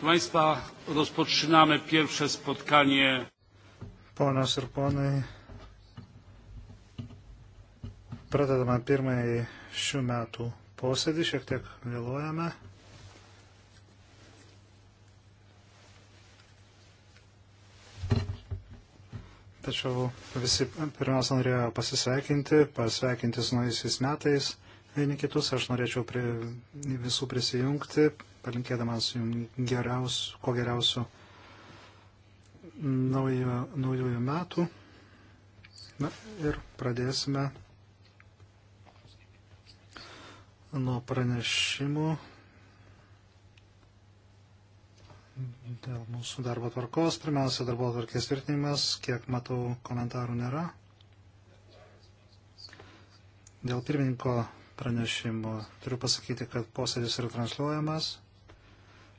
Proszę Państwa, rozpoczynamy pierwsze spotkanie. Ponas ir ponai, pradedame pirmąjį šių metų posėdį, šiek tiek vėluojame. Tačiau visi pirmiausia norėjo pasisveikinti, pasveikinti su naujaisiais metais vieni kitus. Aš norėčiau prie visų prisijungti, palinkėdamas jums geriaus, ko geriausių naujo, naujųjų metų. Na ir pradėsime nuo pranešimų dėl mūsų darbo tvarkos. Pirmiausia, darbo tvarkės tvirtinimas, kiek matau, komentarų nėra. Dėl pirmininko pranešimo turiu pasakyti, kad posėdis yra transliuojamas.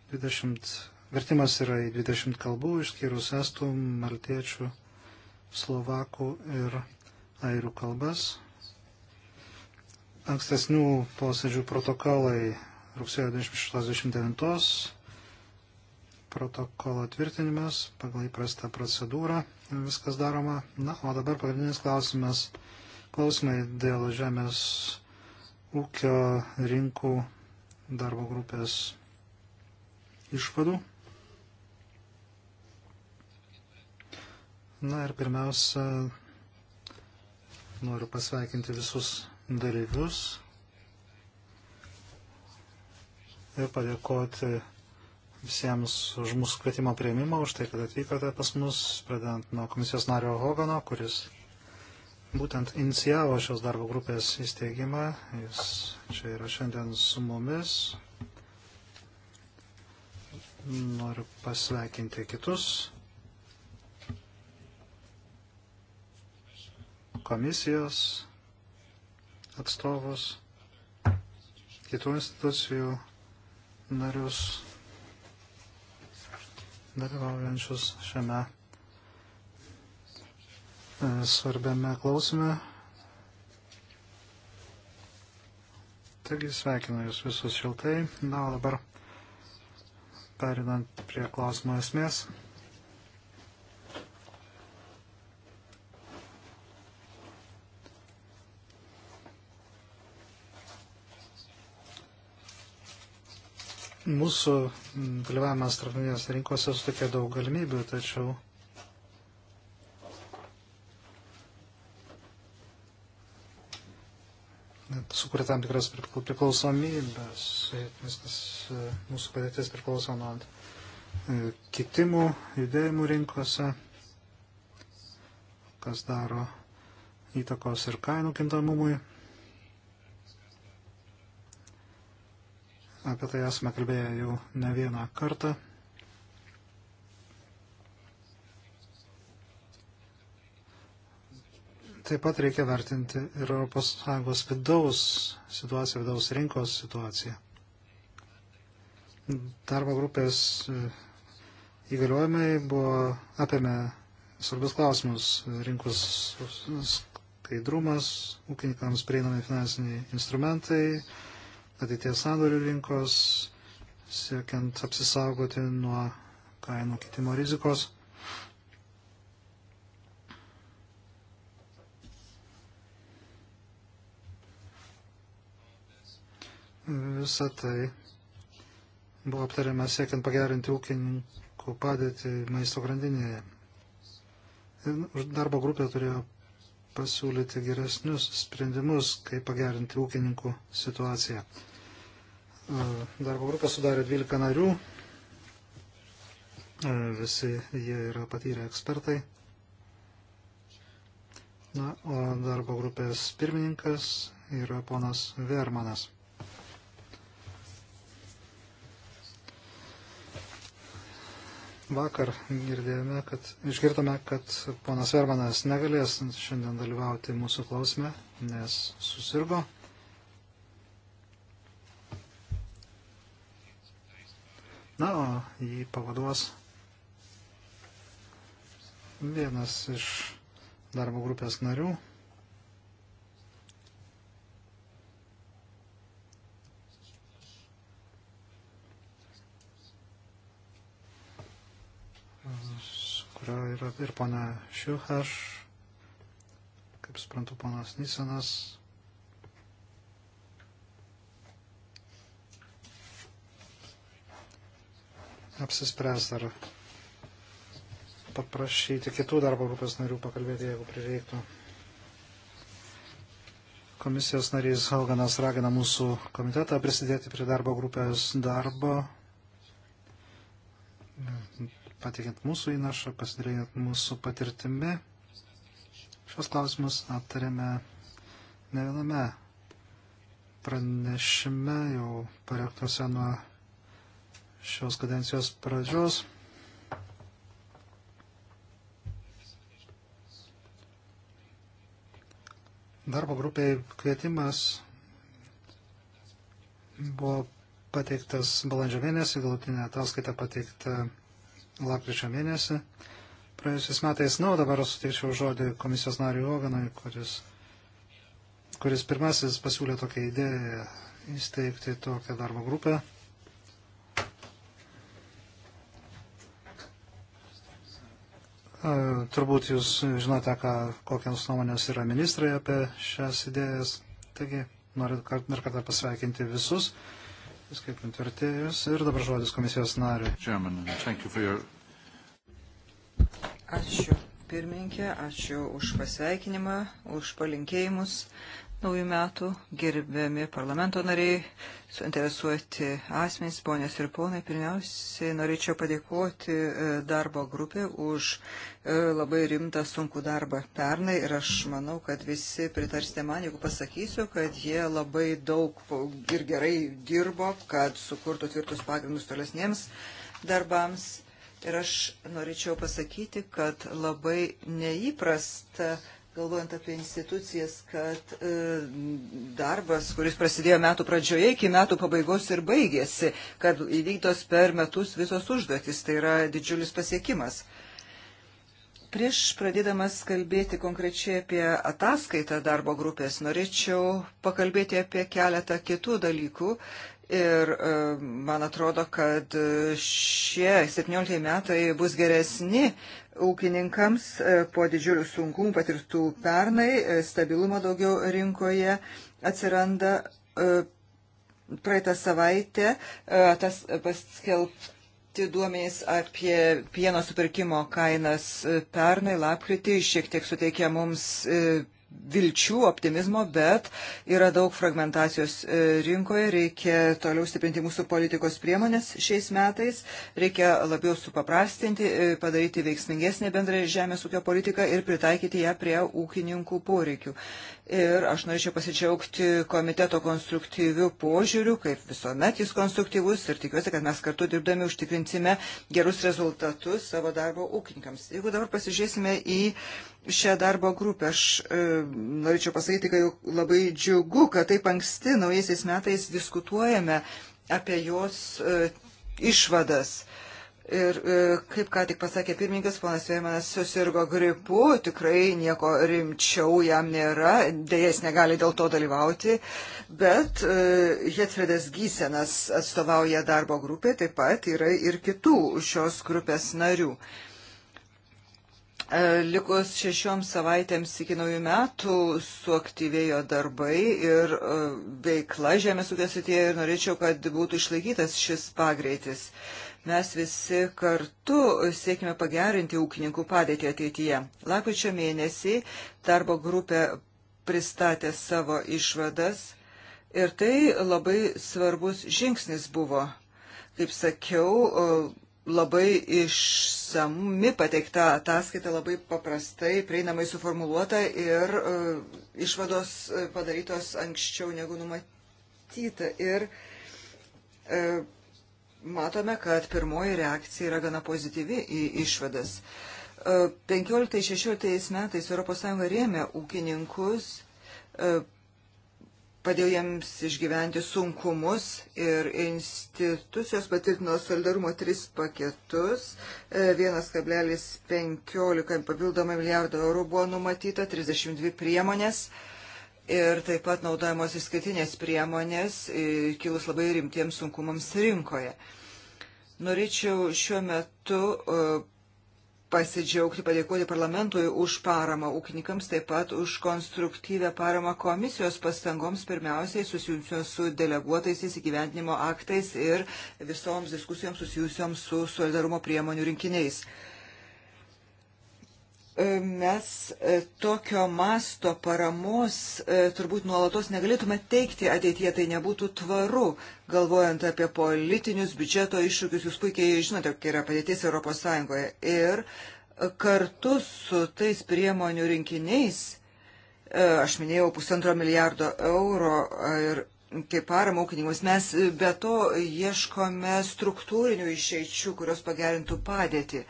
20, vertimas yra į 20 kalbų, išskyrus estų, maltiečių, slovakų ir airių kalbas. Ankstesnių posėdžių protokolai rugsėjo 26-29 protokolo tvirtinimas pagal įprastą procedūrą viskas daroma. Na, o dabar pagrindinis klausimas - klausimai dėl žemės ūkio rinkų darbo grupės išvadų. Na ir pirmiausia, noriu pasveikinti visus dalyvius ir padėkoti visiems už mūsų kvietimo prieimimą, už tai, kad atvykote pas mus, pradedant nuo komisijos nario Hogano, kuris būtent inicijavo šios darbo grupės įsteigimą. Jis čia yra šiandien su mumis. Noriu pasveikinti kitus komisijos atstovus, kitų institucijų narius, dalyvaujančius šiame e, svarbiame klausime. Taigi sveikinu Jūs visus šiltai. Na, o dabar perinant prie klausimo esmės. Mūsų dalyvavimas tarptautinėse rinkose suteikia daug galimybių, tačiau sukuria tam tikras priklausomybės. Viskas e, mūsų padėtis priklauso nuo e, kitimų, judėjimų rinkose, kas daro įtakos ir kainų kintamumui. Apie tai esame kalbėję jau ne vieną kartą. taip pat reikia vertinti ir ES vidaus situaciją, vidaus rinkos situaciją. Darbo grupės e, įgaliojimai buvo apėmė svarbius klausimus - rinkos skaidrumas, ūkininkams prieinami finansiniai instrumentai, ateities sandorių rinkos, siekiant apsisaugoti nuo kainų kitimo rizikos. Visą tai buvo aptariama siekiant pagerinti ūkininkų padėtį maisto grandinėje. Darbo grupė turėjo pasiūlyti geresnius sprendimus, kaip pagerinti ūkininkų situaciją. E, darbo grupė sudarė 12 narių, e, visi jie yra patyrę ekspertai. Na, o darbo grupės pirmininkas yra ponas Vermanas. Vakar girdėjome, kad išgirdome, kad ponas Vermanas negalės šiandien dalyvauti mūsų klausime, nes susirgo. Na, o jį pavaduos vienas iš darbo grupės narių. yra, yra ir pana Šiuhaš, kaip suprantu, panas Nisenas. Apsispręs ar paprašyti kitų darbo grupės narių pakalbėti, jeigu prireiktų. Komisijos narys Hauganas ragina mūsų komitetą prisidėti prie darbo grupės darbo pateikiant mūsų įnašą, pasidalinant mūsų patirtimi. Šios klausimus aptarėme ne viename pranešime jau parengtose nuo šios kadencijos pradžios. Darbo grupiai kvietimas buvo pateiktas balandžio mėnesį, galutinė ataskaita pateikta lapkričio mėnesį praėjusiais metais. Na, o dabar suteikčiau žodį komisijos nariui Oganui, kuris, kuris pirmasis pasiūlė tokią idėją įsteigti tokią darbo grupę. E, turbūt jūs žinote, ką, kokios nuomonės yra ministrai apie šias idėjas. Taigi, noriu dar kartą pasveikinti visus skaitant vertėjus. Ir dabar žodis komisijos nariui. Ačiū pirmininkė, ačiū už pasveikinimą, už palinkėjimus naujų metų, gerbiami parlamento nariai, suinteresuoti asmenys, ponės ir ponai. Pirmiausiai norėčiau padėkoti e, darbo grupė už e, labai rimtą sunkų darbą pernai ir aš manau, kad visi pritarsite man, jeigu pasakysiu, kad jie labai daug ir gerai dirbo, kad sukurtų tvirtus pagrindus tolesniems darbams. Ir aš norėčiau pasakyti, kad labai neįprasta galvojant apie institucijas, kad e, darbas, kuris prasidėjo metų pradžioje iki metų pabaigos ir baigėsi, kad įvykdos per metus visos užduotis, tai yra didžiulis pasiekimas. Prieš pradėdamas kalbėti konkrečiai apie ataskaitą darbo grupės, norėčiau pakalbėti apie keletą kitų dalykų, Ir e, man atrodo, kad šie 17 metai bus geresni ūkininkams e, po didžiulių sunkumų patirtų pernai, e, stabilumo daugiau rinkoje atsiranda. Praeitą savaitę tas paskelbti duomenys apie pieno supirkimo kainas pernai lapkritį šiek tiek suteikė mums vilčių, optimizmo, bet yra daug fragmentacijos e, rinkoje, reikia toliau stiprinti mūsų politikos priemonės šiais metais, reikia labiau supaprastinti, e, padaryti veiksmingesnę bendrąją žemės ūkio politiką ir pritaikyti ją prie ūkininkų poreikių. Ir aš norėčiau pasidžiaugti komiteto konstruktyvių požiūrių, kaip visuomet jis konstruktyvus ir tikiuosi, kad mes kartu dirbdami užtikrinsime gerus rezultatus savo darbo ūkininkams. Jeigu dabar pasižiūrėsime į šią darbo grupę. Aš e, norėčiau pasakyti, kad labai džiugu, kad taip anksti naujaisiais metais diskutuojame apie jos e, išvadas. Ir e, kaip ką tik pasakė pirmininkas, ponas Vėmanas susirgo gripu, tikrai nieko rimčiau jam nėra, dėjas negali dėl to dalyvauti, bet e, Hetfredas Gysenas atstovauja darbo grupė, taip pat yra ir kitų šios grupės narių. E, E, likus šešioms savaitėms iki naujų metų suaktyvėjo darbai ir e, veikla žemės ūkio srityje ir norėčiau, kad būtų išlaikytas šis pagreitis. Mes visi kartu siekime pagerinti ūkininkų padėtį ateityje. Lapkričio mėnesį darbo grupė pristatė savo išvadas ir tai labai svarbus žingsnis buvo. Kaip sakiau, labai išsami pateikta ataskaita, labai paprastai, prieinamai suformuoluota ir uh, išvados e, padarytos anksčiau negu numatyta. Ir uh, matome, kad pirmoji reakcija yra gana pozityvi į išvadas. Uh, 15-16 metais ES rėmė ūkininkus. Uh, padėjo jiems išgyventi sunkumus ir institucijos patvirtino solidarumo tris paketus. 1,15 e, papildomai milijardo eurų buvo numatyta, 32 priemonės. Ir taip pat naudojamos išskirtinės priemonės, e, kilus labai rimtiems sunkumams rinkoje. Norėčiau šiuo metu uh, pasidžiaugti, padėkoti parlamentui už paramą ūkininkams, taip pat už konstruktyvę paramą komisijos pastangoms, pirmiausiai susijusios su deleguotaisiais įgyvendinimo aktais ir visoms diskusijoms susijusioms su solidarumo priemonių rinkiniais mes e, tokio masto paramos e, turbūt nuolatos negalėtume teikti ateityje, tai nebūtų tvaru, galvojant apie politinius biudžeto iššūkius, jūs puikiai žinote, kokia yra padėtis ES. Ir kartu su tais priemonių rinkiniais, e, aš minėjau pusantro milijardo euro ir kaip paramą ūkininkus, mes be to ieškome struktūrinių išeičių, kurios pagerintų padėtį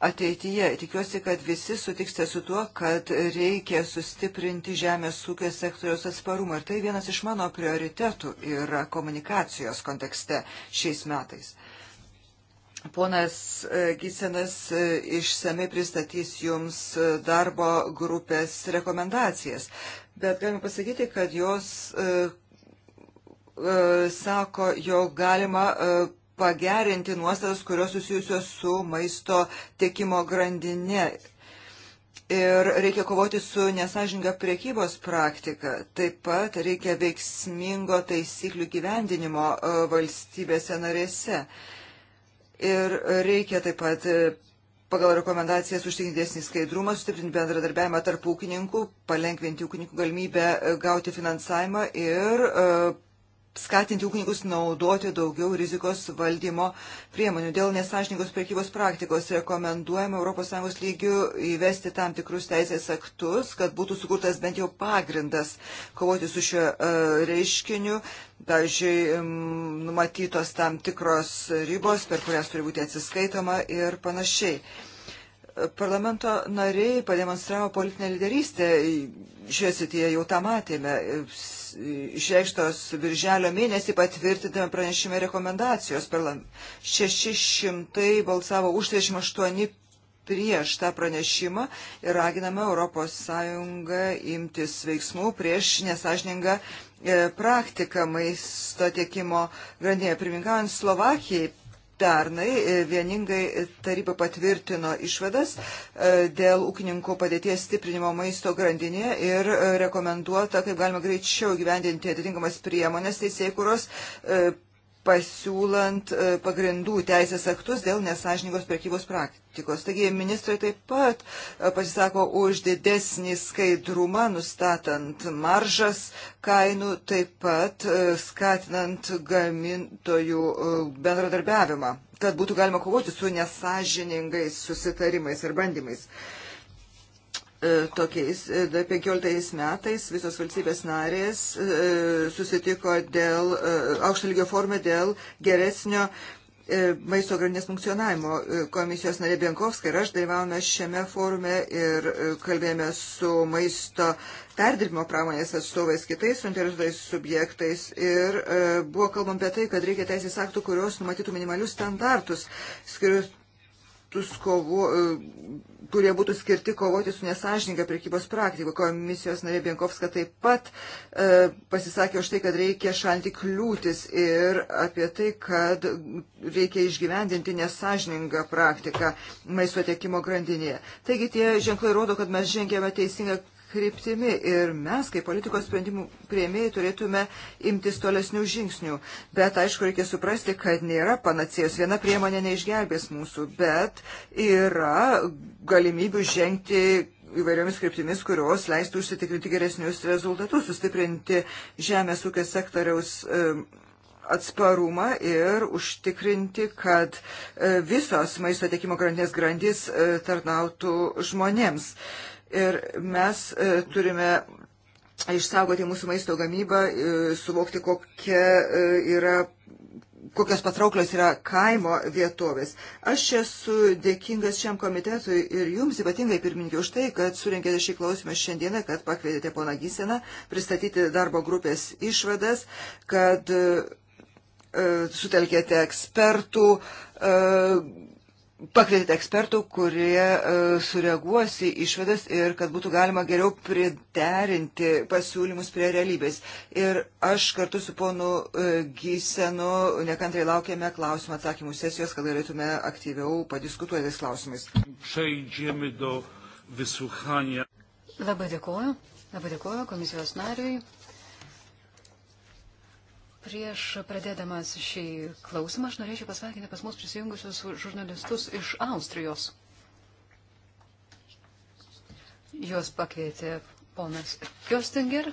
ateityje. Tikiuosi, kad visi sutiksite su tuo, kad reikia sustiprinti žemės ūkio sektoriaus atsparumą. Ir tai vienas iš mano prioritetų yra komunikacijos kontekste šiais metais. Ponas e, Gysenas e, išsamei pristatys jums e, darbo grupės rekomendacijas, bet galime pasakyti, kad jos sako, jog galima pagerinti nuostatas, kurios susijusios su maisto tiekimo grandinė. Ir reikia kovoti su nesažinga priekybos praktika. Taip pat reikia veiksmingo taisyklių gyvendinimo e, valstybėse narėse. Ir reikia taip pat e, pagal rekomendacijas užtikrinti dėsnį skaidrumą, sustiprinti bendradarbiavimą tarp ūkininkų, palengvinti ūkininkų galimybę e, gauti finansavimą ir skatinti ūkininkus naudoti daugiau rizikos valdymo priemonių. Dėl nesažininkos prekybos praktikos rekomenduojama ES lygių įvesti tam tikrus teisės aktus, kad būtų sukurtas bent jau pagrindas kovoti su šiuo uh, reiškiniu. Pavyzdžiui, numatytos tam tikros ribos, per kurias turi būti atsiskaitoma ir panašiai. Uh, Parlamento nariai pademonstravo politinę lyderystę, šioje srityje jau tą matėme, išreikštos birželio mėnesį patvirtintame pranešime rekomendacijos. 600 balsavo už 38 prieš tą pranešimą ir raginame ES imtis veiksmų prieš nesažningą e, praktiką maisto tiekimo grandinėje. Pirmininkaujant Slovakijai pernai e, vieningai taryba patvirtino išvadas e, dėl ūkininkų padėties stiprinimo maisto grandinėje ir e, rekomenduota, kaip galima greičiau gyvendinti atitinkamas priemonės teisėjai, kurios pasiūlant e, pagrindų teisės aktus dėl nesažiningos prekybos praktikos. Taigi ministrai taip pat e, pasisako už didesnį skaidrumą, nustatant maržas kainų, taip pat e, skatinant gamintojų bendradarbiavimą, kad būtų galima kovoti su nesažiningais susitarimais ir bandymais. Uh, E, tokiais 15 e, metais visos valstybės narės e, susitiko dėl aukšto lygio formą dėl geresnio maisto grandinės funkcionavimo. Komisijos narė Bienkovska ir aš dalyvavome šiame forume ir kalbėjome su maisto perdirbimo pramonės atstovais kitais suinteresuotais subjektais ir buvo kalbam apie tai, kad reikia teisės aktų, kurios numatytų minimalius standartus skirius aktus, kovo, e, kurie būtų skirti kovoti su nesažininga prekybos praktika. Komisijos narė Bienkovska taip pat e, pasisakė už tai, kad reikia šalinti kliūtis ir apie tai, kad reikia išgyvendinti nesažiningą praktiką maisto tiekimo grandinėje. Taigi tie ženklai rodo, kad mes žengėme teisingą kryptimi ir mes, kaip politikos sprendimų prieimėjai, turėtume imtis tolesnių žingsnių. Bet aišku, reikia suprasti, kad nėra panacėjos. Viena priemonė neišgelbės mūsų, bet yra galimybių žengti įvairiomis kryptimis, kurios leistų užsitikrinti geresnius rezultatus, sustiprinti žemės ūkio sektoriaus atsparumą ir užtikrinti, kad e, visos maisto tiekimo grandinės grandys e, tarnautų žmonėms. Ir mes e, turime išsaugoti mūsų maisto gamybą, e, suvokti, kokia e, yra kokios patrauklios yra kaimo vietovės. Aš esu dėkingas šiam komitetui ir jums ypatingai pirmininkai už tai, kad surinkėte šį klausimą šiandieną, kad pakvietėte poną Gyseną pristatyti darbo grupės išvadas, kad e, sutelkėte ekspertų, e, pakvietėte ekspertų, kurie e, sureaguos į išvedas ir kad būtų galima geriau priderinti pasiūlymus prie realybės. Ir aš kartu su ponu e, Gysenu nekantrai laukėme klausimų atsakymų sesijos, kad galėtume aktyviau padiskutuoti tais klausimais. Labai dėkuoju. Labai dėkuoju komisijos nariui. Prieš pradėdamas šį klausimą, aš norėčiau pasveikinti pas mus prisijungusius žurnalistus iš Austrijos. Juos pakvietė ponas Kjostinger.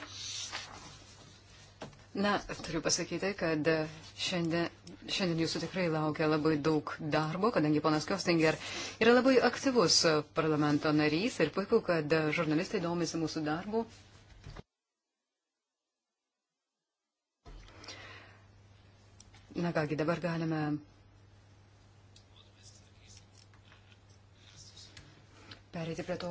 Na, turiu pasakyti, kad šiandien, šiandien jūsų tikrai laukia labai daug darbo, kadangi ponas Kjostinger yra labai aktyvus parlamento narys ir puiku, kad žurnalistai domisi mūsų darbu Na kągi, dabar galime. Perėti prie to,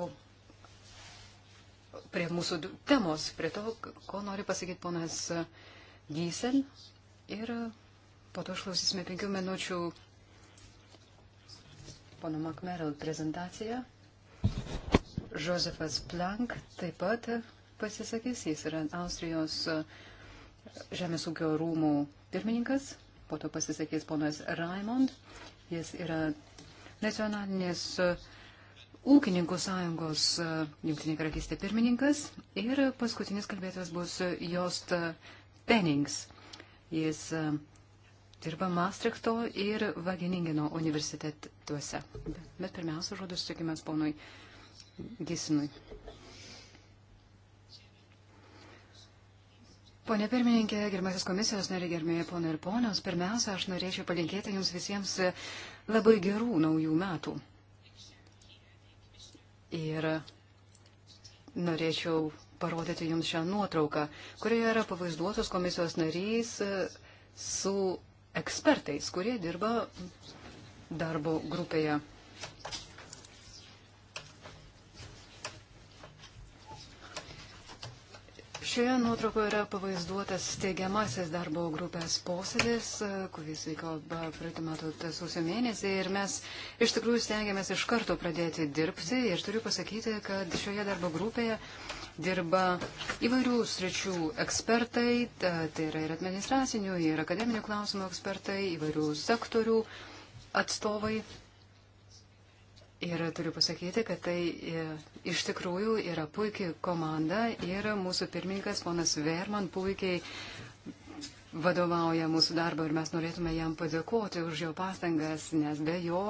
prie mūsų temos, prie to, ko nori pasakyti ponas Gysel. Ir po to išklausysime penkių minučių pono Makmerel prezentaciją. Josefas Plank taip pat pasisakys, jis yra Austrijos Žemės ūkio rūmų pirmininkas po to pasisakys ponas Raimond. Jis yra nacionalinės uh, ūkininkų sąjungos uh, jungtinė karalystė pirmininkas ir paskutinis kalbėtojas bus uh, Jost Pennings. Jis dirba Maastrichto ir Vageningeno universitetuose. Bet pirmiausia, žodis sutikimas ponui Gisinui. Pone pirmininkė, gerbiamasis komisijos nariai, gerbėjai ponai ir ponios, pirmiausia, aš norėčiau palinkėti jums visiems e, labai gerų naujų metų. Ir norėčiau parodyti jums šią nuotrauką, kurioje yra pavaizduotos komisijos narys e, su ekspertais, kurie dirba darbo grupėje. Šioje nuotraukoje yra pavaizduotas steigiamasis darbo grupės posėdis, kuris vyko praeitų metų sausio mėnesį ir mes iš tikrųjų stengiamės iš karto pradėti dirbti ir turiu pasakyti, kad šioje darbo grupėje dirba įvairių sričių ekspertai, tai yra ir administracinių, ir akademinių klausimų ekspertai, įvairių sektorių atstovai. Ir turiu pasakyti, kad tai e, iš tikrųjų yra puikiai komanda ir mūsų pirmininkas ponas Verman puikiai vadovauja mūsų darbą ir mes norėtume jam padėkoti už jo pastangas, nes be jo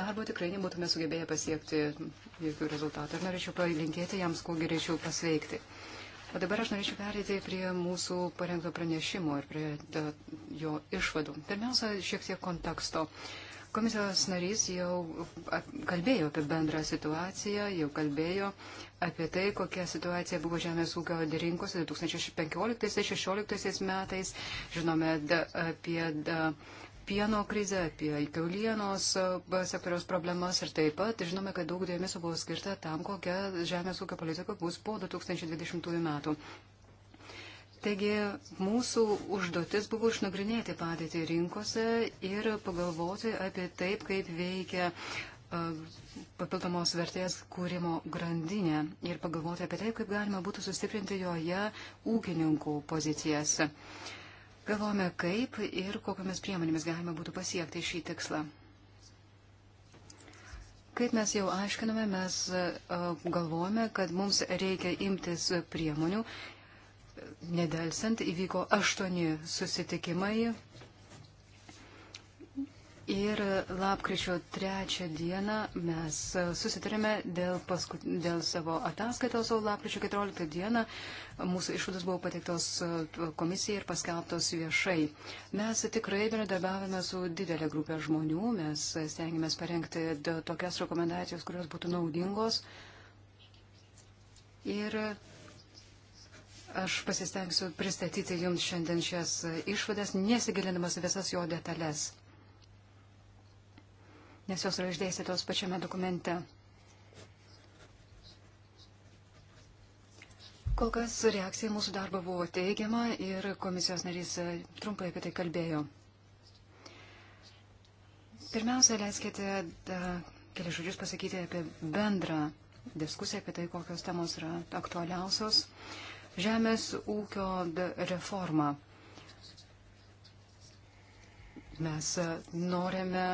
darbo tikrai nebūtume sugebėję pasiekti jokių rezultatų. Ir norėčiau palinkėti jam kuo greičiau pasveikti. O dabar aš norėčiau perėti prie mūsų parengto pranešimo ir prie e, jo išvadų. Pirmiausia, šiek tiek konteksto. Uh, Komisijos narys jau kalbėjo apie bendrą situaciją, jau kalbėjo apie tai, kokia situacija buvo žemės ūkio rinkos 2015-2016 metais. Žinome da, apie da, pieno krizę, apie kiaulienos sektoriaus problemas ir taip pat žinome, kad daug dėmesio buvo skirta tam, kokia žemės ūkio politika bus po 2020 metų. Taigi mūsų užduotis buvo išnagrinėti padėtį rinkose ir pagalvoti apie taip, kaip veikia e, papildomos vertės kūrimo grandinę ir pagalvoti apie tai, kaip galima būtų sustiprinti joje ūkininkų pozicijas. Galvojame, kaip ir kokiamis priemonėmis galima būtų pasiekti šį tikslą. Kaip mes jau aiškiname, mes e, galvojame, kad mums reikia imtis priemonių nedelsant įvyko aštuoni susitikimai. Ir lapkričio trečią dieną mes susitarėme dėl, paskut... dėl savo ataskaitos, o lapkričio 14 dieną mūsų išvados buvo pateiktos komisijai ir paskelbtos viešai. Mes tikrai bendradarbiavame su didelė grupė žmonių, mes stengiamės parengti tokias rekomendacijas, kurios būtų naudingos. Ir Aš pasistengsiu pristatyti Jums šiandien šias išvadas, nesigilinamas visas jo detalės, nes jos yra išdėstytos pačiame dokumente. Kol kas reakcija mūsų darbo buvo teigiama ir komisijos narys trumpai apie tai kalbėjo. Pirmiausia, leiskite keli žodžius pasakyti apie bendrą diskusiją, apie tai, kokios temos yra aktualiausios. Uh, žemės ūkio reformą. Mes e, norime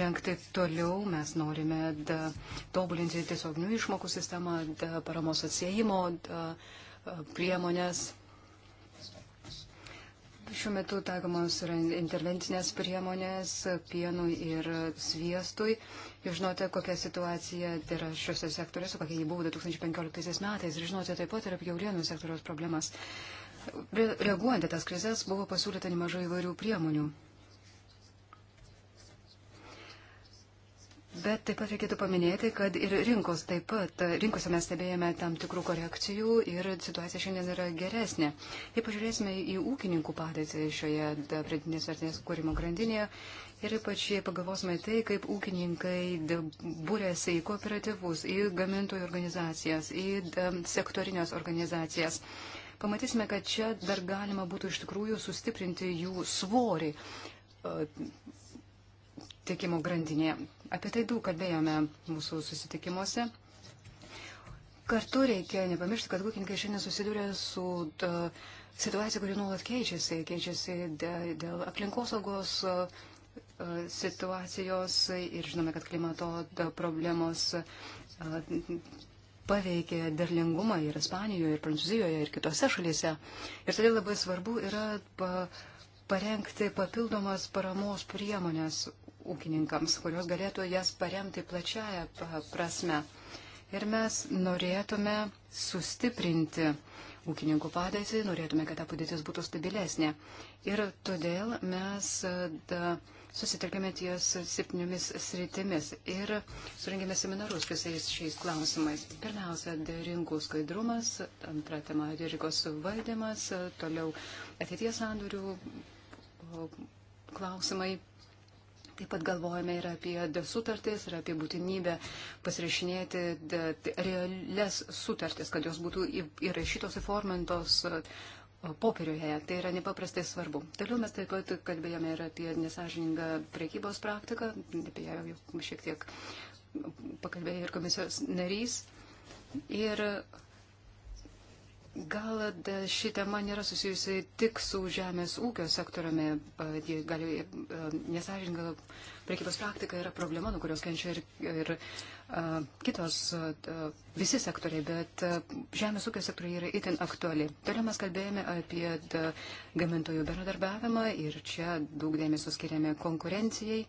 žengti toliau, mes norime da, tobulinti tiesioginių išmokų sistemą, da, paramos atsiejimo da, e, priemonės. Šiuo metu taikomos yra intervencinės priemonės pienui ir sviestui. Jūs žinote, kokia situacija yra šiuose sektoriuose, kokia jį buvo 2015 metais. Ir žinote taip pat ir apie jaurienų sektoriaus problemas. Reaguojant į tas krizės buvo pasiūlyta nemažai įvairių priemonių. Bet taip pat reikėtų paminėti, kad ir rinkos taip pat, rinkose mes stebėjome tam tikrų korekcijų ir situacija šiandien yra geresnė. Jei pažiūrėsime į ūkininkų padėtį šioje pridinės vertės kūrimo grandinėje ir ypač jei pagalvosime tai, kaip ūkininkai būrėsi į kooperatyvus, į gamintojų organizacijas, į sektorinės organizacijas. Pamatysime, kad čia dar galima būtų iš tikrųjų sustiprinti jų svorį tiekimo grandinėje. Apie tai daug kalbėjome mūsų susitikimuose. Kartu reikia nepamiršti, kad ūkininkai šiandien susiduria su da, e, situacija, kuri nuolat keičiasi. Keičiasi dėl aplinkosaugos e, situacijos ir žinome, kad klimato da, problemos e, paveikė derlingumą ir Ispanijoje, ir Prancūzijoje, ir kitose šalyse. Ir todėl labai svarbu yra pa, parengti papildomas paramos priemonės ūkininkams, kurios galėtų jas paremti plačiaja prasme. Ir mes norėtume sustiprinti ūkininkų padėtį, norėtume, kad ta padėtis būtų stabilesnė. Ir todėl mes da, susitelkėme ties septyniomis sritimis ir surinkėme seminarus visais šiais klausimais. Pirmiausia, rinkų skaidrumas, antra tema - rinkos valdymas, toliau ateities sandorių klausimai, Taip pat galvojame ir apie sutartis, ir apie būtinybę pasirašinėti realias sutartis, kad jos būtų įrašytos, įformintos popieriuje. Tai yra nepaprastai svarbu. Toliau mes taip pat kalbėjome ir apie nesažiningą priekybos praktiką, apie ją jau šiek tiek pakalbėjo ir komisijos narys. Ir uh, Gal ši tema nėra susijusi tik su žemės ūkio sektoriumi, gali nesažininga prekybos praktika yra problema, nuo kurios kenčia ir, ir a, kitos a, visi sektoriai, bet a, žemės ūkio sektoriai yra itin aktuali. Toliau mes kalbėjome apie da, gamintojų bendradarbiavimą ir čia daug dėmesio skiriame konkurencijai.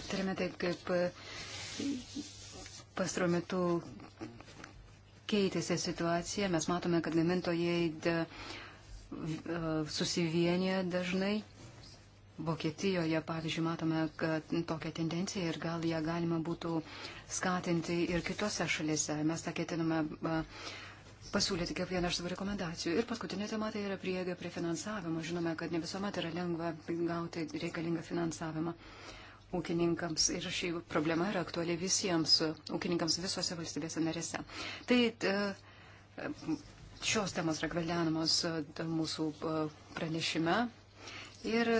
Aptarėme taip, kaip pastaruoju metu keitėsi situacija. Mes matome, kad gamintojai susivienė dažnai. Vokietijoje, pavyzdžiui, matome tokią tendenciją ir gal ją galima būtų skatinti ir kitose šalise. Mes tą ketiname pasiūlyti kaip vieną iš savo rekomendacijų. Ir paskutinė tema tai yra prieiga prie finansavimo. Žinome, kad ne visuomet yra lengva gauti reikalingą finansavimą. Uh, ūkininkams ir ši problema yra aktuali visiems ūkininkams visose valstybėse narėse. Tai e, šios temos yra gvildenamos e, mūsų e, pranešime. Ir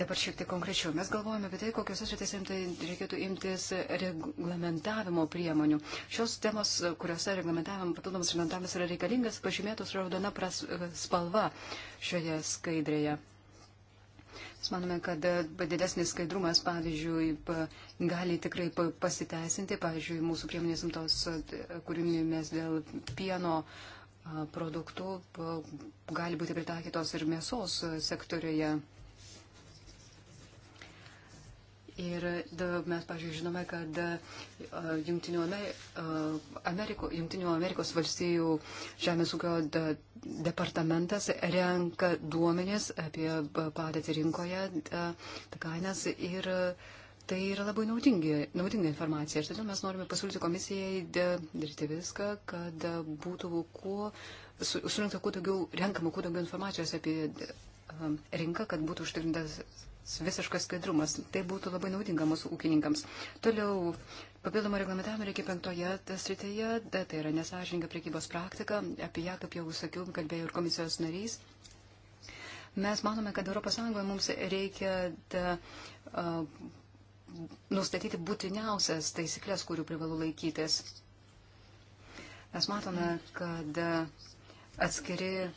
dabar šiek tiek konkrečiau. Mes galvojame apie tai, kokiuose sritise reikėtų imtis reglamentavimo priemonių. Šios temos, kuriuose papildomas reglamentavimas yra reikalingas, pažymėtos raudona pras, spalva šioje skaidrėje. Mes manome, kad e, didesnis skaidrumas, pavyzdžiui, gali tikrai pasiteisinti, pavyzdžiui, mūsų priemonės imtos, e, kuriamis dėl pieno produktų gali būti pritaikytos ir mėsos e, sektorijoje. Ir mes, pažiūrėjau, žinome, kad e, Junktinių e, Ameriko, Amerikos valstijų žemės ūkio departamentas renka duomenis apie e, padėtį rinkoje, kainas ir Tai yra labai naudingi, naudinga informacija ir todėl mes norime pasiūlyti komisijai daryti viską, kad būtų kuo, su, surinkta kuo daugiau, renkama kuo daugiau informacijos apie rinką, kad būtų užtikrintas visiškas skaidrumas. Tai būtų labai naudinga mūsų ūkininkams. Toliau, papildomo reglamentavimo reikia penktoje srityje, tai yra nesažininga priekybos praktika, apie ją, kaip jau sakiau, kalbėjo ir komisijos narys. Mes manome, kad ES mums reikia da, a, nustatyti būtiniausias taisyklės, kurių privalu laikytis. Mes matome, kad atskiri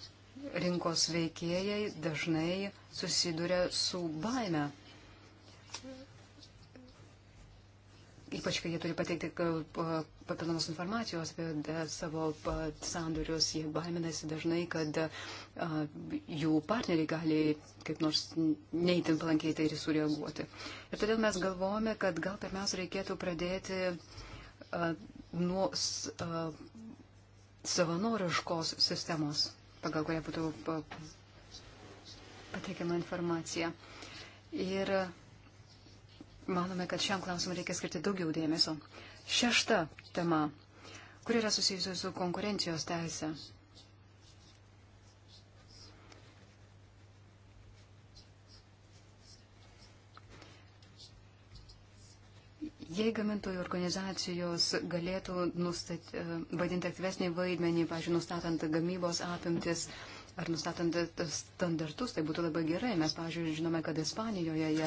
rinkos veikėjai dažnai susiduria su baime. Ypač, kai jie turi pateikti e, papildomos informacijos apie savo sandorius, jie baiminasi dažnai, kad e, jų partneriai gali kaip nors neįtin palankiai tai ir sureaguoti. Ir todėl mes galvojame, kad gal pirmiausia reikėtų pradėti e, nuo savanoriškos sistemos pagal kurią būtų pateikiama informacija. Ir manome, kad šiam klausimui reikia skirti daugiau dėmesio. Šešta tema, kuri yra susijusi su konkurencijos teisė. Jei gamintojų organizacijos galėtų nustat, e, vadinti aktyvesnį vaidmenį, pažiūrėjau, nustatant gamybos apimtis ar nustatant standartus, tai būtų labai gerai. Mes, pažiūrėjau, žinome, kad Ispanijoje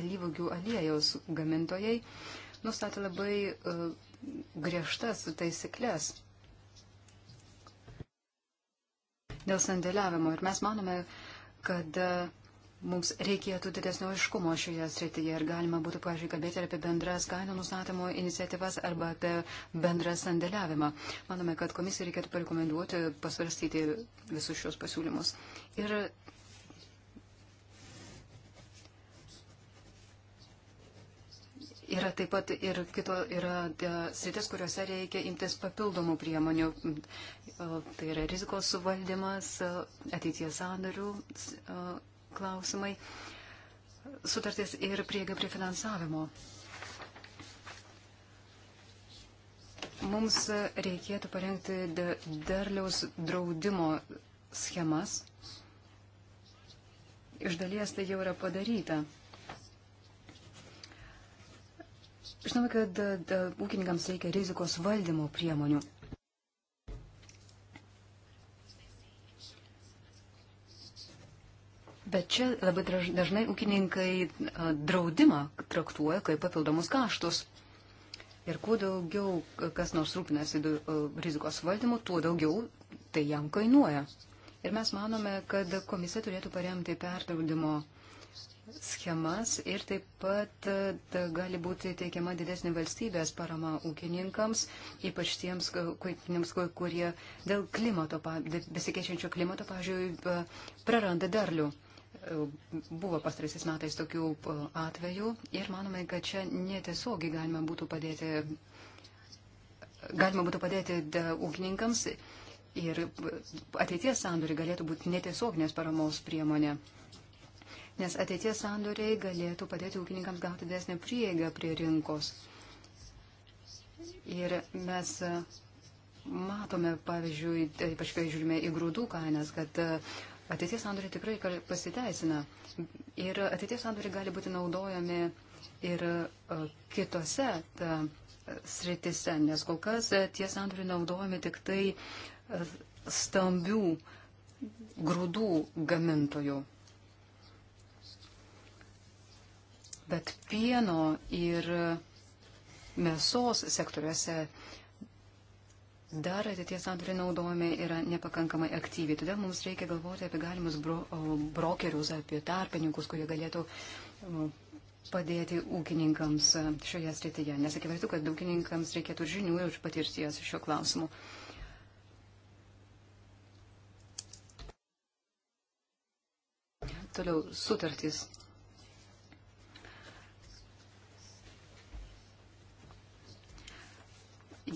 alyvogių aliejaus gamintojai nustatė labai uh, griežtas taisyklės dėl sandėliavimo. Ir mes manome, kad uh, Mums reikėtų didesnio iškumo šioje srityje ir galima būtų, pažiūrėjau, kalbėti apie bendras kainų nustatymo iniciatyvas arba apie bendrą sandėliavimą. Manome, kad komisija reikėtų parekomenduoti pasvarstyti visus šios pasiūlymus. Ir Yra taip pat ir kito, yra e, sritis, kuriuose reikia imtis papildomų priemonių. E, tai yra rizikos suvaldymas, e, ateities sandarių klausimai, sutartis ir prieiga prie finansavimo. Mums reikėtų parengti derliaus draudimo schemas. Iš dalies tai jau yra padaryta. Žinome, kad ūkininkams reikia rizikos valdymo priemonių. Bet čia labai dažnai ūkininkai draudimą traktuoja kaip papildomus kaštus. Ir kuo daugiau kas nors rūpinasi rizikos valdymu, tuo daugiau tai jam kainuoja. Ir mes manome, kad komisija turėtų paremti perdraudimo schemas ir taip pat ta, gali būti teikiama didesnė valstybės parama ūkininkams, ypač tiems, ūkininkams, kurie dėl klimato, besikeičiančio klimato, pavyzdžiui, praranda derlių. Buvo pastaraisiais metais tokių e, atvejų ir manome, kad čia netiesiogiai galima būtų padėti, galima būtų padėti ūkininkams ir ateities sandoriai galėtų būti netiesioginės paramos priemonė. Nes ateities sandoriai galėtų padėti ūkininkams gauti desnę prieigą prie rinkos. Ir mes e, matome, pavyzdžiui, ypač kai žiūrime į grūdų kainas, kad uh, ateities sandoriai tikrai pasiteisina. Ir ateities sandoriai gali būti naudojami ir e, kitose ta, e, sritise, nes kol kas e, tie sandoriai naudojami tik tai stambių grūdų gamintojų. Bet pieno ir mėsos sektoriuose Dar ateities sandoriai naudojami yra nepakankamai aktyviai, todėl mums reikia galvoti apie galimus bro, brokerius, apie tarpininkus, kurie galėtų padėti ūkininkams šioje srityje. Nes akivaizdu, kad ūkininkams reikėtų žinių ir patirties šiuo klausimu. Toliau sutartys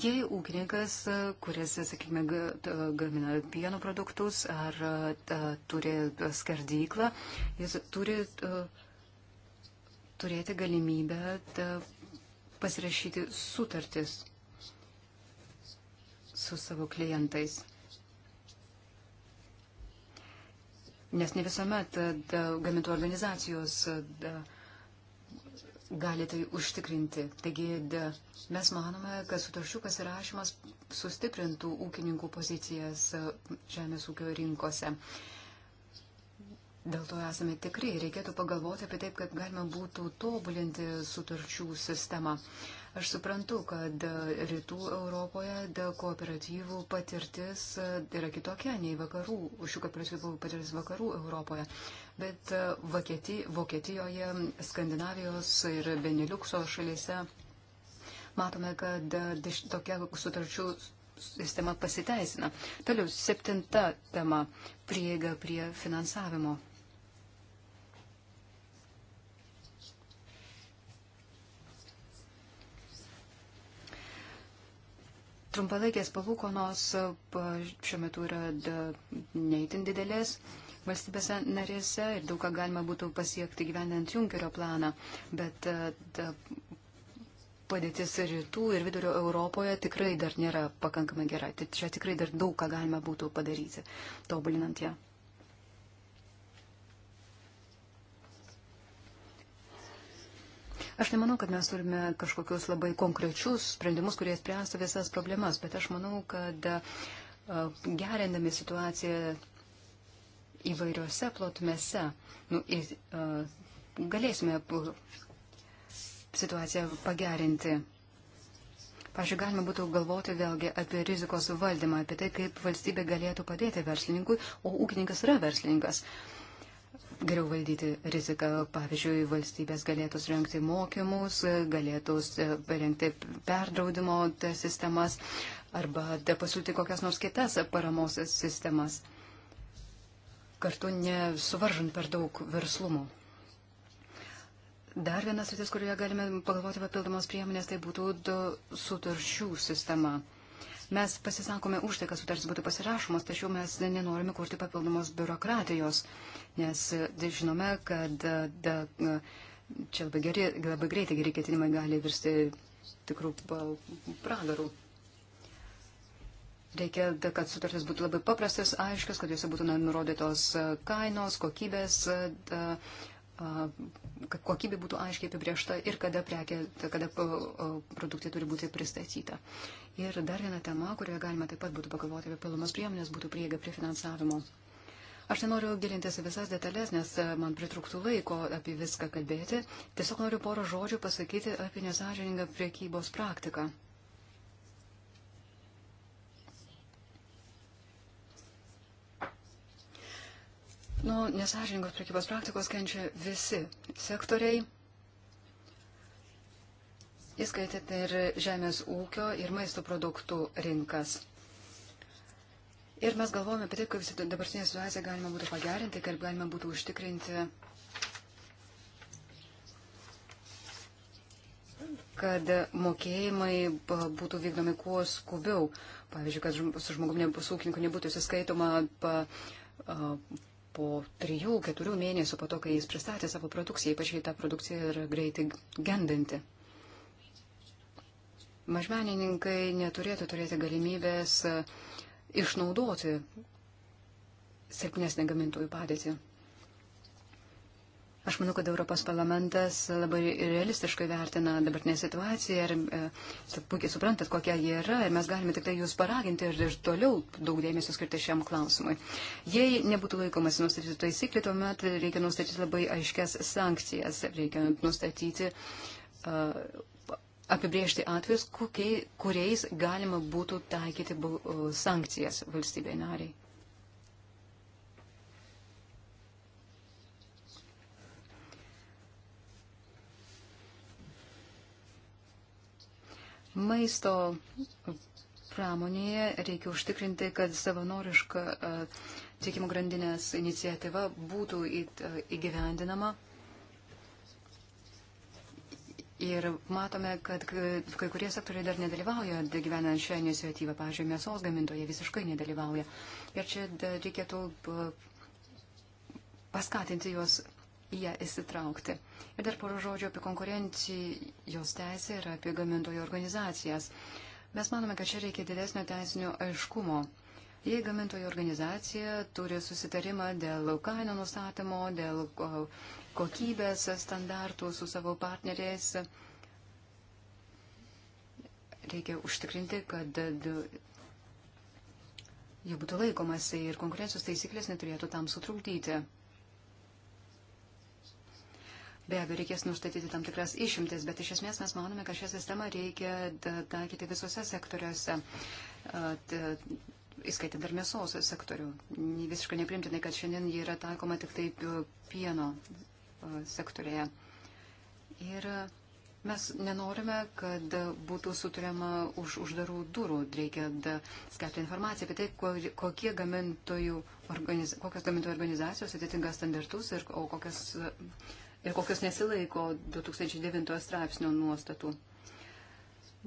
Jei ūkininkas, kuris, sakykime, gamina pieno produktus ar turi skardyklą, jis turi turėti galimybę pasirašyti sutartis su savo klientais. Nes ne visuomet gamintų organizacijos da, gali tai užtikrinti. Taigi mes manome, kad sutarčių pasirašymas sustiprintų ūkininkų pozicijas e, žemės ūkio rinkose. Dėl to esame tikri, reikėtų pagalvoti apie taip, kaip galima būtų tobulinti sutarčių sistemą. Uh, Aš suprantu, kad e, rytų Europoje kooperatyvų patirtis e, yra kitokia nei vakarų, šių kooperatyvų patirtis vakarų Europoje. Bet e, Vokieti, Vokietijoje, Skandinavijos ir Beniliukso šalyse matome, kad tokia sutarčių sistema pasiteisina. Toliau, septinta tema - prieiga prie finansavimo. Trumpalaikės palūkonos e, šiuo metu yra neįtin didelės valstybėse narėse ir daug ką galima būtų pasiekti gyvenant Junkerio planą, bet e, da, padėtis rytų ir vidurio Europoje tikrai dar nėra pakankamai gera. Tai čia tikrai dar daug ką galima būtų padaryti, tobulinant ją. Ja. Aš nemanau, kad mes turime kažkokius labai konkrečius sprendimus, kurie spręstų visas problemas, bet aš manau, kad gerindami situaciją įvairiose plotmėse nu, ir, galėsime situaciją pagerinti. Pavyzdžiui, galima būtų galvoti vėlgi apie rizikos valdymą, apie tai, kaip valstybė galėtų padėti verslininkui, o ūkininkas yra verslininkas. Uh, geriau valdyti riziką. Pavyzdžiui, valstybės galėtų surinkti mokymus, galėtų parengti perdraudimo sistemas arba pasiūlyti kokias nors kitas paramos sistemas, kartu nesuvaržant per daug verslumų. Dar vienas sritis, kurioje galime pagalvoti papildomas priemonės, tai būtų sutarčių sistema. Mes pasisakome už tai, kad sutartis būtų pasirašomas, tačiau mes nenorime kurti papildomos biurokratijos, nes e, žinome, kad e, da, e, čia labai, geri, labai greitai geri ketinimai gali virsti tikrų pragarų. Reikia, kad sutartis būtų labai paprastas, aiškas, kad juose būtų nurodytos kainos, kokybės. Da, kad kokybė būtų aiškiai apibriešta ir kada, prekė, kada produktai turi būti pristatyta. Ir dar viena tema, kurioje galima taip pat būtų pagalvoti apie pilomas priemonės, būtų prieiga prie finansavimo. Aš nenoriu tai gilintis į visas detalės, nes man pritruktų laiko apie viską kalbėti. Tiesiog noriu porą žodžių pasakyti apie nesažiningą priekybos praktiką. Nuo nesažiningos prekybos praktikos kenčia visi sektoriai, įskaitant ir žemės ūkio ir maisto produktų rinkas. Ir mes galvojame apie tai, kaip dabartinę situaciją galima būtų pagerinti, kaip galima būtų užtikrinti, kad mokėjimai būtų vykdomi kuo skubiau. Pavyzdžiui, kad su žmogumi, su ūkininku nebūtų įsiskaitoma pa, po trijų, keturių mėnesių po to, kai jis pristatė savo produkciją, ypač jei ta produkcija yra greitai gendanti. Mažmenininkai neturėtų turėti galimybės išnaudoti silpnesnę gamintojų padėtį. Aš manau, kad Europos parlamentas labai realistiškai vertina dabartinę situaciją ir e, puikiai suprantat, kokia jie yra ir mes galime tik tai jūs paraginti ir, ir toliau daug dėmesio skirti šiam klausimui. Jei nebūtų laikomas nustatytų taisyklių, tuomet reikia nustatyti labai aiškias sankcijas, reikia nustatyti, e, apibriežti atvejus, kokiai, kuriais galima būtų taikyti bu, e, sankcijas valstybei nariai. Maisto pramonėje reikia užtikrinti, kad savanoriška e, tiekimo grandinės iniciatyva būtų e, įgyvendinama. Ir matome, kad kai kurie sektoriai dar nedalyvauja gyvenant šią iniciatyvą. Pavyzdžiui, mėsos gamintojai visiškai nedalyvauja. Ir čia reikėtų e, paskatinti juos į ją įsitraukti. Ir dar poro žodžių apie konkurencijos teisę ir apie gamintojų organizacijas. Mes manome, kad čia reikia didesnio teisinio aiškumo. Jei gamintojų organizacija turi susitarimą dėl kainų nustatymo, dėl kokybės standartų su savo partneriais, reikia užtikrinti, kad jų būtų laikomasi ir konkurencijos taisyklės neturėtų tam sutrukdyti. Be abejo, reikės nustatyti tam tikras išimtis, bet iš esmės mes manome, kad šią sistemą reikia taikyti visose sektoriuose. Įskaitant ir mėsos sektorių. Visiškai neprimtinai, kad šiandien ji yra taikoma tik taip pieno sektorėje. Ir uh, Mes nenorime, kad būtų sutariama už uždarų durų. Reikia skelbti informaciją apie tai, kokie gamintojų organiz, kokios gamintojų organizacijos atitinka standartus ir, kokios, ir kokios nesilaiko 2009 straipsnio nuostatų.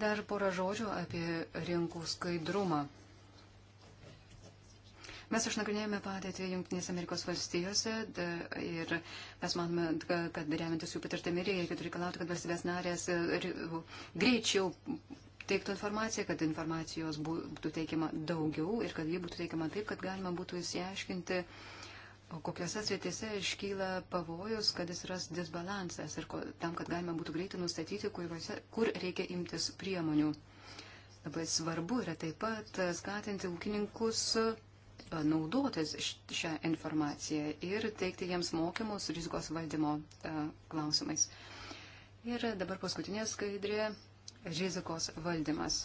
Dar porą žodžių apie rinkų skaidrumą. Mes išnagrinėjome padėtį Junktinės Amerikos valstijose da, ir mes manome, kad remiantis jų patirtimi reikia reikalauti, kad valstybės narės e, greičiau teiktų informaciją, kad informacijos būtų teikiama daugiau ir kad ji būtų teikiama taip, kad galima būtų įsiaiškinti, kokiuose srityse iškyla pavojus, kad jis ras disbalansas ir ko, tam, kad galima būtų greitai nustatyti, kuriuose, kur reikia imtis priemonių. Labai svarbu yra taip pat skatinti ūkininkus naudotis šią informaciją ir teikti jiems mokymus rizikos valdymo klausimais. Ir dabar paskutinė skaidrė - rizikos valdymas.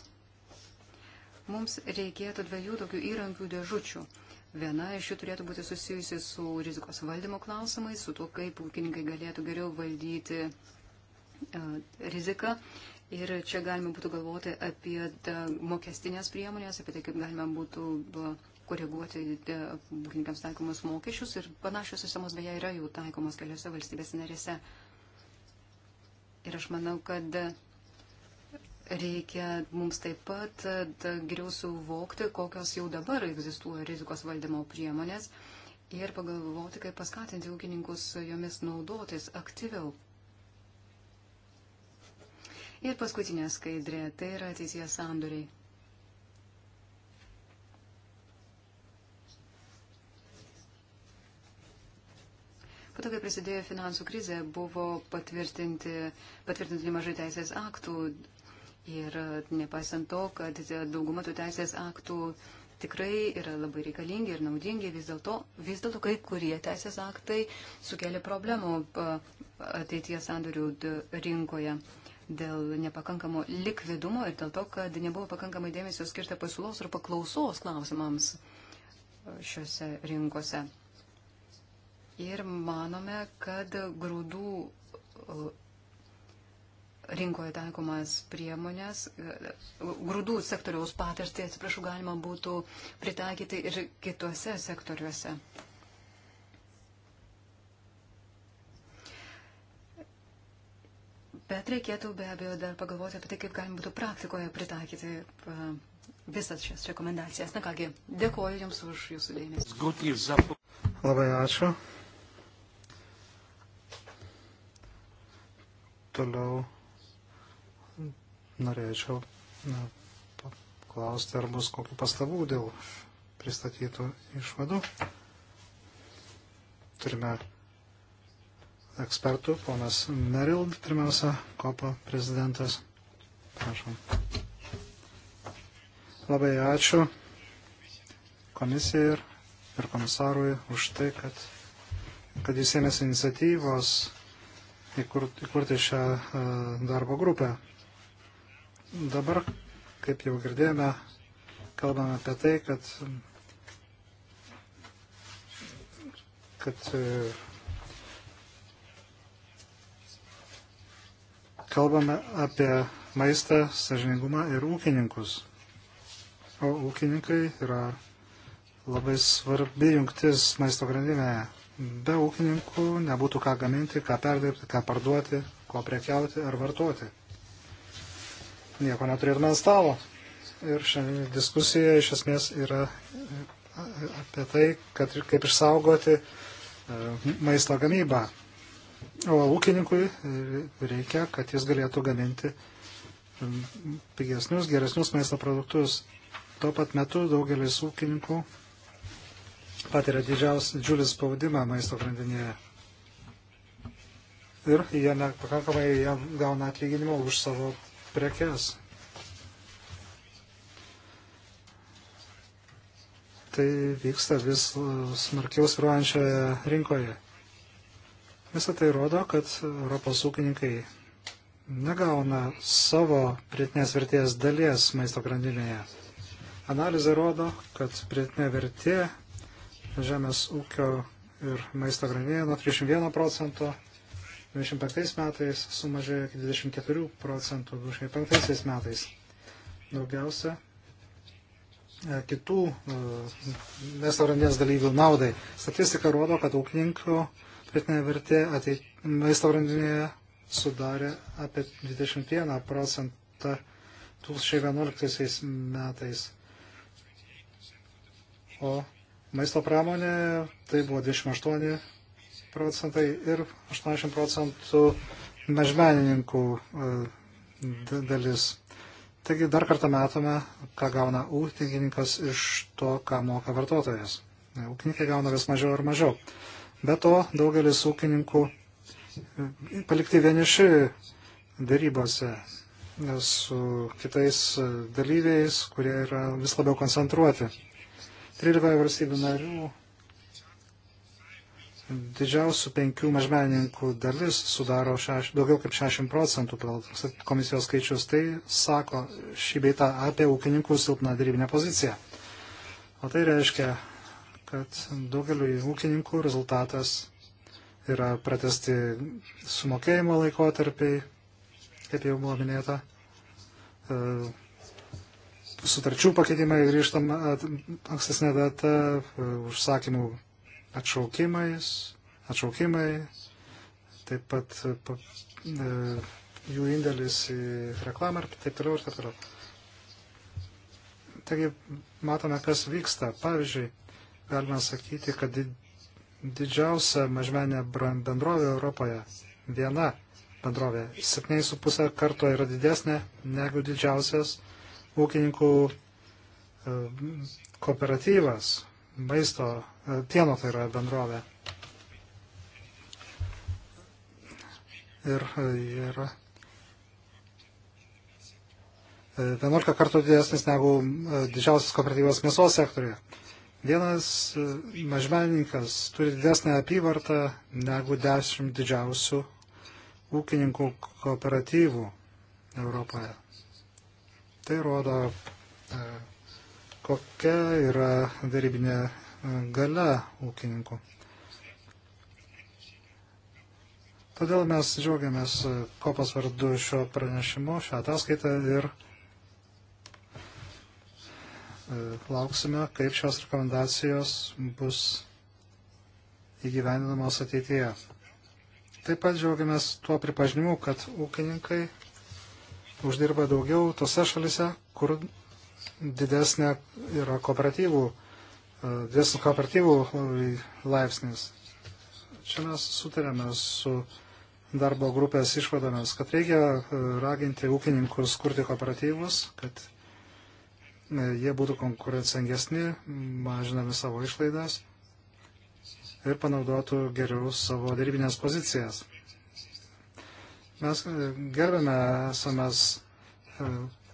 Mums reikėtų dviejų tokių įrankių dėžučių. Viena iš jų turėtų būti susijusi su rizikos valdymo klausimais, su tuo, kaip ūkininkai galėtų geriau valdyti uh, riziką. Ir čia galima būtų galvoti apie mokestinės priemonės, apie tai, kaip galima būtų koreguoti e, būkininkams taikomus mokesčius ir panašios sistemos beje yra jau taikomos keliose valstybės narėse. Ir aš manau, kad reikia mums taip pat e, geriau suvokti, kokios jau dabar egzistuoja rizikos valdymo priemonės ir pagalvoti, kaip paskatinti ūkininkus jomis naudotis aktyviau. Ir paskutinė skaidrė - tai yra ateities sandoriai. Po to, kai prasidėjo finansų krizė, buvo patvirtinti, patvirtinti nemažai teisės aktų ir e, nepaisant to, kad dauguma tų teisės aktų tikrai yra labai reikalingi ir naudingi, vis dėlto, vis dėlto kai kurie teisės aktai sukelia problemų e, ateities sandorių rinkoje dėl nepakankamo likvidumo ir dėl to, kad nebuvo pakankamai dėmesio skirta pasiūlos ir paklausos klausimams e, šiuose rinkose ir manome, kad grūdų e, rinkoje taikomas priemonės, e, grūdų sektoriaus patirtį, atsiprašau, galima būtų pritaikyti ir kitose sektoriuose. Bet reikėtų be abejo dar pagalvoti apie tai, kaip galima būtų praktikoje pritaikyti e, visas šias rekomendacijas. Na kągi, dėkoju Jums už Jūsų dėmesį. Labai ačiū. Toliau norėčiau na, klausti, ar bus kokių pastabų dėl pristatytų išvadų. Turime ekspertų, ponas Meril, pirmiausia, kopo prezidentas. Prašom. Labai ačiū komisijai ir, ir komisarui už tai, kad, kad jis ėmėsi iniciatyvos įkurti šią e, darbo grupę. Dabar, kaip jau girdėjome, kalbame apie tai, kad, kad e, kalbame apie maistą, sažiningumą ir ūkininkus. O ūkininkai yra labai svarbi jungtis maisto grandinėje. Be ūkininkų nebūtų ką gaminti, ką perdirbti, ką parduoti, ko prekiauti ar vartoti. Nieko neturėtume ant stalo. Ir šiandien diskusija iš esmės yra e, apie tai, kad, kaip išsaugoti e, maisto gamybą. O ūkininkui e, reikia, kad jis galėtų gaminti pigesnius, geresnius maisto produktus. Tuo pat metu daugelis ūkininkų patiria didžiulį spaudimą maisto grandinėje. Ir jie nepakankamai jie gauna atlyginimą už savo prekes. Tai vyksta vis smarkiau sviruojančioje rinkoje. Visą tai rodo, kad Europos ūkininkai negauna savo pritinės vertės dalies maisto grandinėje. Analizė rodo, kad pritinė vertė žemės ūkio ir maisto granėje nuo 31 procento, 25 metais sumažėjo iki 24 procentų, 25 metais daugiausia e, kitų e, maisto granės dalyvių naudai. Statistika rodo, kad ūkininkų pritinė vertė ateit, maisto grandinėje sudarė apie 21 procentą 2011 metais, o Maisto pramonė tai buvo 28 procentai ir 80 procentų mažmenininkų e, dalis. Taigi dar kartą matome, ką gauna ūkininkas iš to, ką moka vartotojas. E, ūkininkai gauna vis mažiau ir mažiau. Be to, daugelis ūkininkų e, palikti vieniši darybose su kitais dalyviais, kurie yra vis labiau koncentruoti. 13 valstybių narių didžiausių penkių mažmenininkų dalis sudaro šeš, daugiau kaip 60 procentų komisijos skaičius. Tai sako šį beitą apie ūkininkų silpną darybinę poziciją. O tai reiškia, kad daugeliu ūkininkų rezultatas yra pratesti sumokėjimo laikotarpiai, kaip jau buvo minėta, e, sutarčių pakeitimai grįžtam ankstesnė data, e, užsakymų atšaukimais, atšaukimai, taip pat e, pa, e, jų indėlis į reklamą ir taip toliau ir taip toliau. Taigi matome, kas vyksta. Pavyzdžiui, galima sakyti, kad didžiausia mažmenė bendrovė Europoje viena bendrovė 7,5 karto yra didesnė negu didžiausias ūkininkų e, kooperatyvas, maisto, e, pieno tai yra bendrovė. Ir yra e, 11 kartų didesnis negu didžiausias kooperatyvas mėsos sektorija. Vienas mažmenininkas turi didesnę apyvartą negu 10 didžiausių ūkininkų kooperatyvų Europoje. Tai rodo, e, kokia yra darybinė e, gale ūkininkų. Todėl mes džiaugiamės e, kopos vardu šio pranešimu, šią ataskaitą ir lauksime, kaip šios rekomendacijos bus įgyvendinamos ateityje. Taip pat džiaugiamės tuo pripažinimu, kad ūkininkai uždirba daugiau tose šalise, kur didesnė yra kooperatyvų, e, didesnis kooperatyvų laipsnis. Čia mes sutarėme su darbo grupės išvadomis, kad reikia e, raginti ūkininkus kurti kooperatyvus, kad e, jie būtų konkurencingesni, mažinami savo išlaidas ir panaudotų geriau savo darybinės pozicijas. Mes gerbėme esamas e,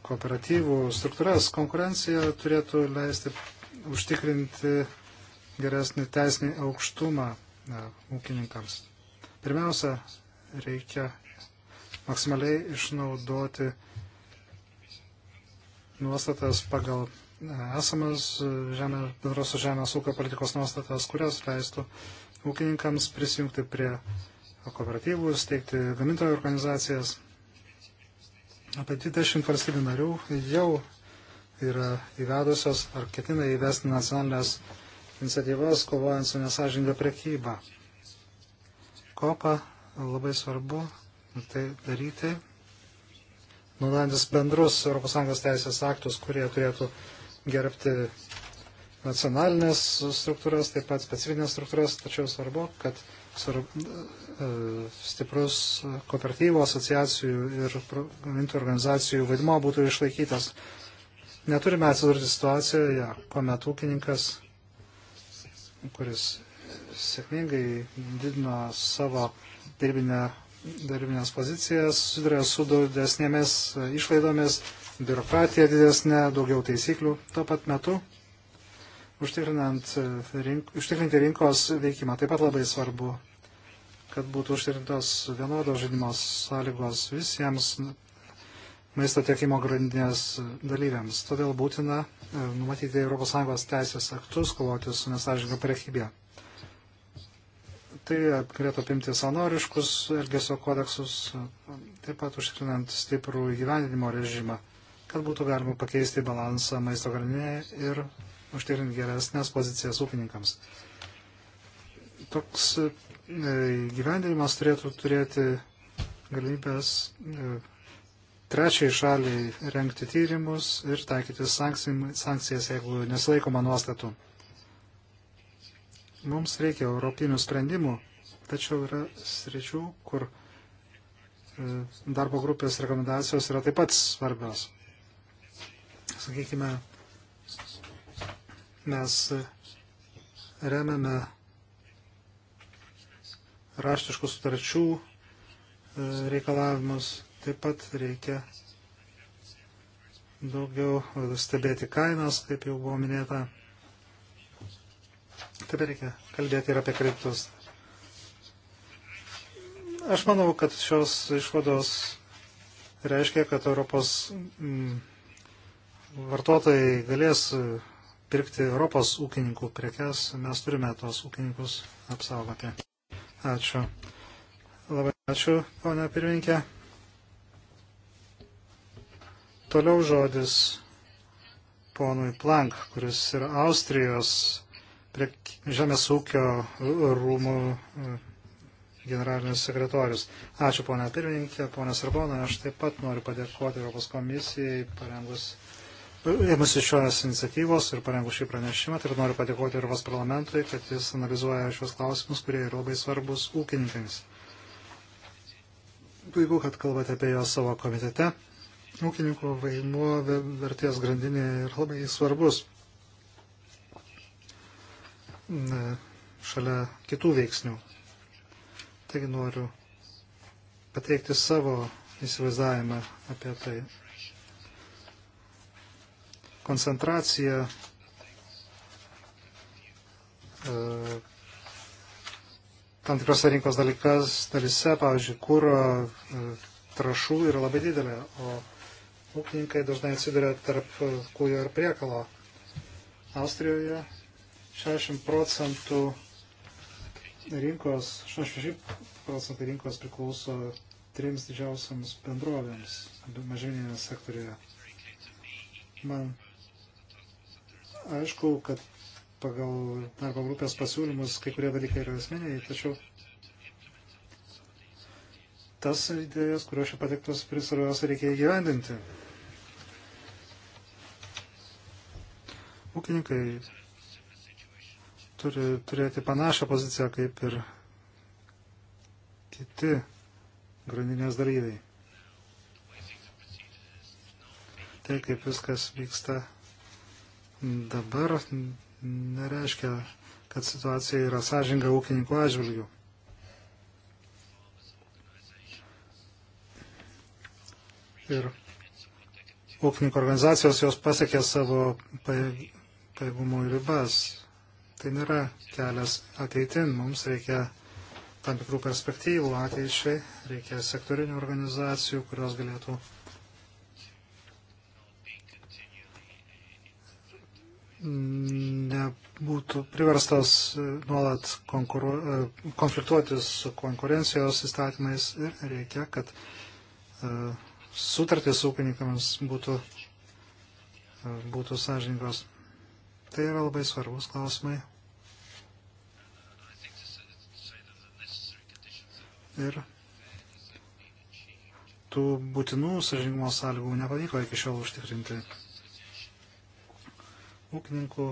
kooperatyvų struktūras. Konkurencija turėtų leisti užtikrinti geresnį teisinį aukštumą e, ūkininkams. Pirmiausia, reikia maksimaliai išnaudoti nuostatas pagal e, esamas žemė, bendrosios žemės ūkio politikos nuostatas, kurios leistų ūkininkams prisijungti prie kooperatyvus, teikti gamintojų organizacijas. Apie 20 valstybių narių jau yra įvedusios ar ketina įvesti nacionalinės iniciatyvas kovojant su nesažinga prekyba. Kopa labai svarbu tai daryti, naudojantis bendrus ES teisės aktus, kurie turėtų gerbti nacionalinės struktūras, taip pat specifinės struktūras, tačiau svarbu, kad E, stiprus kooperatyvų asociacijų ir gamintojų organizacijų vaidmo būtų išlaikytas. Neturime atsidurti situacijoje, ja, kuomet ūkininkas, kuris sėkmingai didino savo dirbinę, dirbinės pozicijas, sudarė su didesnėmis išlaidomis, biurokratija didesnė, daugiau taisyklių. Tuo pat metu E, rink, užtikrinti rinkos veikimą. Taip pat labai svarbu, kad būtų užtikrintos vienodos žaidimos sąlygos visiems maisto tiekimo grandinės dalyviams. Todėl būtina e, numatyti ES teisės aktus kovoti su nesažininga prekybė. Tai galėtų apimti savanoriškus elgesio kodeksus, taip pat užtikrinant stiprų įgyvendinimo režimą, kad būtų galima pakeisti balansą maisto grandinėje ir užtikrinti geresnės pozicijas ūkininkams. Toks e, gyvendinimas turėtų turėti galimybės e, trečiai šaliai renkti tyrimus ir taikyti sankcijas, jeigu nesilaikoma nuostatų. Mums reikia europinių sprendimų, tačiau yra sričių, kur e, darbo grupės rekomendacijos yra taip pat svarbios. Sakykime, Mes remiame raštiškų sutarčių e, reikalavimus. Taip pat reikia daugiau stebėti kainas, kaip jau buvo minėta. Taip reikia kalbėti ir apie kreditus. Aš manau, kad šios išvados reiškia, kad Europos mm, vartotojai galės pirkti Europos ūkininkų prekes, mes turime tos ūkininkus apsaugoti. Ačiū. Labai ačiū, ponia pirminkė. Toliau žodis ponui Plank, kuris yra Austrijos prie Žemės ūkio rūmų e, generalinis sekretorius. Ačiū, ponia pirmininkė, ponia Sarbona, aš taip pat noriu padėkoti Europos komisijai, parengus ėmusi šios iniciatyvos ir parengus šį pranešimą. Tai noriu padėkoti Europos parlamentui, kad jis analizuoja šios klausimus, kurie yra labai svarbus ūkininkams. Puiku, kad kalbate apie juos savo komitete. Ūkininkų vaidmuo vertės grandinė yra labai svarbus. Šalia kitų veiksnių. Taigi noriu pateikti savo įsivaizdavimą apie tai koncentracija e, tam tikrose rinkos dalykas, dalise, pavyzdžiui, kūro e, trašų yra labai didelė, o ūkininkai dažnai atsiduria tarp kūjo ir priekalo. Austrijoje 60 procentų rinkos, 66 procentai rinkos priklauso trims didžiausiams bendrovėms mažmeninėme sektoriuje. Man Aišku, kad pagal darbo grupės pasiūlymus kai kurie dalykai yra asmeniai, tačiau tas idėjas, kurios čia patiktos, svarbiausia reikia įgyvendinti. Ūkininkai turi turėti panašią poziciją kaip ir kiti grandinės dalyviai. Tai kaip viskas vyksta dabar nereiškia, kad situacija yra sąžinga ūkininkų atžvilgių. Ir ūkininkų organizacijos jos pasiekė savo pajėgumų ribas. Tai nėra kelias ateitin. Mums reikia tam tikrų perspektyvų ateičiai, reikia sektorinių organizacijų, kurios galėtų nebūtų priverstas e, nuolat konkuru, e, konfliktuoti su konkurencijos įstatymais ir reikia, kad e, sutartys su ūkininkams būtų, būtų sąžininkos. Tai yra labai svarbus klausimai. Ir tų būtinų sąžininkumo sąlygų nepavyko iki šiol užtikrinti ūkininkų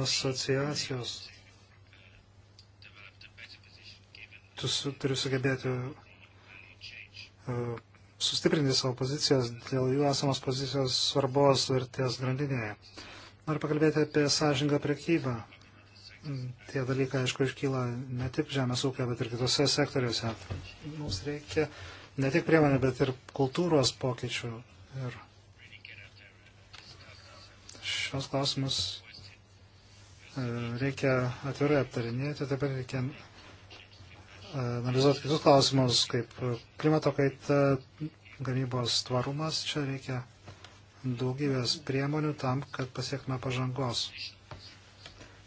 asociacijos tu su, turi sugebėti uh, sustiprinti savo pozicijas dėl jų esamos pozicijos svarbos vertės grandinėje. Noriu pakalbėti apie sąžingą prekybą. Tie dalykai, aišku, iškyla ne tik žemės ūkio, bet ir kitose sektoriuose. Mums reikia ne tik priemonė, bet ir kultūros pokyčių ir šios klausimus e, reikia atvirai aptarinėti, taip pat reikia e, analizuoti kitus klausimus, kaip klimato kaita, gamybos tvarumas. Čia reikia daugybės priemonių tam, kad pasiektume pažangos.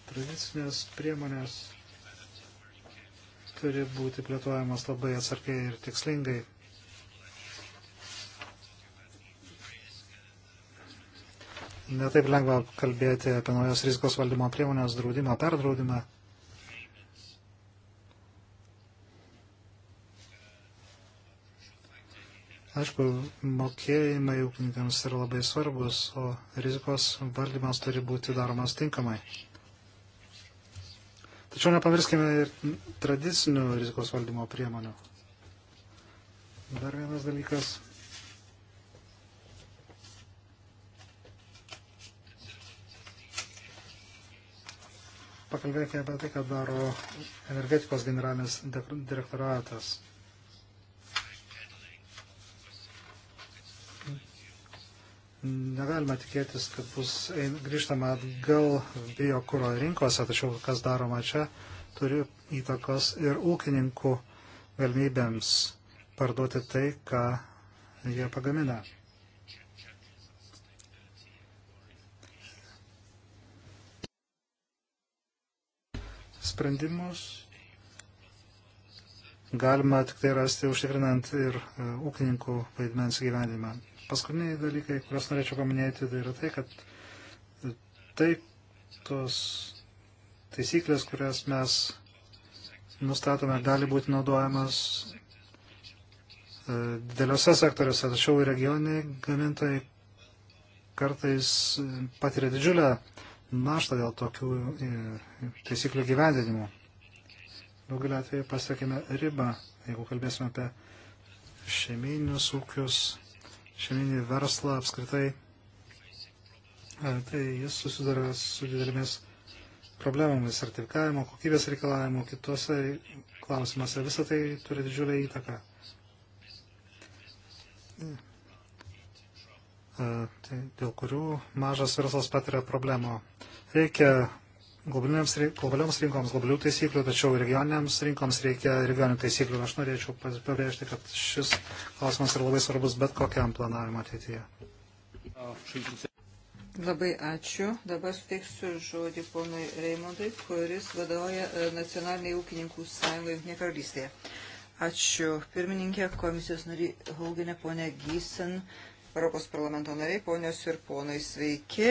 Tradicinės priemonės turi būti plėtojamos labai atsargiai ir tikslingai. netaip lengva kalbėti apie naujos rizikos valdymo priemonės draudimą, perdraudimą. Aišku, mokėjimai ūkininkams yra labai svarbus, o rizikos valdymas turi būti daromas tinkamai. Tačiau nepamirskime ir tradicinių rizikos valdymo priemonių. Dar vienas dalykas pakalbėkime apie tai, ką daro energetikos generalinis direktoratas. Negalima tikėtis, kad bus grįžtama atgal biokuro rinkose, tačiau kas daroma čia turi įtakos ir ūkininkų galimybėms parduoti tai, ką jie pagamina. sprendimus galima tik tai rasti užtikrinant ir e, ūkininkų vaidmens gyvenimą. Paskutiniai dalykai, kuriuos norėčiau paminėti, tai yra tai, kad e, tai tos taisyklės, kurias mes nustatome, gali būti naudojamas e, dideliuose sektoriuose, tačiau regioniniai gamintojai kartais patiria didžiulę naštą dėl tokių e, taisyklių gyvendinimų. Daugelį atveju pasiekime ribą, jeigu kalbėsime apie šeiminius ūkius, šeiminį verslą apskritai, e, tai jis susiduria su didelėmis problemomis sertifikavimo, kokybės reikalavimo, kitose klausimuose. Visą tai turi didžiulę įtaką. E, tai dėl kurių mažas verslas patiria problemų. Reikia globalioms rinkoms globalių taisyklių, tačiau regioniniams rinkoms reikia regioninių taisyklių. Aš norėčiau pabrėžti, kad šis klausimas yra labai svarbus bet kokiam planavimo ateityje. Labai ačiū. Dabar suteiksiu žodį ponui Reimondui, kuris vadovauja e, Nacionaliniai ūkininkų sąjungai Junktinė karalystėje. Ačiū. Pirmininkė, komisijos nari Hauginė, ponė Gysen, Europos parlamento nariai, ponios ir ponai, sveiki.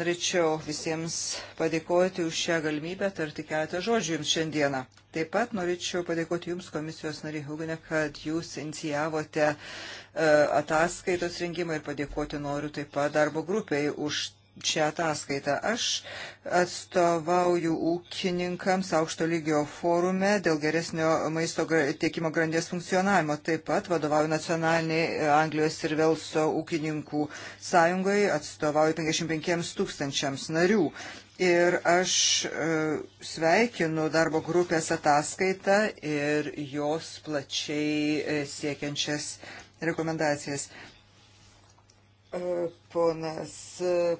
Norėčiau visiems padėkoti už šią galimybę tarti keletą žodžių jums šiandieną. Taip pat norėčiau padėkoti jums, komisijos nariai Huginė, kad jūs inicijavote e, ataskaitos rengimą ir padėkoti noriu taip pat darbo grupiai už šią ataskaitą. Aš atstovauju ūkininkams aukšto lygio forume dėl geresnio maisto tiekimo grandies funkcionavimo. Taip pat vadovauju nacionaliniai Anglijos ir Velso ūkininkų sąjungai, atstovauju 55 tūkstančiams narių. Ir aš e, sveikinu darbo grupės ataskaitą ir jos plačiai e, siekiančias rekomendacijas. E, ponas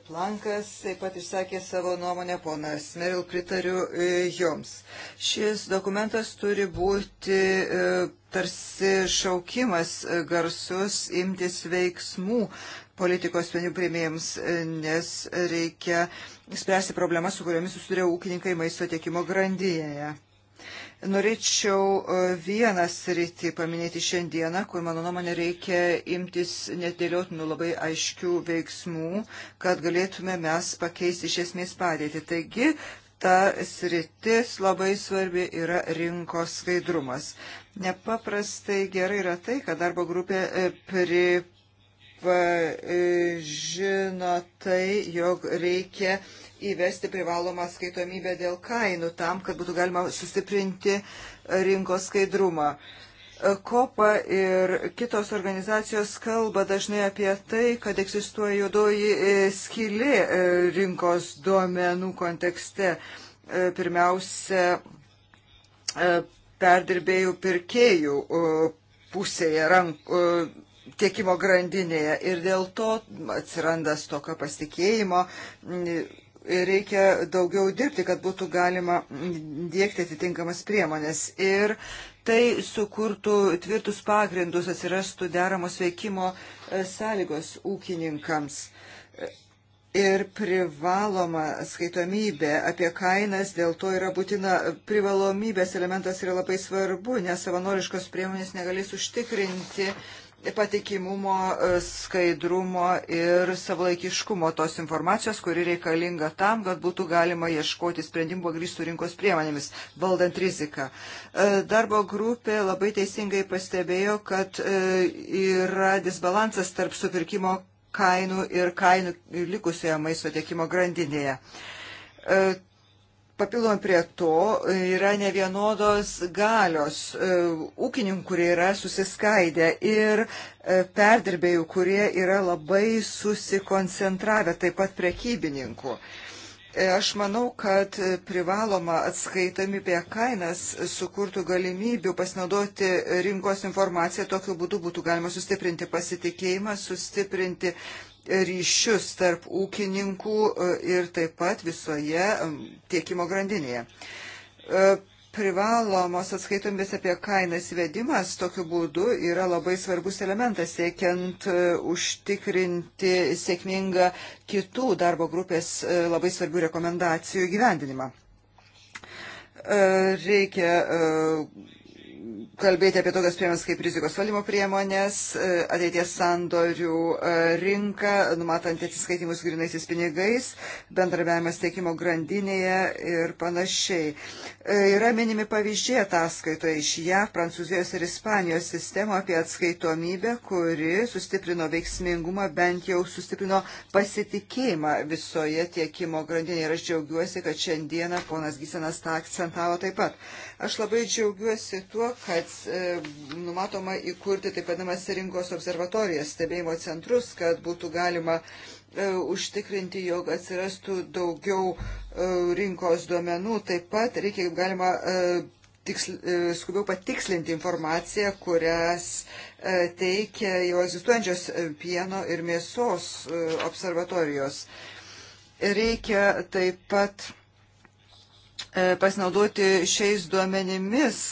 Plankas taip pat išsakė savo nuomonę, ponas Meril pritariu e, joms. Šis dokumentas turi būti e, tarsi šaukimas garsus imtis veiksmų politikos sprendimų prieimėjams, nes reikia spręsti problemas, su kuriomis susiduria ūkininkai maisto tiekimo grandyje. Norėčiau e, vieną sritį paminėti šiandieną, kur, mano nuomonė, reikia imtis netėliotinų labai aiškių veiksmų, kad galėtume mes pakeisti iš esmės padėtį. Taigi, ta sritis labai svarbi yra rinkos skaidrumas. Nepaprastai gerai yra tai, kad darbo grupė e, pri pripažino tai, jog reikia įvesti privalomą skaitomybę dėl kainų tam, kad būtų galima sustiprinti rinkos skaidrumą. Kopa ir kitos organizacijos kalba dažnai apie tai, kad egzistuoja juodoji e, skilė e, rinkos duomenų kontekste. E, pirmiausia, perdirbėjų pirkėjų pusėje rank, tiekimo grandinėje ir dėl to atsiranda stoka pasitikėjimo. Reikia daugiau dirbti, kad būtų galima dėkti atitinkamas priemonės. Ir tai sukurtų tvirtus pagrindus, atsirastų deramos veikimo e, sąlygos ūkininkams. Ir privaloma skaitomybė apie kainas, dėl to yra būtina privalomybės elementas yra labai svarbu, nes savanoriškos priemonės negalės užtikrinti patikimumo, e, skaidrumo ir savalaikiškumo tos informacijos, kuri reikalinga tam, kad būtų galima ieškoti sprendimų grįstų rinkos priemonėmis, valdant riziką. E, darbo grupė labai teisingai pastebėjo, kad e, yra disbalansas tarp supirkimo kainų ir kainų likusioje maisto tiekimo grandinėje Papildom prie to, e, yra ne vienodos galios e, ūkininkų, kurie yra susiskaidę ir e, perdirbėjų, kurie yra labai susikoncentravę, taip pat prekybininkų. Aš manau, kad privaloma atskaitami apie kainas sukurtų galimybių pasinaudoti rinkos informaciją, tokiu būdu būtų galima sustiprinti pasitikėjimą, sustiprinti ryšius tarp ūkininkų e, ir taip pat visoje e, tiekimo grandinėje. E, privalomos atskaitomės apie kainas vedimas tokiu būdu yra labai svarbus elementas, siekiant užtikrinti sėkmingą kitų darbo grupės labai svarbių rekomendacijų gyvendinimą. Reikia kalbėti apie tokias priemonės kaip rizikos valdymo priemonės, e, ateities sandorių e, rinka, numatant atsiskaitimus grinaisiais pinigais, bendravimas teikimo grandinėje ir panašiai. E, yra minimi pavyzdžiai ataskaitoje iš JAV, Prancūzijos ir Ispanijos sistemo apie atskaitomybę, kuri sustiprino veiksmingumą, bent jau sustiprino pasitikėjimą visoje tiekimo grandinėje. Ir aš džiaugiuosi, kad šiandieną ponas Gysenas tą akcentavo taip pat. Aš labai džiaugiuosi tuo, kad E, numatoma įkurti taip vadinamas rinkos observatorijas, stebėjimo centrus, kad būtų galima e, užtikrinti, jog atsirastų daugiau e, rinkos duomenų. Taip pat reikia galima tiksl, skubiau patikslinti informaciją, kurias teikia jau egzistuojančios pieno ir mėsos observatorijos. Reikia taip pat pasinaudoti šiais duomenimis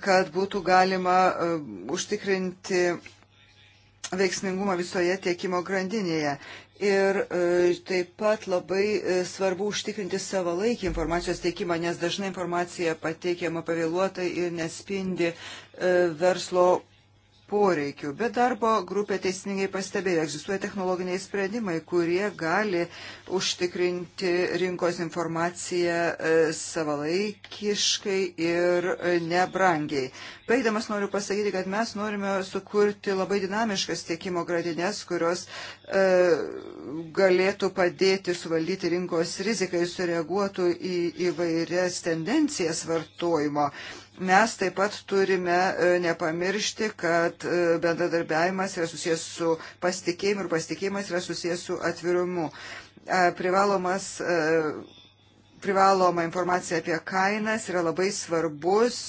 kad būtų galima e, užtikrinti veiksmingumą visoje tiekimo grandinėje. Ir e, taip pat labai e, svarbu užtikrinti savalaikį informacijos teikimą, nes dažnai informacija pateikiama pavėluotai ir nespindi verslo poreikių. Bet darbo grupė teisingai pastebėjo, egzistuoja technologiniai sprendimai, kurie gali užtikrinti rinkos informaciją e, savalaikiškai ir e, nebrangiai. Baigdamas noriu pasakyti, kad mes norime sukurti labai dinamiškas tiekimo gradinės, kurios e, galėtų padėti suvaldyti rinkos riziką ir sureaguotų į įvairias tendencijas vartojimo. E, Mes taip pat turime e, nepamiršti, kad e, bendradarbiavimas yra susijęs su pasitikėjimu ir pasitikėjimas yra susijęs su atvirumu. E, privalomas, privaloma informacija apie kainas yra labai svarbus,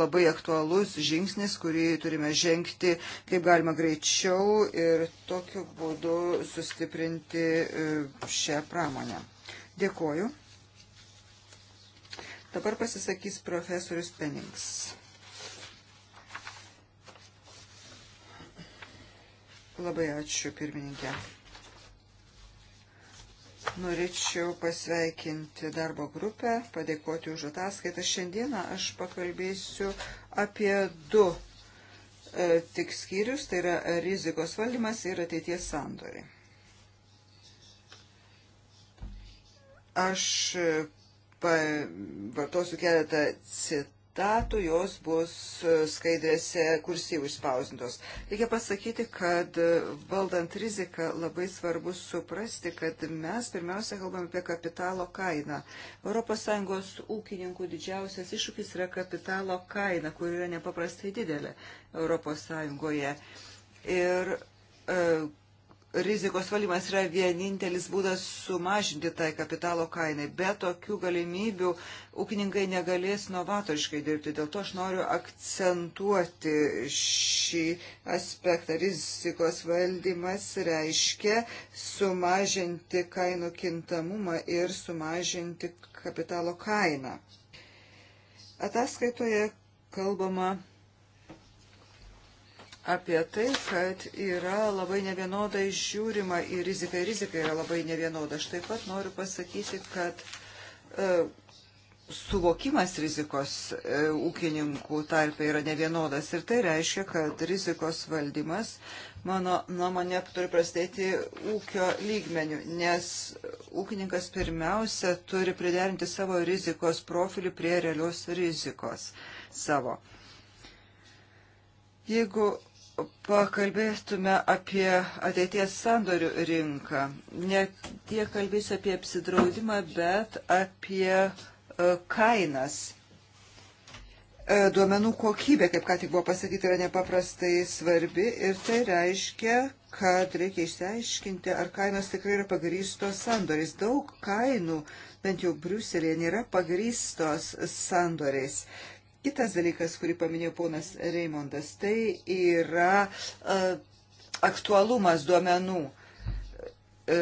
labai aktualus žingsnis, kurį turime žengti kaip galima greičiau ir tokiu būdu sustiprinti šią pramonę. Dėkuoju. Dabar pasisakys profesorius Penings. Labai ačiū, pirmininkė. Norėčiau pasveikinti darbo grupę, padėkoti už ataskaitą. Šiandieną aš pakalbėsiu apie du e, tik skyrius, tai yra rizikos valdymas ir ateities sandoriai. Aš vartosiu keletą citatų, jos bus e, skaidrėse kursyvų išspausintos. Reikia pasakyti, kad e, valdant riziką labai svarbu suprasti, kad mes pirmiausia kalbame apie kapitalo kainą. ES ūkininkų didžiausias iššūkis yra kapitalo kaina, kur yra nepaprastai didelė ES. Ir e, rizikos valymas yra vienintelis būdas sumažinti tai kapitalo kainai. Be tokių galimybių ūkininkai negalės novatoriškai dirbti. Dėl to aš noriu akcentuoti šį aspektą. Rizikos valdymas reiškia sumažinti kainų kintamumą ir sumažinti kapitalo kainą. Ataskaitoje kalbama apie tai, kad yra labai nevienodai žiūrima į riziką. Rizika yra labai nevienoda. Aš taip pat noriu pasakyti, kad e, suvokimas rizikos e, ūkininkų tarpe yra nevienodas. Ir tai reiškia, kad rizikos valdymas, mano nuomonė, turi prasidėti ūkio lygmenių, nes ūkininkas pirmiausia turi priderinti savo rizikos profilį prie realios rizikos savo. Jeigu pakalbėtume apie ateities sandorių rinką. Ne tiek kalbėsiu apie apsidraudimą, bet apie e, kainas. E, duomenų kokybė, kaip ką tik buvo pasakyti, yra nepaprastai svarbi ir tai reiškia, kad reikia išsiaiškinti, ar kainos tikrai yra pagrystos sandoriais. Daug kainų, bent jau Briuselėje, nėra pagrystos sandoriais. Kitas dalykas, kurį paminėjo ponas Reimondas, tai yra e, aktualumas duomenų. E,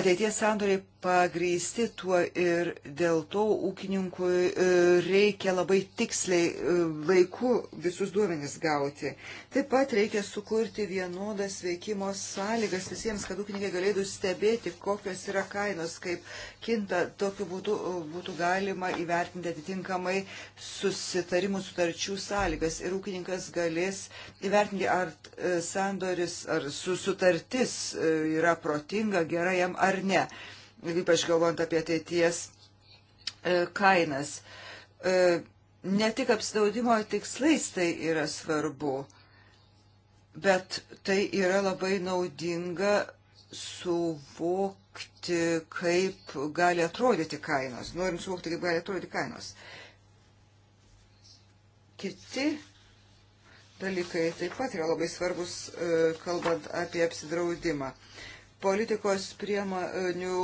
ateities sandoriai pagrysti tuo ir dėl to ūkininkui e, reikia labai tiksliai e, laiku visus duomenis gauti. Taip pat reikia sukurti vienodas veikimo sąlygas visiems, kad ūkininkai galėtų stebėti, kokios yra kainos, kaip kinta. Tokiu būdu e, būtų galima įvertinti atitinkamai susitarimų sutarčių sąlygas ir ūkininkas galės įvertinti, ar sandoris, ar sutartis yra protinga, gera jam ar ne ypač galvojant apie ateities e, kainas. E, ne tik apsidaudimo tikslais tai yra svarbu, bet tai yra labai naudinga suvokti, kaip gali atrodyti kainos. Norim suvokti, kaip gali atrodyti kainos. Kiti dalykai taip pat yra labai svarbus, e, kalbant apie apsidraudimą politikos priemonių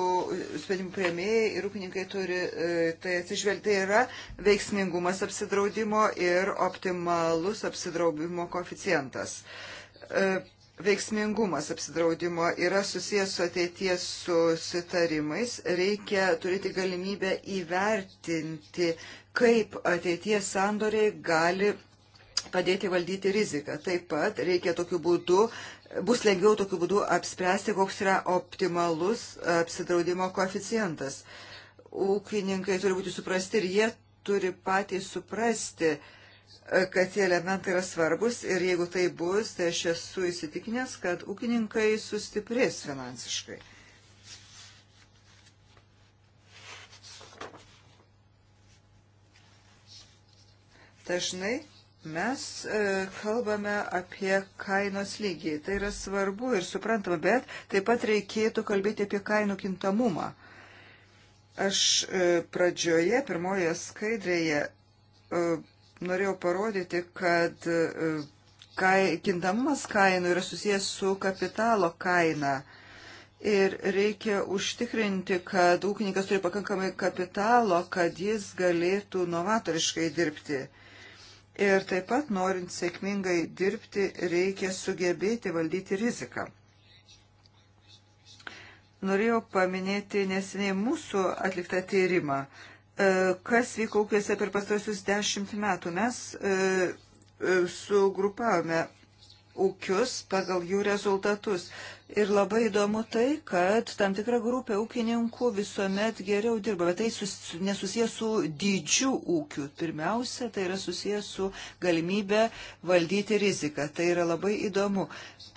sprendimų prieimėjai ir ūkininkai turi e, tai atsižvelgti. Tai yra veiksmingumas apsidraudimo ir optimalus apsidraudimo koficijantas. E, veiksmingumas apsidraudimo yra susijęs su ateities susitarimais. Reikia turėti galimybę įvertinti, kaip ateities sandoriai gali padėti valdyti riziką. Taip pat reikia tokiu būdu bus lengviau tokiu būdu apspręsti, koks yra optimalus apsidraudimo koeficientas. Ūkininkai turi būti suprasti ir jie turi patys suprasti, kad tie elementai yra svarbus ir jeigu tai bus, tai aš esu įsitikinęs, kad ūkininkai sustiprės finansiškai. Dažnai Mes e, kalbame apie kainos lygį. Tai yra svarbu ir suprantama, bet taip pat reikėtų kalbėti apie kainų kintamumą. Aš e, pradžioje, pirmoje skaidrėje, e, norėjau parodyti, kad kai, kintamumas kainų yra susijęs su kapitalo kaina. Ir reikia užtikrinti, kad ūkininkas turi pakankamai kapitalo, kad jis galėtų novatoriškai dirbti. Ir taip pat, norint sėkmingai dirbti, reikia sugebėti valdyti riziką. Norėjau paminėti neseniai mūsų atliktą tyrimą. E, kas vyko ūkiuose per pastarosius dešimt metų? Mes e, e, sugrupavome ūkius pagal jų rezultatus. Ir labai įdomu tai, kad tam tikra grupė ūkininkų visuomet geriau dirba, bet tai sus, nesusijęs su dydžiu ūkiu. Pirmiausia, tai yra susijęs su galimybė valdyti riziką. Tai yra labai įdomu.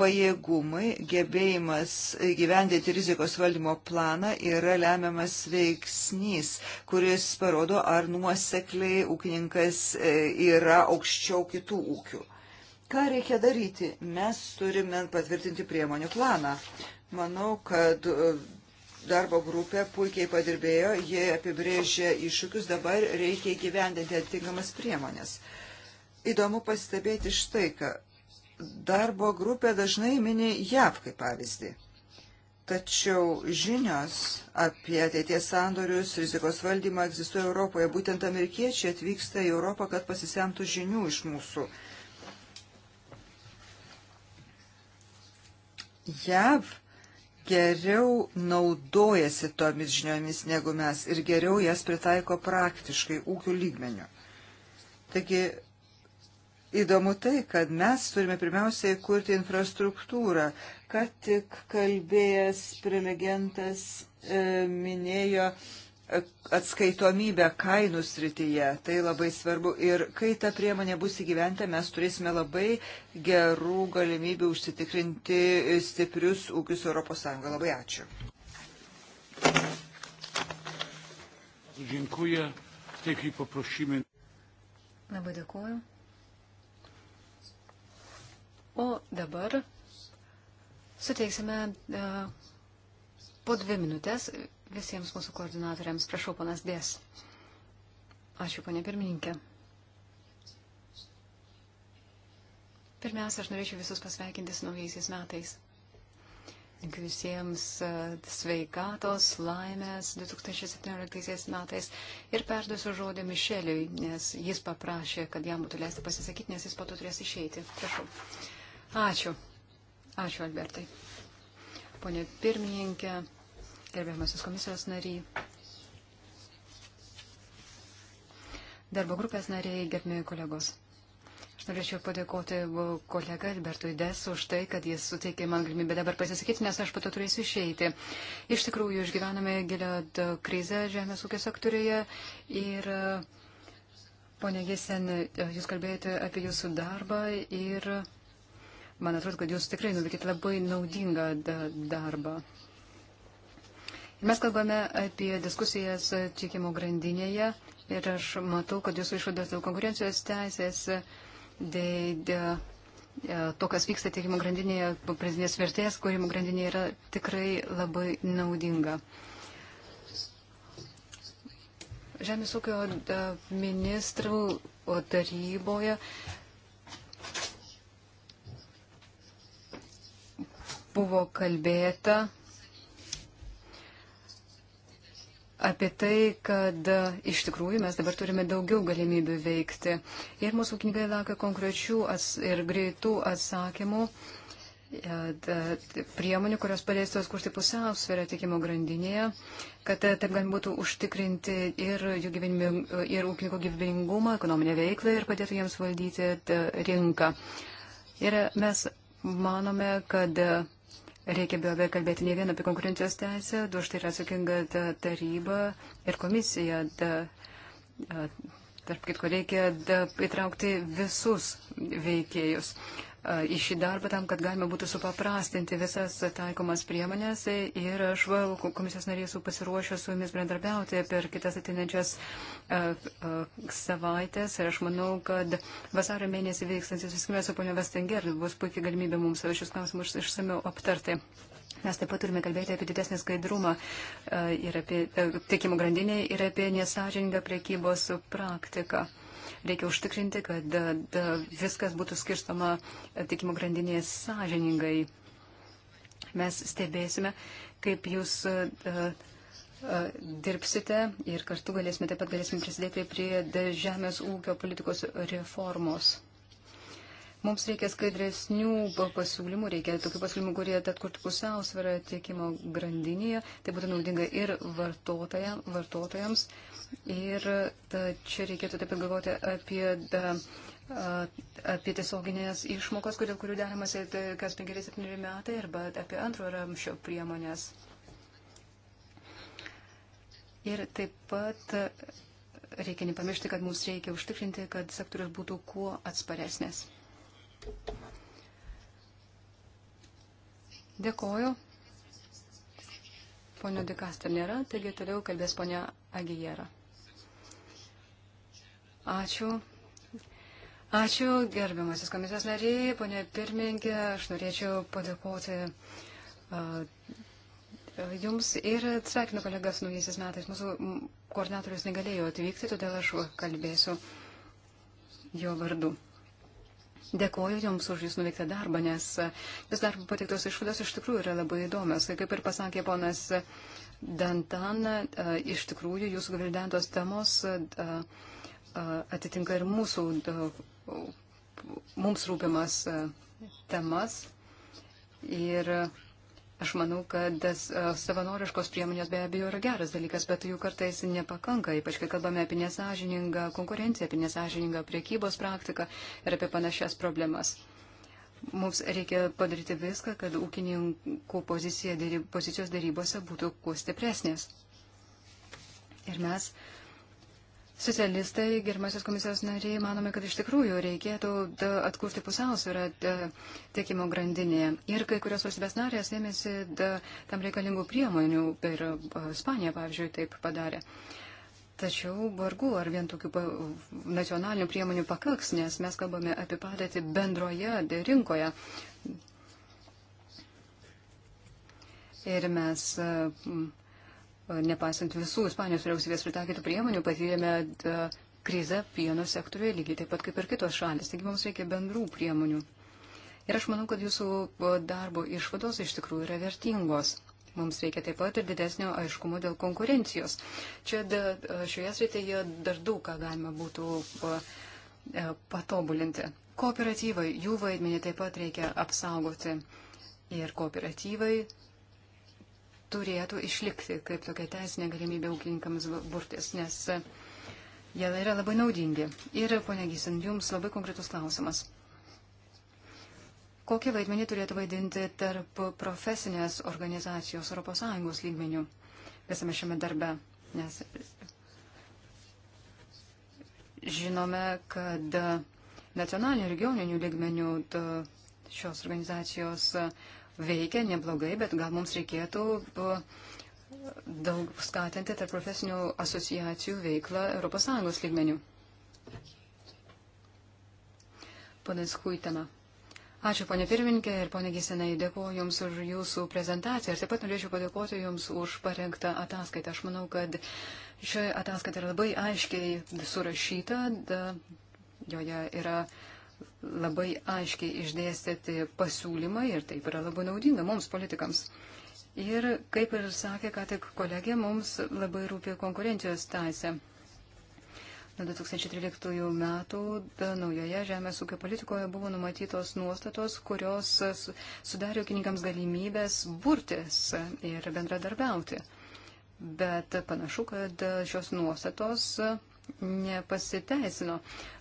Pajėgumai, gebėjimas gyvendyti rizikos valdymo planą yra lemiamas veiksnys, kuris parodo, ar nuosekliai ūkininkas e, yra aukščiau kitų ūkių. Ką reikia daryti? Mes turime patvirtinti priemonių planą. Manau, kad e, darbo grupė puikiai padirbėjo, jie apibrėžė iššūkius, dabar reikia įgyvendinti atitinkamas priemonės. Įdomu pastebėti štai, kad darbo grupė dažnai mini JAV kaip pavyzdį. Tačiau žinios apie ateities sandorius, rizikos valdymą egzistuoja Europoje. Būtent amerikiečiai atvyksta į Europą, kad pasisemtų žinių iš mūsų. JAV geriau naudojasi tomis žiniomis negu mes ir geriau jas pritaiko praktiškai ūkių lygmeniu. Taigi Įdomu tai, kad mes turime pirmiausiai kurti infrastruktūrą. Ką tik kalbėjęs prelegentas e, minėjo atskaitomybę kainų srityje. Tai labai svarbu. Ir kai ta priemonė bus įgyventa, mes turėsime labai gerų galimybių užsitikrinti stiprius ūkius ES. Labai ačiū. Dziękuję. Taip jį paprašyme. Labai dėkuoju. O dabar suteiksime uh, po dvi minutės visiems mūsų koordinatoriams. Prašau, panas Dės. Ačiū, ponė pirmininkė. Pirmiausia, aš norėčiau visus pasveikinti su naujaisiais metais. Linkiu visiems e, sveikatos, laimės 2017 metais ir perduosiu žodį Mišeliui, nes jis paprašė, kad jam būtų leisti pasisakyti, nes jis pato turės išeiti. Prašau. Ačiū. Ačiū, Albertai. Pone pirmininkė, gerbiamasis komisijos nariai, darbo grupės nariai, gerbimi kolegos. Aš norėčiau padėkoti kolega Albertui Des už tai, kad jis suteikė man galimybę dabar pasisakyti, nes aš pato turėsiu išeiti. Iš tikrųjų, išgyvename gilią krizę žemės ūkio sektoriuje ir, ponė Gesen, jūs kalbėjote apie jūsų darbą ir man atrodo, kad jūs tikrai nuveikėte labai naudingą darbą. Mes kalbame apie diskusijas tiekimo grandinėje ir aš matau, kad jūsų išvados dėl konkurencijos teisės, dėl e, to, kas vyksta tiekimo grandinėje, pridinės vertės, kūrimo grandinėje yra tikrai labai naudinga. Žemės ūkio e, ministrų taryboje buvo kalbėta apie tai, kad e, iš tikrųjų mes dabar turime daugiau galimybių veikti. Ir mūsų knygai laukia konkrečių ir greitų atsakymų e, priemonių, kurios padės tos kurti pusiausvėrą tikimo grandinėje, kad e, taip galima būtų užtikrinti ir, ir ūkininko gyvybingumą, ekonominę veiklą ir padėtų jiems valdyti rinką. Ir mes manome, kad Reikia be abejo kalbėti ne vien apie konkurencijos teisę, du štai yra atsakinga taryba ir komisija. Da, tarp kitko, reikia da, įtraukti visus veikėjus į šį darbą tam, kad galima būtų supaprastinti visas taikomas priemonės ir aš komisijos narys jau pasiruošęs su jumis bendradarbiauti per kitas atinančias savaitės ir aš manau, kad vasario mėnesį vykstantis viskime su ponio Vestinger bus puikiai galimybė mums šius klausimus išsamiau aptarti. Mes taip pat turime kalbėti apie didesnį skaidrumą ir apie tiekimo grandinę ir apie nesažiningą priekybos praktiką. Reikia užtikrinti, kad e, viskas būtų skirstama e, tikimo grandinėje sąžiningai. Mes stebėsime, kaip jūs e, dirbsite ir kartu galėsime taip pat galėsime prisidėti prie žemės ūkio politikos reformos. Mums reikia skaidresnių pasiūlymų, reikia tokių pasiūlymų, kurie atkurtų pusiausvyrą tiekimo grandinėje. Tai būtų naudinga ir vartotoja, vartotojams. Ir ta, čia reikėtų taip pat galvoti apie, da, apie tiesioginės išmokas, kodėl kurių deramasi tai kas 5-7 metai, arba apie antro ramšio priemonės. Ir taip pat reikia nepamiršti, kad mums reikia užtikrinti, kad sektorius būtų kuo atsparesnės. Dėkoju. Ponio Dikaster nėra, taigi toliau kalbės ponia Agijera. Ačiū. Ačiū, gerbiamasis komisijos nariai, ponė pirmininkė, aš norėčiau padėkoti uh, Jums ir sveikinu kolegas naujaisiais metais. Mūsų koordinatorius negalėjo atvykti, todėl aš kalbėsiu jo vardu. Dėkoju Jums už Jūsų nuveiktą darbą, nes Jūsų darbo patiktos išvados iš tikrųjų yra labai įdomios. Kaip ir pasakė ponas Dantan, iš tikrųjų Jūsų gvildentos temos atitinka ir mūsų, mums rūpimas temas. Ir Aš manau, kad e, savanoriškos priemonės be abejo yra geras dalykas, bet jų kartais nepakanka, ypač kai kalbame apie nesažiningą konkurenciją, apie nesažiningą priekybos praktiką ir apie panašias problemas. Mums reikia padaryti viską, kad ūkininkų pozicija, dėry, pozicijos darybose būtų kuo stipresnės. Ir mes Socialistai, gerbiamasis komisijos nariai, manome, kad iš tikrųjų reikėtų atkurti pusiausvyrą tiekimo grandinėje. Ir kai kurios valstybės narės ėmėsi tam reikalingų priemonių, ir Spanija, pavyzdžiui, taip padarė. Tačiau vargu, ar vien tokių nacionalinių priemonių pakaks, nes mes kalbame apie padėtį bendroje rinkoje. Ir mes. Uh, nepaisant visų Ispanijos vyriausybės pritaikytų priemonių, patyrėme e, krizę pieno sektoriuje lygiai taip pat kaip ir kitos šalis. Taigi mums reikia bendrų priemonių. Ir aš manau, kad jūsų e, darbo išvados iš tikrųjų yra vertingos. Mums reikia taip pat ir didesnio aiškumo dėl konkurencijos. Čia da, e, šioje srityje dar daug ką galima būtų patobulinti. Kooperatyvai, jų vaidmenį taip pat reikia apsaugoti. Ir kooperatyvai turėtų išlikti kaip tokia teisinė galimybė ūkininkams burtis, nes jie yra labai naudingi. Ir, ponia Gysin, jums labai konkretus klausimas. Kokį vaidmenį turėtų vaidinti tarp profesinės organizacijos ES lygmenių visame šiame darbe? Nes žinome, kad nacionalinių ir regioninių lygmenių šios organizacijos veikia neblogai, bet gal mums reikėtų daug skatinti tarp profesinių asociacijų veiklą ES lygmenių. Ponas Huitema. Ačiū, ponė pirmininkė ir ponė Gisenai, dėkuoju Jums už Jūsų prezentaciją. Ir taip pat norėčiau padėkoti Jums už parengtą ataskaitą. Aš manau, kad ši ataskaita yra labai aiškiai surašyta, da, joje yra uh, labai aiškiai išdėstėte pasiūlymą ir taip yra labai naudinga mums politikams. Ir kaip ir sakė, ką tik kolegė, mums labai rūpė konkurencijos teisė. Nuo 2013 metų naujoje žemės ūkio politikoje buvo numatytos nuostatos, kurios sudarė ūkininkams galimybės burtis ir bendradarbiauti. Bet panašu, kad šios nuostatos nepasiteisino.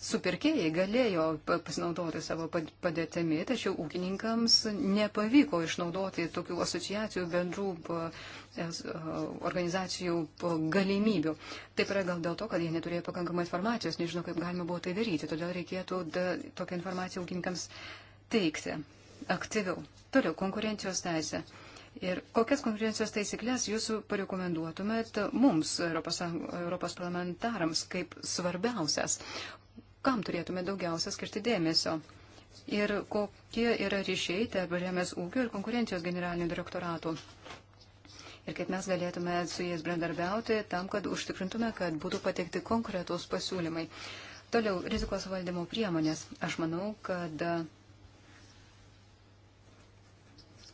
Supirkėjai galėjo pasinaudoti savo padėtimi, tačiau ūkininkams nepavyko išnaudoti tokių asociacijų bendrų organizacijų galimybių. Taip yra gal dėl to, kad jie neturėjo pakankamai informacijos, nežino, kaip galima buvo tai daryti, todėl reikėtų da, tokią informaciją ūkininkams teikti aktyviau. Toliau, konkurencijos teisė. Ir kokias konkurencijos taisyklės jūs parekomenduotumėt mums, Europos, Europos parlamentarams, kaip svarbiausias? Kam turėtume daugiausia skirti dėmesio? Ir kokie yra ryšiai tarp žemės ūkio ir konkurencijos generalinių direktoratų? ir kaip mes galėtume su jais bendarbiauti tam, kad užtikrintume, kad būtų pateikti konkretūs pasiūlymai. Toliau, rizikos valdymo priemonės. Aš manau, kad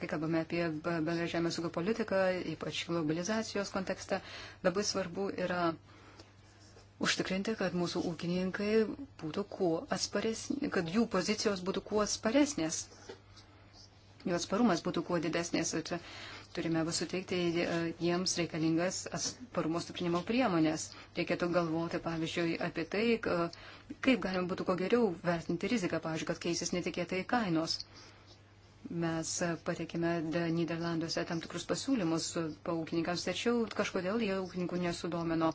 kai kalbame apie bendrą žemės ūkio politiką, ypač globalizacijos kontekste, labai svarbu yra užtikrinti, kad mūsų ūkininkai būtų kuo atsparesni, kad jų pozicijos būtų kuo atsparesnės, jų atsparumas būtų kuo didesnės. Turime suteikti e, jiems reikalingas atsparumo stiprinimo priemonės. Reikėtų galvoti, pavyzdžiui, apie tai, kaip galima būtų ko geriau vertinti riziką, pavyzdžiui, kad keisis netikėtai kainos. Mes pateikėme Niderlanduose tam tikrus pasiūlymus paukininkams, tačiau kažkodėl jie ūkininkų nesudomino.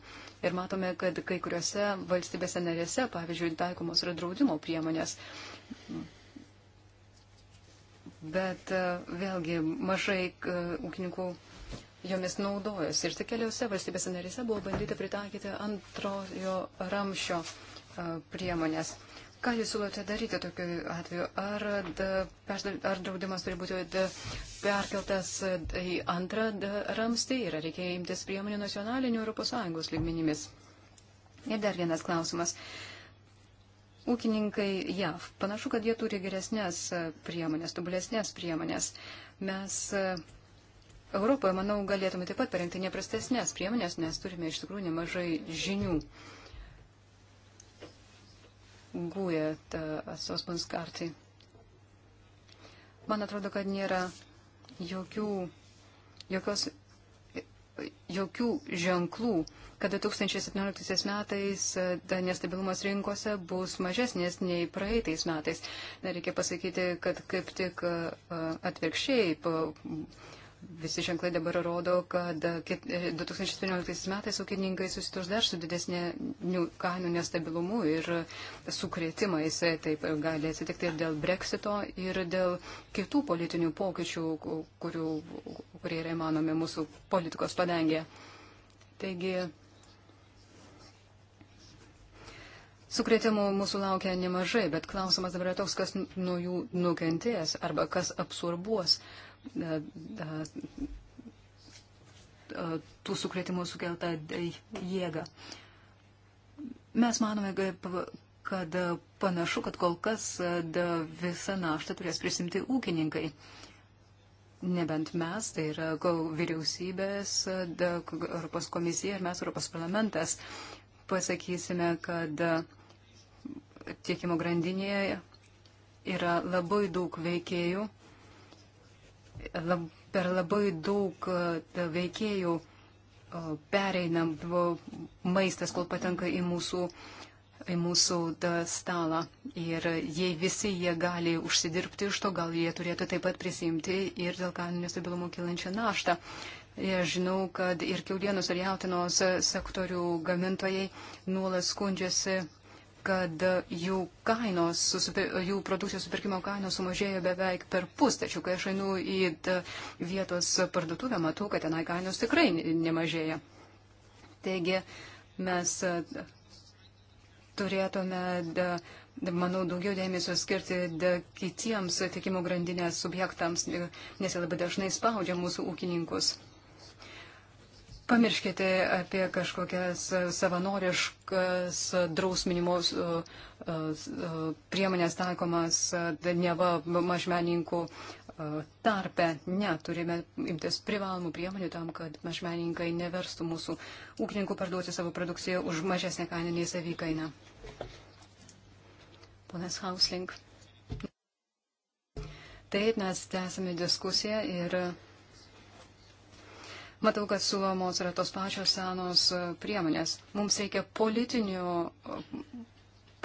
Ir matome, kad kai kuriuose valstybėse narėse, pavyzdžiui, taikomos yra draudimo priemonės. Bet e, vėlgi mažai e, ūkininkų jomis naudojosi. Ir tik keliose valstybėse narėse buvo bandyta pritaikyti antrojo ramšio e, priemonės. Ką jūs siūlote daryti tokiu atveju? Ar, da, ar draudimas turi būti da, perkeltas į antrą da, ramstį ir ar reikia imtis priemonių nacionalinių ES lygmenimis? Ir dar vienas klausimas. Ūkininkai JAV, panašu, kad jie turi geresnės e, priemonės, tobulesnės priemonės. Mes e, Europoje, manau, galėtume taip pat parengti neprastesnės priemonės, nes turime iš tikrųjų nemažai žinių. Uh, gūja Sosbons kartai. Man atrodo, kad nėra jokių, jokios, jokių ženklų, kad 2017 metais e, nestabilumas rinkose bus mažesnės nei praeitais metais. Nereikia pasakyti, kad kaip tik e, atvirkščiai. Po, Visi ženklai dabar rodo, kad 2017 e, metais ūkininkai susiturs dar su didesnė kainų nestabilumu ir sukretimais. Taip gali atsitikti ir dėl breksito, ir dėl kitų politinių pokyčių, kurių, kurie yra įmanomi mūsų politikos padangė. Taigi, Sukretimų mūsų laukia nemažai, bet klausimas dabar yra toks, kas nuo jų nukentės arba kas absorbuos uh, tų sukretimų sukeltą jėgą. Mes manome, kad panašu, kad kol kas visą naštą turės prisimti ūkininkai. Nebent mes, tai yra vyriausybės, Europos komisija ir mes, Europos parlamentas, pasakysime, kad tiekimo grandinėje yra labai daug veikėjų lab, per labai daug e, veikėjų e, pereina maistas, kol patenka į mūsų, į mūsų stalą. Ir jei visi jie gali užsidirbti iš to, gal jie turėtų taip pat prisimti ir dėl kalinio stabilumo kilančią naštą. E, aš žinau, kad ir keulienos ir jautinos sektorių gamintojai nuolat skundžiasi kad jų kainos, jų produkcijos supirkimo kainos sumažėjo beveik per pus, tačiau kai aš einu į vietos parduotuvę, matau, kad tenai kainos tikrai nemažėja. Taigi mes e, turėtume, e, manau, daugiau dėmesio skirti e, kitiems tiekimo grandinės subjektams, nes jie labai dažnai spaudžia mūsų ūkininkus. Pamirškite apie kažkokias savanoriškas drausminimo uh, uh, priemonės taikomas uh, neva mažmeninkų tarpe. Ne, turime imtis privalomų priemonių tam, kad mažmeninkai neverstų mūsų ūkininkų parduoti savo produkciją už mažesnę kainą nei savykainą. Ponas Hausling. Taip, mes tęsame diskusiją ir. Matau, kad siūlomos yra tos pačios senos e, priemonės. Mums reikia politinių, e,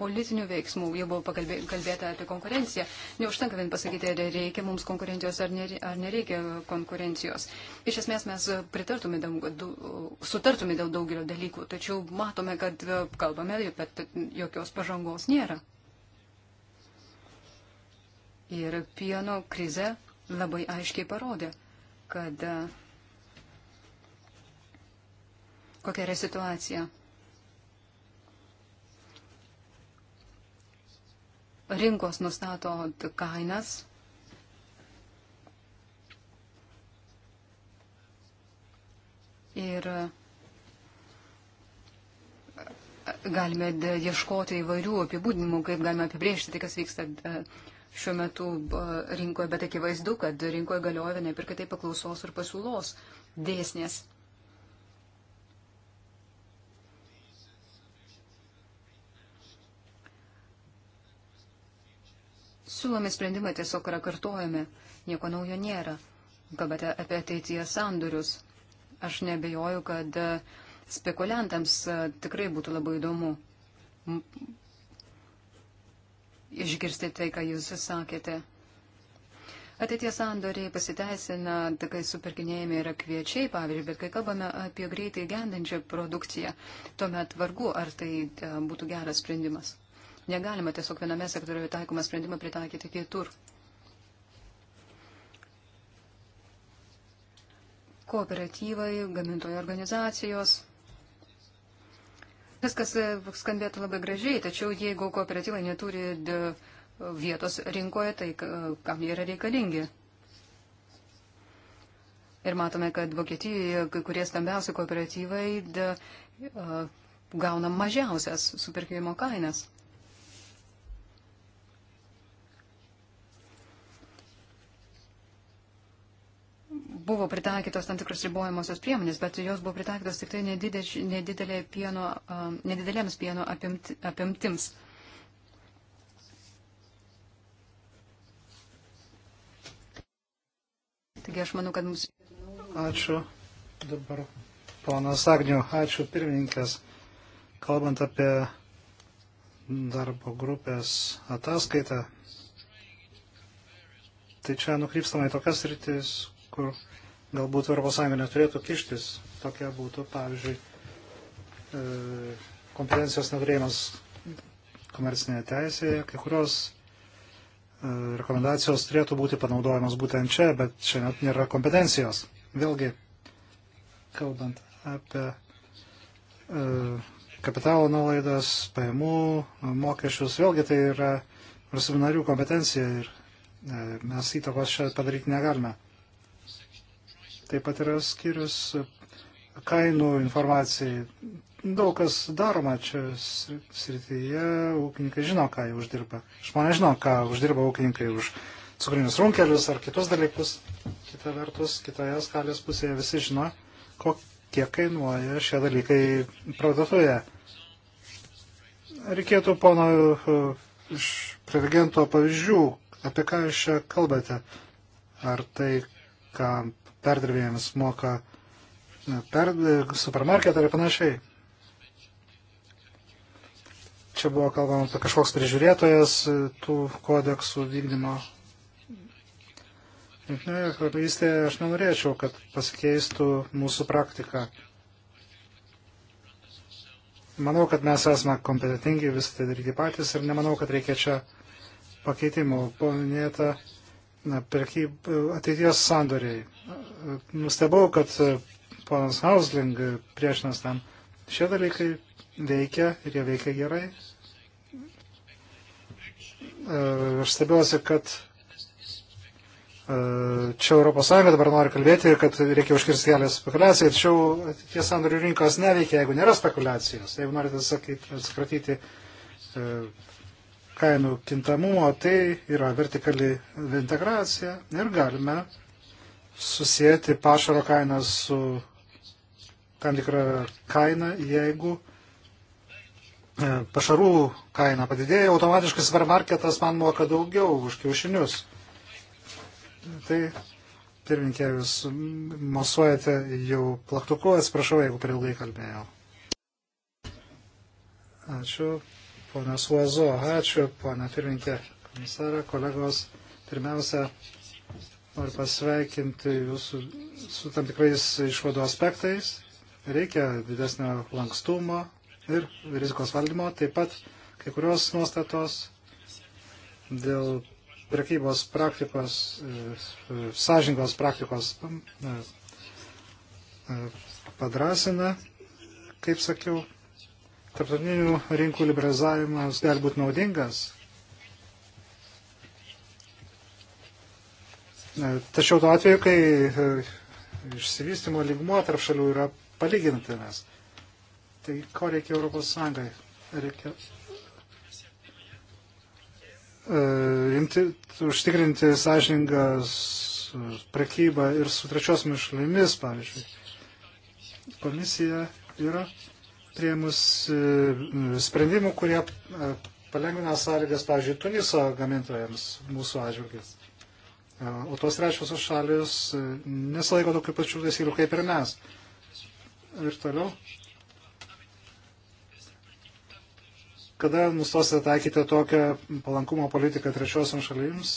politinių veiksmų. Jau buvo kalbėta apie konkurenciją. Neužtenka vien pasakyti, ar reikia mums konkurencijos, ar, nere, ar nereikia konkurencijos. Iš esmės mes pritartume, sutartume dėl daugelio dalykų, tačiau matome, kad e, kalbame, bet jokios pažangos nėra. Ir pieno krize labai aiškiai parodė, kad kokia yra situacija. Rinkos nustato kainas. Ir galime ieškoti įvairių apibūdinimų, kaip galime apibriežti tai, kas vyksta šiuo metu rinkoje, bet akivaizdu, kad rinkoje galioja vienaip ir kitaip paklausos ir pasiūlos dėsnės. siūlomi sprendimai tiesiog yra kartojami, nieko naujo nėra. Kalbate apie ateities sandorius. Aš nebejoju, kad e, spekuliantams e, tikrai būtų labai įdomu išgirsti tai, ką jūs sakėte. Ateities sandoriai pasiteisina, kai supirkinėjami yra kviečiai, pavyzdžiui, bet kai kalbame apie greitai gendančią produkciją, tuomet vargu, ar tai e, būtų geras sprendimas. Negalima tiesiog viename sektoriuje taikomą sprendimą pritaikyti kitur. Kooperatyvai, gamintojų organizacijos. Viskas e, skambėtų labai gražiai, tačiau jeigu kooperatyvai neturi vietos rinkoje, tai kam jie yra reikalingi? Ir matome, kad Vokietijoje kai kurie stambiausi kooperatyvai da, a, e, gauna mažiausias supirkimo kainas. buvo pritaikytos tam tikros ribojamosios priemonės, bet jos buvo pritaikytos tik tai nedidelė pieno, nedidelėms pieno apimt, apimtims. Taigi aš manau, kad mums. Ačiū. Dabar ponas Agnių, ačiū pirmininkas. Kalbant apie darbo grupės ataskaitą, tai čia nukrypstama į tokias rytis, kur galbūt ES neturėtų kištis. Tokia būtų, pavyzdžiui, e, kompetencijos neturėjimas komercinėje teisėje. Kai kurios e, rekomendacijos turėtų būti panaudojamos būtent čia, bet čia net nėra kompetencijos. Vėlgi, kalbant apie e, kapitalo nuolaidas, pajamų, mokesčius, vėlgi tai yra valstybinarių kompetencija ir mes įtakos čia padaryti negalime. Taip pat yra skyrius kainų informacijai. Daug kas daroma čia srityje, ūkininkai žino, ką jie uždirba. Žmonės žino, ką uždirba ūkininkai už cukrinius runkelius ar kitus dalykus. Kita vertus, kitoje skalės pusėje visi žino, kokie kainuoja šie dalykai parduotuvėje. Reikėtų pono iš uh, prelegento pavyzdžių, apie ką jūs čia kalbate. Ar tai, ką perdirbėjams moka per, supermarketą ir panašiai. Čia buvo kalbama apie kažkoks prižiūrėtojas e, tų kodeksų vykdymo. Jungtinėje karalystėje aš nenorėčiau, kad pasikeistų mūsų praktika. Manau, kad mes esame kompetitingi visą tai daryti patys ir nemanau, kad reikia čia pakeitimų. Paminėta perkyb, ateities sandoriai. Nustebau, kad e, ponas Hausling e, priešinas tam. Šie dalykai veikia ir jie veikia gerai. E, aš stebiuosi, kad čia Europos Sąjunga dabar nori kalbėti, kad reikia užkirsti kelią spekulacijai, tačiau tie sandorių rinkos neveikia, jeigu nėra spekulacijos. Jeigu norite atsakyti, atsikratyti kainų kintamumo, tai yra vertikali integracija ir galime susijęti pašaro kainą su tam tikrą kainą, jeigu e, pašarų kaina padidėja, automatiškai supermarketas man moka daugiau už kiaušinius. Tai, pirminkė, jūs mosuojate jau plaktuku, atsiprašau, jeigu per ilgai kalbėjau. Ačiū ponas Uozo. Ačiū, ponė pirminkė, komisarė, kolegos. Pirmiausia, noriu pasveikinti jūsų su tam tikrais išvadų aspektais. Reikia didesnio lankstumo ir rizikos valdymo. Taip pat kai kurios nuostatos dėl prekybos praktikos, e, sąžingos praktikos e, e, padrasina, kaip sakiau, tarptautinių rinkų liberalizavimas gali būti naudingas. E, tačiau tuo atveju, kai e, išsivystimo lygmuo tarp šalių yra palygintinas, tai ko reikia Europos Sąjungai? Reikia e, imti, užtikrinti sąžiningas prekybą ir su trečiosiomis šalimis, pavyzdžiui. Komisija yra prieimus e, sprendimų, kurie e, palengvina sąlygas, pavyzdžiui, Tuniso gamintojams mūsų atžvilgiais. E, o tos trečiosios šalis nesilaiko tokių pačių taisyklių kaip ir mes. Ir toliau. Kada nustosite taikyti tokią palankumo politiką trečiosiam šalims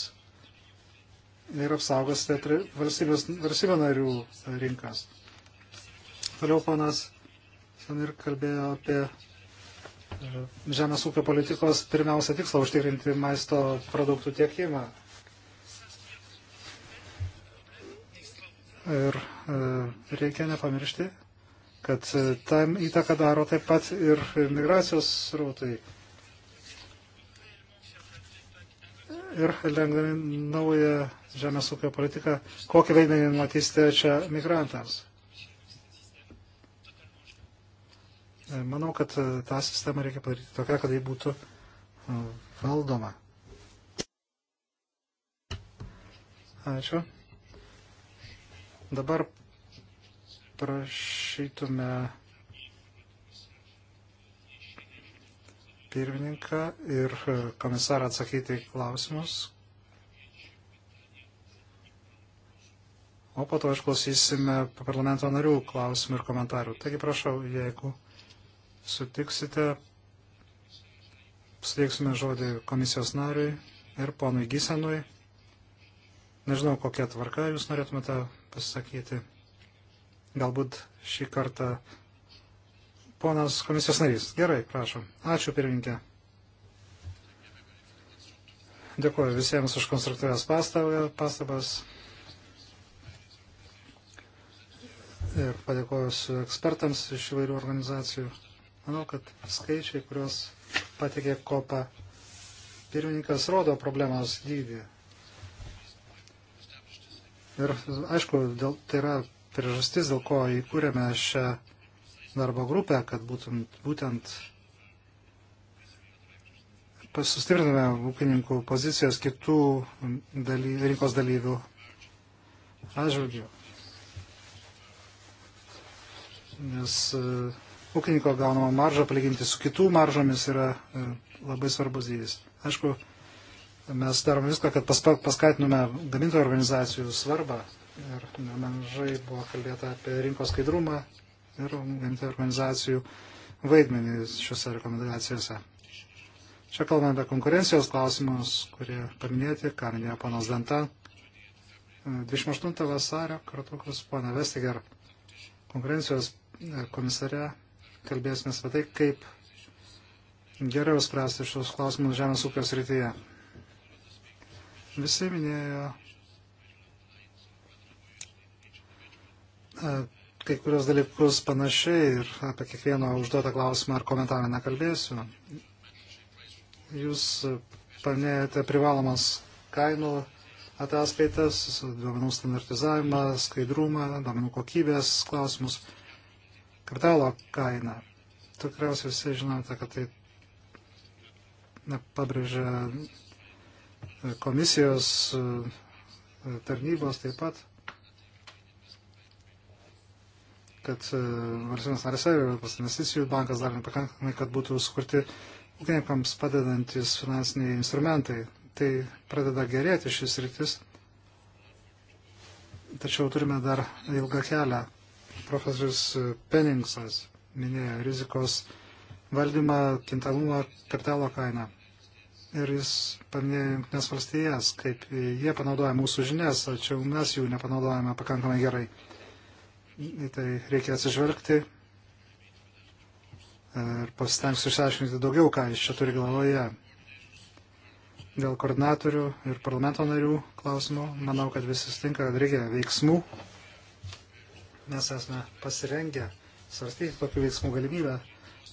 ir apsaugosite valstybės, valstybės narių rinkas? Toliau panas ten ir kalbėjo apie e, žemės ūkio politikos pirmiausia tiksla užtikrinti maisto produktų tiekimą. Ir e, reikia nepamiršti, kad e, tam įtaką daro taip pat ir migracijos srautai. ir lengdami naują žemės ūkio politiką, kokį vaidmenį matysite čia migrantams? E, manau, kad e, tą sistemą reikia padaryti tokia, kad ji būtų e, valdoma. Ačiū. Dabar prašytume pirmininką ir komisarą atsakyti klausimus. O po to išklausysime parlamento narių klausimų ir komentarų. Taigi prašau, jeigu sutiksite, suteiksime žodį komisijos nariui ir ponui Gisenui. Nežinau, kokia tvarka jūs norėtumėte pasakyti. Galbūt šį kartą ponas komisijos narys. Gerai, prašom. Ačiū pirmininkė. Dėkuoju visiems už konstruktyvės pastabas. Ir padėkoju ekspertams iš įvairių organizacijų. Manau, kad skaičiai, kuriuos patikė kopa pirmininkas, rodo problemos dydį. Ir aišku, dėl, tai yra priežastis, dėl ko įkūrėme šią darbo grupę, kad būtent, būtent pasustipriname ūkininkų pozicijas kitų daly, rinkos dalyvių atžvilgių. Nes uh, ūkininko gaunama marža palyginti su kitų maržomis yra e, labai svarbus dydis. Aišku, mes darom viską, kad paskatinume gamintojų organizacijų svarbą ir nemažai buvo kalbėta apie rinkos skaidrumą ir gamintojų organizacijų vaidmenį šiuose rekomendacijose. Čia kalbame apie konkurencijos klausimus, kurie paminėti, ką minėjo panas Danta. 28 e, vasario kartu su pana Vestiger konkurencijos e, komisare kalbėsime apie tai, kaip geriau spręsti šios klausimus žemės ūkio srityje. Visi minėjo e, kai kurios dalykus panašiai ir apie kiekvieną užduotą klausimą ar komentarą nekalbėsiu. Jūs paminėjote privalomas kainų ataskaitas, duomenų standartizavimą, skaidrumą, duomenų kokybės klausimus kapitalo kainą. Tikriausiai visi žinote, kad tai na, pabrėžia komisijos tarnybos taip pat, kad e, valstybės narėse ir Europos investicijų bankas dar nepakankamai, kad būtų sukurti ūkininkams padedantis finansiniai instrumentai. Tai pradeda gerėti šis rytis, tačiau turime dar ilgą kelią profesorius Penningsas minėjo rizikos valdymą, kintalumą, kapitalo kainą. Ir jis paminėjo jungtinės valstijas, kaip jie panaudoja mūsų žinias, tačiau mes jų nepanaudojame pakankamai gerai. Į tai reikia atsižvelgti ir pasitengsiu išsiaiškinti daugiau, ką jis čia turi galvoje. Dėl koordinatorių ir parlamento narių klausimų, manau, kad visi stinka, kad reikia veiksmų mes esame pasirengę svarstyti tokių veiksmų galimybę,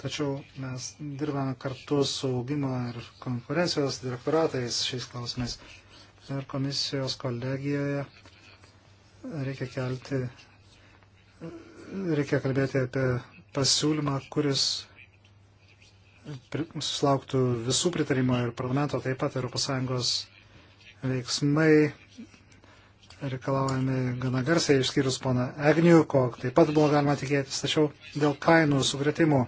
tačiau mes dirbame kartu su augimo ir konkurencijos direktoratais šiais klausimais. Ir komisijos kolegijoje reikia kelti, reikia kalbėti apie pasiūlymą, kuris susilauktų visų pritarimo ir parlamento, taip pat ES veiksmai reikalaujami gana garsiai, išskyrus poną Agnių, ko taip pat buvo galima tikėtis, tačiau dėl kainų sugretimų,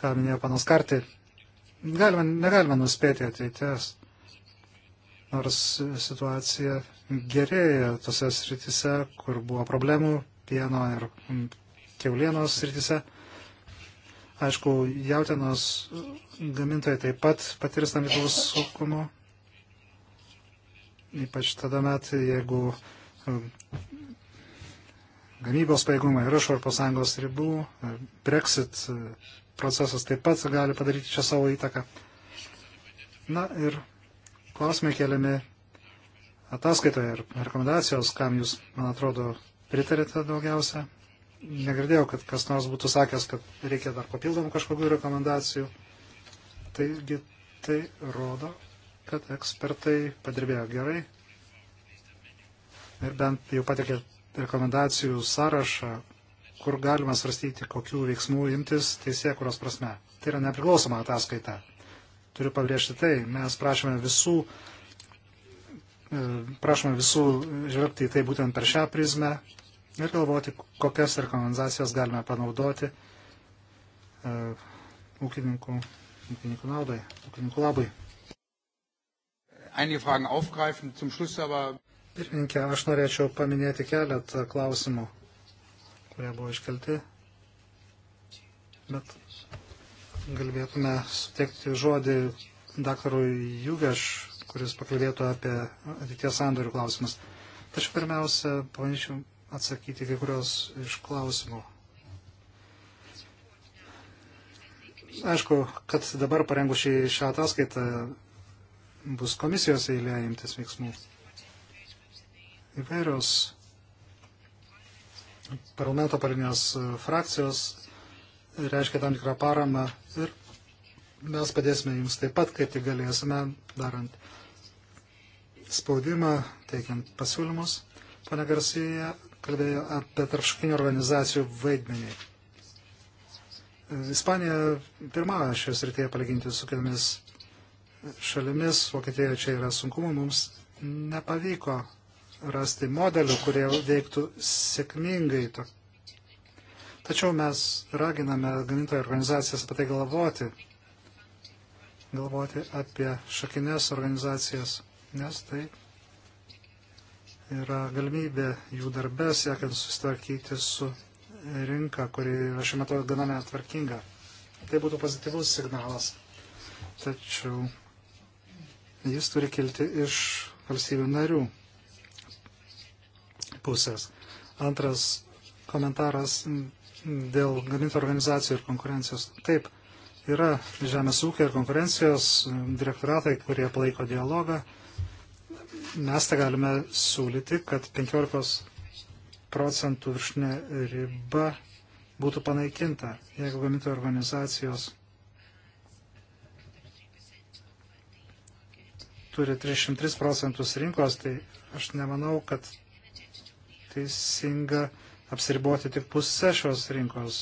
ką minėjo panas Karti, galima, negalima nuspėti ateities, nors situacija gerėja tose sritise, kur buvo problemų, pieno ir keulienos sritise. Aišku, jautienos gamintojai taip pat patirs tam tikrų sunkumų, ypač tada met, jeigu e, gamybos pajėgumai yra iš Europos Sąjungos ribų, e, Brexit e, procesas taip pat gali padaryti čia savo įtaką. Na ir klausimai keliami ataskaitoje ir rekomendacijos, kam jūs, man atrodo, pritarėte daugiausia. Negirdėjau, kad kas nors būtų sakęs, kad reikia dar papildomų kažkokių rekomendacijų. Taigi tai rodo, kad ekspertai padirbėjo gerai ir bent jau patikė rekomendacijų sąrašą, kur galima svarstyti, kokių veiksmų imtis teisėje, kurios prasme. Tai yra nepriklausoma ataskaita. Turiu pabrėžti tai, mes prašome visų, e, prašome visų žvelgti į tai būtent per šią prizmę ir galvoti, kokias rekomendacijas galime panaudoti e, ūkininkų, ūkininkų naudai, ūkininkų labai einige Fragen aufgreifen, zum Schluss aber. Pirmininkė, aš norėčiau paminėti keletą klausimų, kurie buvo iškelti, bet galėtume suteikti žodį daktarui Jugeš, kuris pakalbėtų apie ateities sandorių klausimus. Tačiau pirmiausia, pavanyčiau atsakyti kai kurios iš klausimų. Aišku, kad dabar parengu šį, šią ataskaitą, bus komisijos eilė imtis veiksmų. Įvairios parlamento palinės frakcijos reiškia tam tikrą paramą ir mes padėsime jums taip pat, kaip tik galėsime, darant spaudimą, teikiant pasiūlymus. Pane Garsija kalbėjo apie tarpšakinių organizacijų vaidmenį. Ispanija pirmavo šios rytėje palyginti su kitomis šalimis, Vokietijoje čia yra sunkumų, mums nepavyko rasti modelių, kurie veiktų sėkmingai. Tačiau mes raginame gamintojų organizacijas apie tai galvoti, galvoti apie šakinės organizacijas, nes tai yra galimybė jų darbę siekiant susitvarkyti su rinka, kuri yra šiuo metu gana netvarkinga. Tai būtų pozityvus signalas. Tačiau Jis turi kilti iš valstybių narių pusės. Antras komentaras dėl gamintojų organizacijų ir konkurencijos. Taip, yra žemės ūkio ir konkurencijos direktoratai, kurie palaiko dialogą. Mes tą galime siūlyti, kad 15 procentų viršinė riba būtų panaikinta, jeigu gamintojų organizacijos turi 33 procentus rinkos, tai aš nemanau, kad teisinga apsiriboti tik pusę šios rinkos.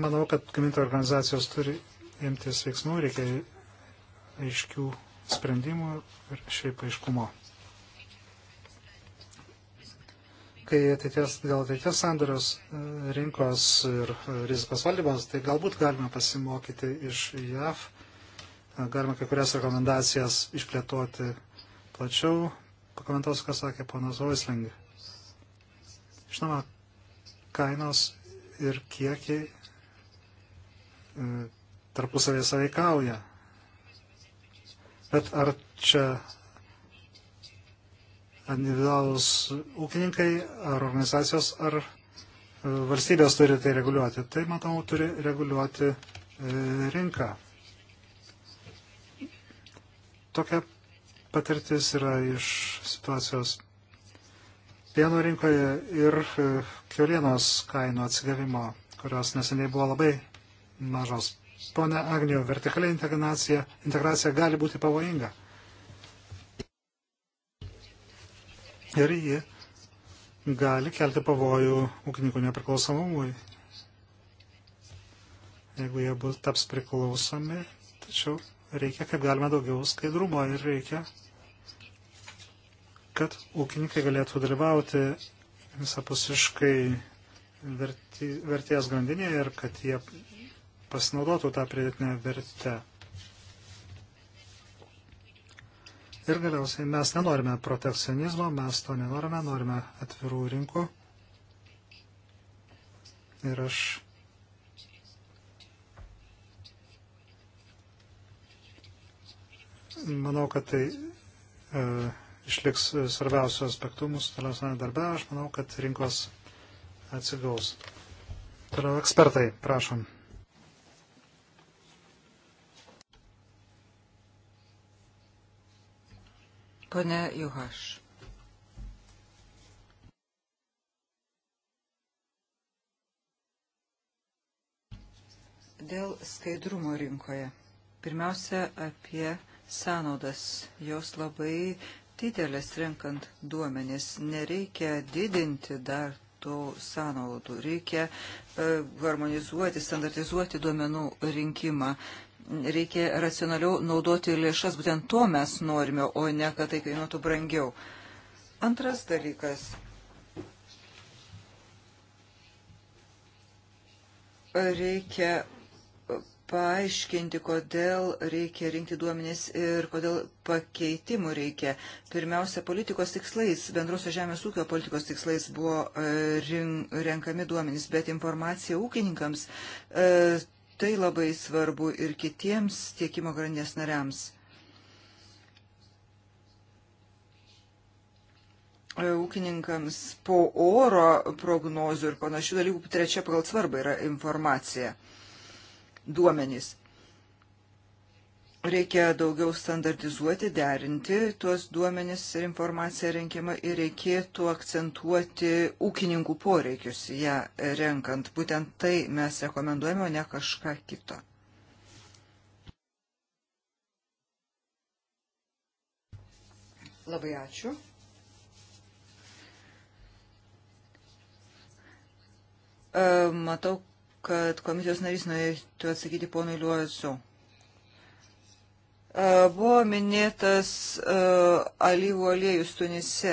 Manau, kad gamintojų organizacijos turi imtis veiksmų, reikia aiškių sprendimų ir šiaip aiškumo. kai ateities, dėl ateities sandorios e, rinkos ir e, rizikos valdymos, tai galbūt galima pasimokyti iš JAV, e, galima kai kurias rekomendacijas išplėtoti plačiau. Pakomentuosiu, ką sakė ponas Oisling. Žinoma, kainos ir kiekiai tarpusavėje saveikauja. Bet ar čia individualus ūkininkai ar organizacijos ar e, valstybės turi tai reguliuoti. Tai, matau, turi reguliuoti e, rinką. Tokia patirtis yra iš situacijos pieno rinkoje ir e, kiaulienos kainų atsigavimo, kurios neseniai buvo labai mažos. Pone Agniu, vertikaliai integracija, integracija gali būti pavojinga. ir ji gali kelti pavojų ūkininkų nepriklausomumui, jeigu jie bus, taps priklausomi. Tačiau reikia kaip galima daugiau skaidrumo ir reikia, kad ūkininkai galėtų dalyvauti visapusiškai vertės grandinėje ir kad jie pasinaudotų tą pridėtinę vertę. Ir galiausiai mes nenorime protekcionizmo, mes to nenorime, norime atvirų rinkų. Ir aš manau, kad tai e, išliks svarbiausių aspektų mūsų toliausiame darbe. Aš manau, kad rinkos atsigaus. Toliau ekspertai, prašom. Pone Juhaš. Dėl skaidrumo rinkoje. Pirmiausia, apie sąnaudas. Jos labai didelės renkant duomenis. Nereikia didinti dar tų sąnaudų. Reikia e, harmonizuoti, standartizuoti duomenų rinkimą reikia racionaliau naudoti lėšas, būtent to mes norime, o ne, kad tai kainuotų brangiau. Antras dalykas. Reikia paaiškinti, kodėl reikia rinkti duomenys ir kodėl pakeitimų reikia. Pirmiausia, politikos tikslais, bendrosios žemės ūkio politikos tikslais buvo e, renkami duomenys, bet informacija ūkininkams e, tai labai svarbu ir kitiems tiekimo grandės nariams. E, ūkininkams po oro prognozių ir panašių dalykų trečia pagal svarbą yra informacija, duomenys. Reikia daugiau standartizuoti, derinti tuos duomenis ir informaciją renkimą ir reikėtų akcentuoti ūkininkų poreikius ją renkant. Būtent tai mes rekomenduojame, o ne kažką kito. Labai ačiū. E, matau, kad komisijos narys norėtų atsakyti ponui Liuosiu. E, buvo minėtas e, alyvų aliejus Tunise.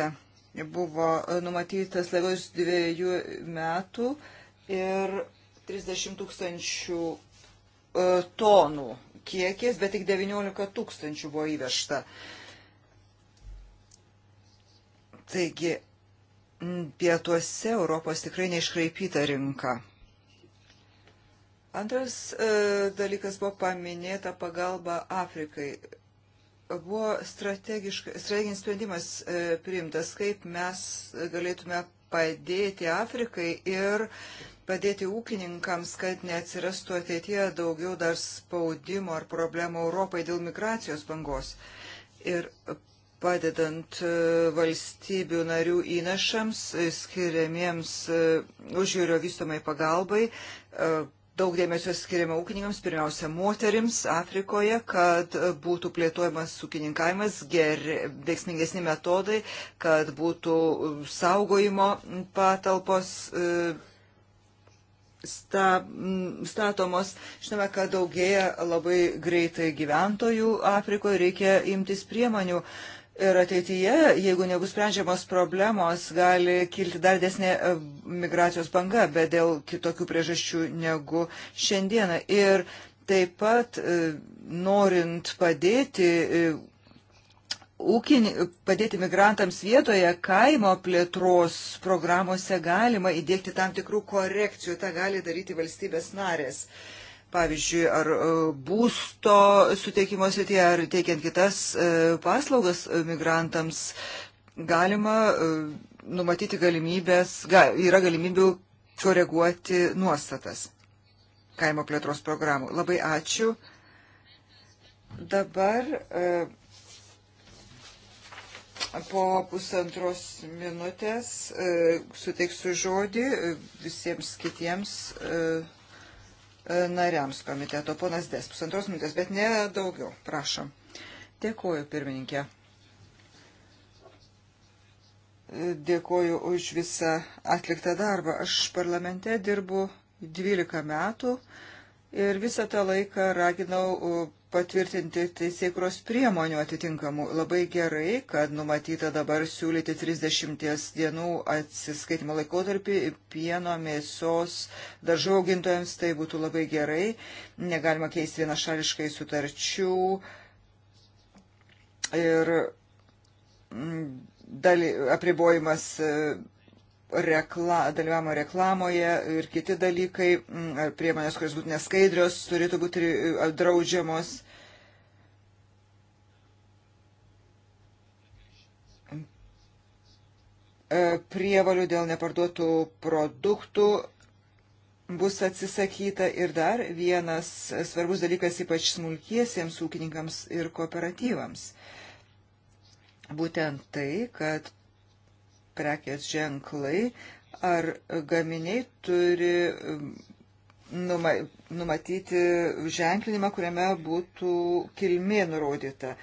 Buvo e, numatytas laivas dviejų metų ir 30 tūkstančių tonų kiekis, bet tik 19 tūkstančių buvo įvežta. Taigi, pietuose Europos tikrai neiškraipyta rinka. Antras e, dalykas buvo paminėta pagalba Afrikai buvo strateginis sprendimas e, priimtas, kaip mes galėtume padėti Afrikai ir padėti ūkininkams, kad neatsirastų ateitie daugiau dar spaudimo ar problemų Europai dėl migracijos bangos. Ir padedant e, valstybių narių įnašams, skiriamiems e, užjūrio vystomai pagalbai, e, daug dėmesio skiriama ūkininkams, pirmiausia, moterims Afrikoje, kad būtų plėtojamas ūkininkavimas, ger, veiksmingesni metodai, kad būtų saugojimo patalpos e, sta, statomos. Žinome, kad daugėja labai greitai gyventojų Afrikoje, reikia imtis priemonių. Uh, Ir ateityje, jeigu nebus sprendžiamos problemos, gali kilti dar desnė e, migracijos banga, bet dėl kitokių priežasčių negu šiandieną. Ir taip pat e, norint padėti, e, ūkinį, padėti migrantams vietoje kaimo plėtros programuose galima įdėkti tam tikrų korekcijų, tą gali daryti valstybės narės. Uh, pavyzdžiui, ar e, būsto suteikimo srityje, ar teikiant kitas e, paslaugas e, migrantams, galima numatyti galimybės, yra galimybių koreguoti nuostatas kaimo plėtros programų. Labai ačiū. Dabar po pusantros minutės suteiksiu žodį visiems kitiems nariams komiteto. Ponas Des, pusantros minutės, bet ne daugiau. Prašom. Dėkuoju, pirmininkė. Dėkuoju už visą atliktą darbą. Aš parlamente dirbu 12 metų ir visą tą laiką raginau patvirtinti teisėkros priemonių atitinkamų. Labai gerai, kad numatyta dabar siūlyti 30 dienų atsiskaitimo laikotarpį pieno, mėsos, daržų augintojams, tai būtų labai gerai. Negalima keisti vienašališkai sutarčių ir mm, dali, apribojimas e, rekla, dalyvavimo reklamoje ir kiti dalykai, mm, ar priemonės, kurios būtų neskaidrios, turėtų būti e, draudžiamos. E, prievalių dėl neparduotų produktų bus atsisakyta ir dar vienas svarbus dalykas, ypač smulkiesiems ūkininkams ir kooperatyvams. Būtent tai, kad prekės ženklai ar gaminiai turi um, numatyti ženklinimą, kuriame būtų kilmė nurodyta.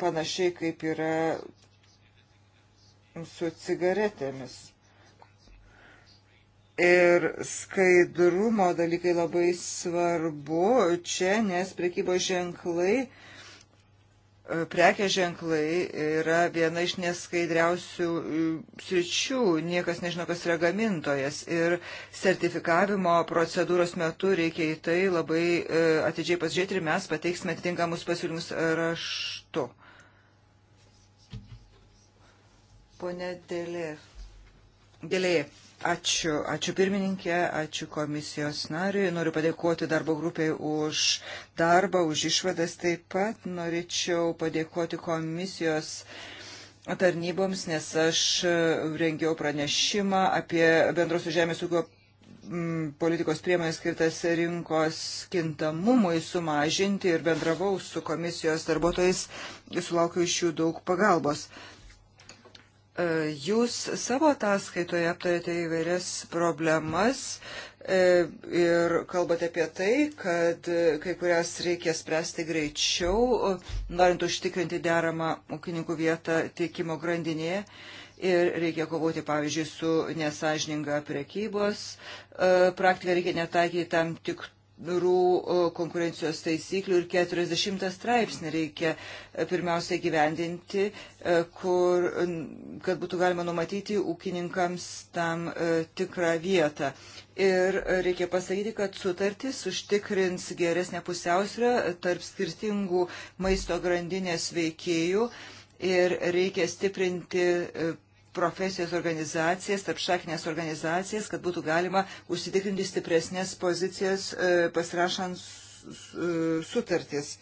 Panašiai kaip yra su cigaretėmis. Ir skaidrumo dalykai labai svarbu čia, nes prekybos ženklai uh, prekės ženklai yra viena iš neskaidriausių e, sričių, niekas nežino, kas yra gamintojas ir sertifikavimo procedūros metu reikia į tai labai e, atidžiai pasižiūrėti ir mes pateiksime atitinkamus pasiūlymus raštu. Pone Dėlė. Dėlė, Ačiū, ačiū pirmininkė, ačiū komisijos nariui. Noriu padėkoti darbo grupiai už darbą, už išvadas. Taip pat norėčiau padėkoti komisijos tarnyboms, nes aš rengiau pranešimą apie bendrosios žemės ūkio mm, politikos priemonės skirtas rinkos kintamumui sumažinti ir bendravau su komisijos darbuotojais ir sulaukiau iš jų daug pagalbos. E, jūs savo ataskaitoje aptarėte įvairias problemas e, ir kalbate apie tai, kad kai kurias reikia spręsti greičiau, norint užtikrinti deramą ūkininkų vietą tiekimo grandinėje. Ir reikia kovoti, pavyzdžiui, su nesažininga prekybos e, praktika, reikia netaikyti tam tik bendrų konkurencijos taisyklių ir 40 straipsnį reikia e, pirmiausia gyvendinti, e, kur, kad būtų galima numatyti ūkininkams tam e, tikrą vietą. Ir reikia pasakyti, kad sutartis užtikrins geresnę pusiausvę tarp skirtingų maisto grandinės veikėjų ir reikia stiprinti profesijos organizacijas, tarpšakinės organizacijas, kad būtų galima užsitikrinti stipresnės pozicijas e, pasirašant sutartis.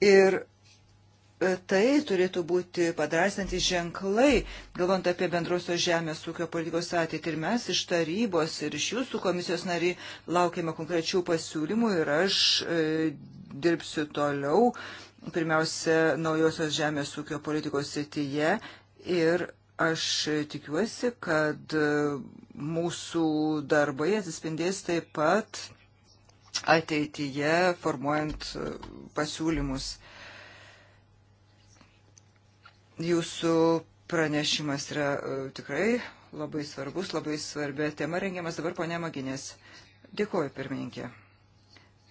Ir e, tai turėtų būti padrasinantys ženklai, galvant apie bendrosios žemės ūkio politikos ateitį. Ir mes iš tarybos ir iš jūsų komisijos nariai laukiame konkrečių pasiūlymų ir aš e, dirbsiu toliau, pirmiausia, naujosios žemės ūkio politikos srityje ir Aš tikiuosi, kad mūsų darbai atsispindės taip pat ateityje formuojant pasiūlymus. Jūsų pranešimas yra e, tikrai labai svarbus, labai svarbia tema rengiamas dabar ponia Maginės. Dėkuoju, pirmininkė.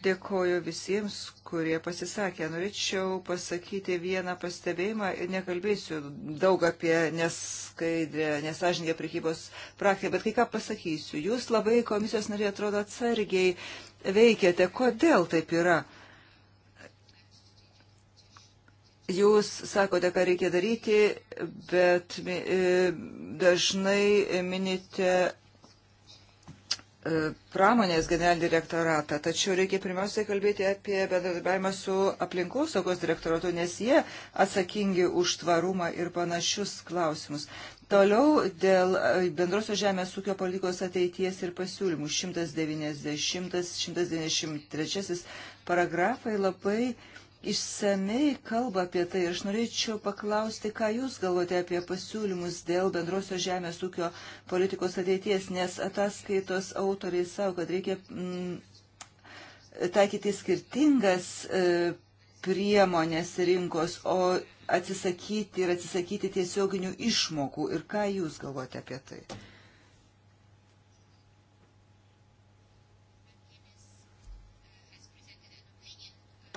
Dėkoju visiems, kurie pasisakė. Norėčiau pasakyti vieną pastebėjimą ir nekalbėsiu daug apie neskaidrę, nesažinę prekybos praktiką, bet kai ką pasakysiu. Jūs labai komisijos nariai atrodo atsargiai veikiate. Kodėl taip yra? Jūs sakote, ką reikia daryti, bet e, dažnai minite E, pramonės generalinį direktoratą, tačiau reikia pirmiausiai kalbėti apie bendradarbiavimą su aplinkosaugos direktoratu, nes jie atsakingi už tvarumą ir panašius klausimus. Toliau dėl e, bendrosios žemės ūkio politikos ateities ir pasiūlymų 190-193 paragrafai labai uh, išsamei kalba apie tai ir aš norėčiau paklausti, ką Jūs galvote apie pasiūlymus dėl bendrosios žemės ūkio politikos ateities, nes ataskaitos autoriai savo, kad reikia mm, taikyti skirtingas e, priemonės rinkos, o atsisakyti ir atsisakyti tiesioginių išmokų. Ir ką Jūs galvote apie tai?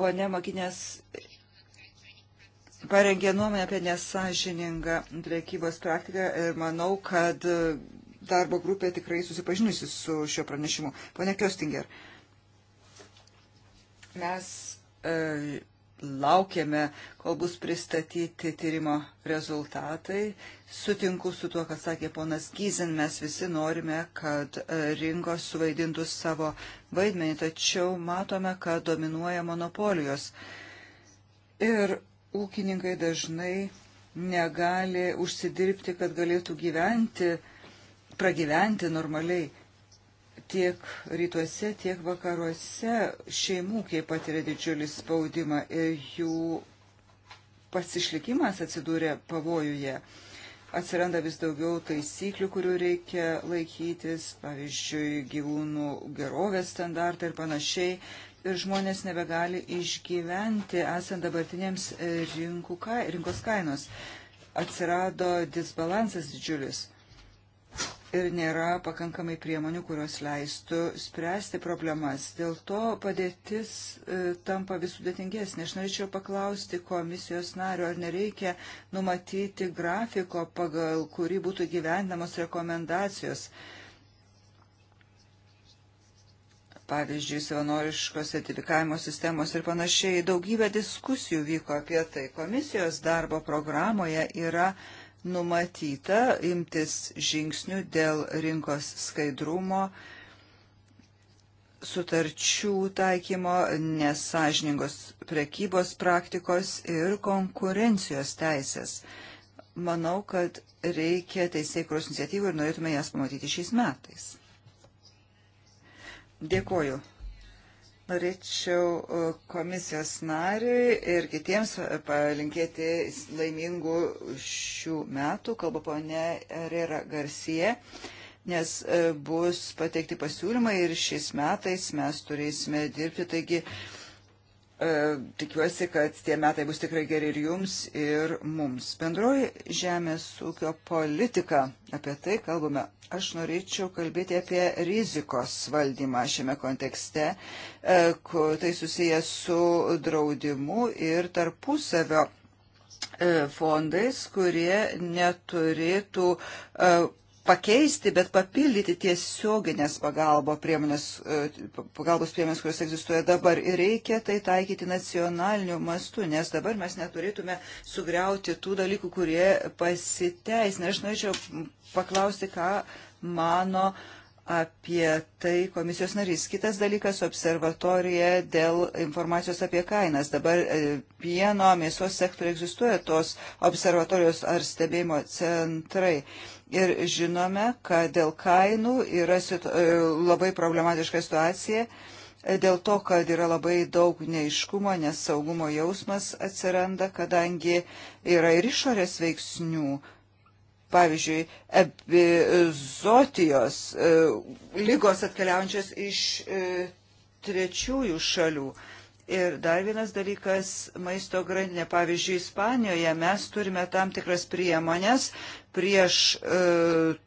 Pone Makinės parengė nuomonę apie nesažiningą prekybos praktiką ir manau, kad darbo grupė tikrai susipažinusi su šio pranešimu. Pone Kjostinger, mes e, laukiame, kol bus pristatyti tyrimo rezultatai. Sutinku su tuo, kad sakė ponas Gyzen, mes visi norime, kad e, rinkos suvaidintų savo vaidmenį, tačiau matome, kad dominuoja monopolijos. Ir ūkininkai dažnai negali užsidirbti, kad galėtų gyventi, pragyventi normaliai tiek rytuose, tiek vakaruose šeimų, kaip patiria didžiulį spaudimą ir jų pasišlikimas atsidūrė pavojuje. Atsiranda vis daugiau taisyklių, kurių reikia laikytis, pavyzdžiui, gyvūnų gerovės standartai ir panašiai. Ir žmonės nebegali išgyventi, esant dabartinėms rinkos kainos. Atsirado disbalansas didžiulis ir nėra pakankamai priemonių, kurios leistų spręsti problemas. Dėl to padėtis e, tampa vis sudėtingesnė. Aš norėčiau paklausti komisijos nario, ar nereikia numatyti grafiko, pagal kurį būtų gyvendamos rekomendacijos. Pavyzdžiui, savanoriškos sertifikavimo sistemos ir panašiai. Daugybė diskusijų vyko apie tai. Komisijos darbo programoje yra uh, numatyta imtis žingsnių dėl rinkos skaidrumo, sutarčių taikymo, nesažiningos prekybos praktikos ir konkurencijos teisės. Manau, kad reikia teisėkros iniciatyvų ir norėtume jas pamatyti šiais metais. Dėkoju Norėčiau e, komisijos nariui ir kitiems palinkėti laimingų šių metų, kalba ponė Rera Garsie, nes e, bus pateikti pasiūlymai ir šiais metais mes turėsime dirbti. Taigi, uh, E, tikiuosi, kad tie metai bus tikrai geri ir jums, ir mums. Bendroji žemės ūkio politika, apie tai kalbame. Aš norėčiau kalbėti apie rizikos valdymą šiame kontekste, e, tai susijęs su draudimu ir tarpusavio e, fondais, kurie neturėtų pakeisti, bet papildyti tiesioginės pagalbos priemonės, e, pagalbos priemonės, kurios egzistuoja dabar. Ir reikia tai taikyti nacionaliniu mastu, nes dabar mes neturėtume sugriauti tų dalykų, kurie pasiteisina. Aš norėčiau paklausti, ką mano uh, apie tai komisijos narys. Kitas dalykas - observatorija dėl informacijos apie kainas. Dabar e, pieno, mėsos sektoriai egzistuoja tos observatorijos ar stebėjimo centrai. Ir žinome, kad dėl kainų yra situ... E, labai problematiška situacija. E, dėl to, kad yra labai daug neiškumo, nes saugumo jausmas atsiranda, kadangi yra ir išorės veiksnių pavyzdžiui, epizotijos e, lygos atkeliaujančios iš e, trečiųjų šalių. Ir dar vienas dalykas - maisto grandinė. Pavyzdžiui, Ispanijoje mes turime tam tikras priemonės prieš e,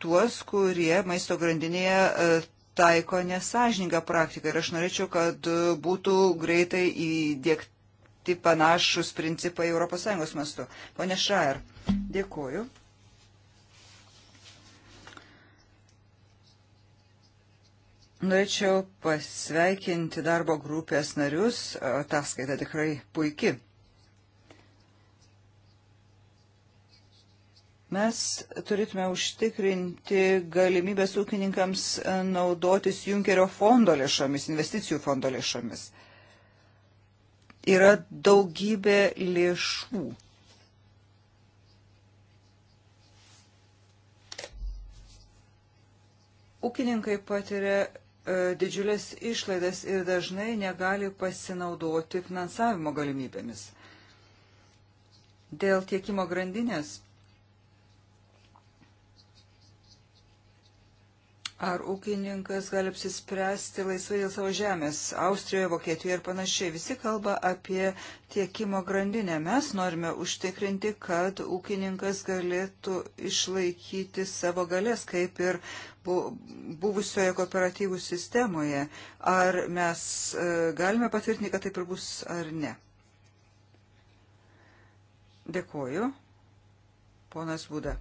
tuos, kurie maisto grandinėje e, taiko nesažininką praktiką. Ir aš norėčiau, kad e, būtų greitai įdėkti panašus principai ES mastu. Pone Šrair, dėkuoju. Norėčiau pasveikinti darbo grupės narius, ataskaita tikrai puiki. Mes turėtume užtikrinti galimybės ūkininkams naudotis Junkerio fondo lėšomis, investicijų fondo lėšomis. Yra daugybė lėšų ūkininkai patiria E, didžiulės išlaidas ir dažnai negali pasinaudoti finansavimo galimybėmis. Dėl tiekimo grandinės Ar ūkininkas gali apsispręsti laisvai dėl savo žemės Austrijoje, Vokietijoje ir panašiai? Visi kalba apie tiekimo grandinę. Mes norime užtikrinti, kad ūkininkas galėtų išlaikyti savo galės, kaip ir buvusioje kooperatyvų sistemoje. Ar mes e, galime patvirtinti, kad taip ir bus, ar ne? Dėkoju. Ponas Būda.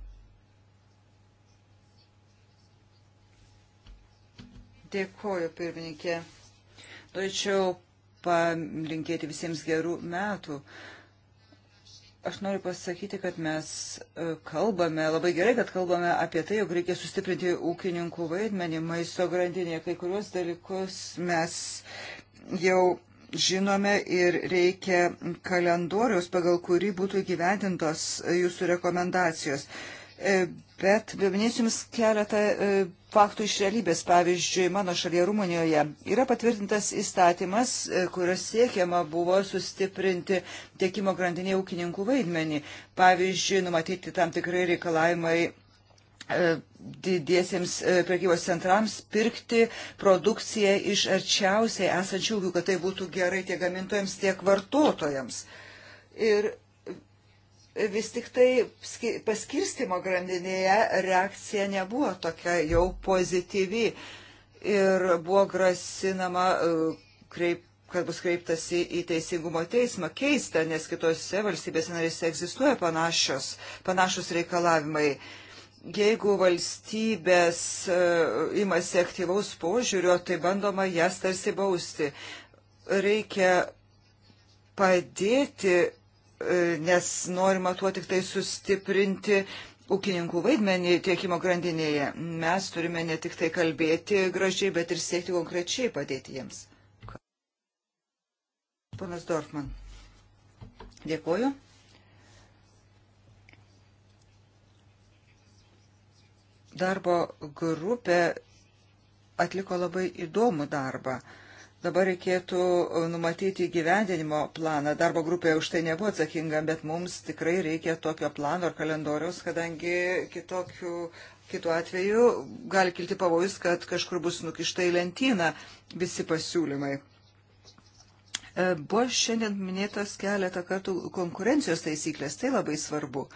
Dėkoju, pirmininkė. Norėčiau palinkėti visiems gerų metų. Uh, Aš noriu pasakyti, kad mes e, kalbame, labai gerai, kad kalbame apie tai, jog reikia sustiprinti ūkininkų vaidmenį maisto grandinėje. Kai kuriuos dalykus mes jau žinome ir reikia kalendoriaus, pagal kurį būtų įgyventintos e, jūsų rekomendacijos. E, bet paminėsiu Jums keletą e, faktų iš realybės. Pavyzdžiui, mano šalyje Rumunijoje yra patvirtintas įstatymas, e, kurios siekiama buvo sustiprinti tiekimo grandinėje ūkininkų vaidmenį. Pavyzdžiui, numatyti tam tikrai reikalavimai e, didiesiems prekybos centrams pirkti produkciją iš arčiausiai esančių ūkių, kad tai būtų gerai tiek gamintojams, tiek vartotojams. Ir vis tik tai paskirstimo grandinėje reakcija nebuvo tokia jau pozityvi ir buvo grasinama, e, kreip, kad bus kreiptasi į Teisingumo teismą. Keista, nes kitose valstybėse narėse egzistuoja panašios, panašus reikalavimai. Jeigu valstybės e, imasi aktyvaus požiūrio, tai bandoma jas tarsi bausti. Reikia padėti E, nes norima tuo tik tai sustiprinti ūkininkų vaidmenį tiekimo grandinėje. Mes turime ne tik tai kalbėti gražiai, bet ir siekti konkrečiai padėti jiems. Panas Dorfman. Dėkuoju. Darbo grupė atliko labai įdomų darbą. Dabar reikėtų e, numatyti gyvendinimo planą. Darbo grupėje už tai nebuvo atsakinga, bet mums tikrai reikia tokio plano ar kalendoriaus, kadangi kitokių, kitų atveju gali kilti pavojus, kad kažkur bus nukišta į lentyną visi pasiūlymai. E, buvo šiandien minėtas keletą kartų konkurencijos taisyklės, tai labai svarbu.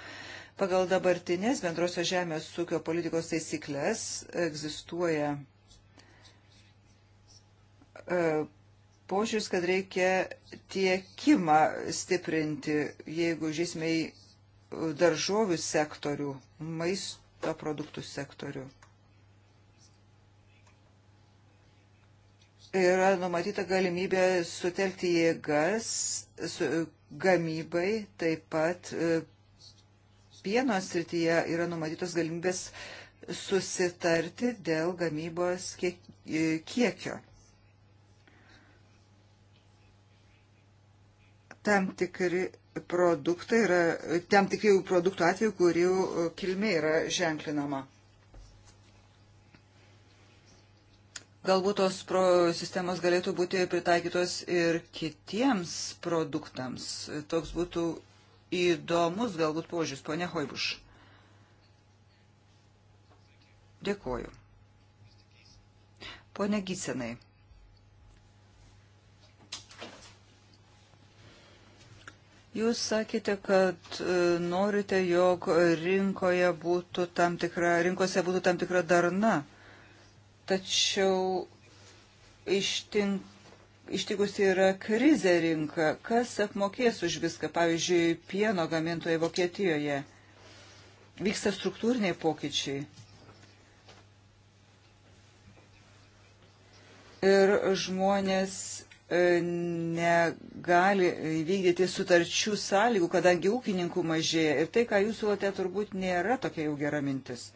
Pagal dabartinės bendrosios žemės ūkio politikos taisyklės egzistuoja E, požiūris, kad reikia tiekimą stiprinti, jeigu žiūrėsime į daržovių sektorių, maisto produktų sektorių. Yra numatyta galimybė sutelkti jėgas su, gamybai, taip pat e, pieno srityje yra numatytos galimybės susitarti dėl gamybos kiek, e, kiekio. tam tikri produktai yra, tam tikri produktų atveju, kurių e, kilmė yra ženklinama. Galbūt tos pro sistemos galėtų būti pritaikytos ir kitiems produktams. Toks būtų įdomus galbūt požiūris, ponia Hoibuš. Dėkoju. Pone Gysenai. Jūs sakėte, kad e, norite, jog rinkoje būtų tam tikra, rinkose būtų tam tikra darna. Tačiau ištink, ištikusi yra krizė rinka. Kas apmokės už viską, pavyzdžiui, pieno gamintojai Vokietijoje? Vyksta struktūriniai pokyčiai. Ir žmonės E, negali įvykdyti sutarčių sąlygų, kadangi ūkininkų mažėja. Ir tai, ką jūs siūlote, turbūt nėra tokia jau gera mintis.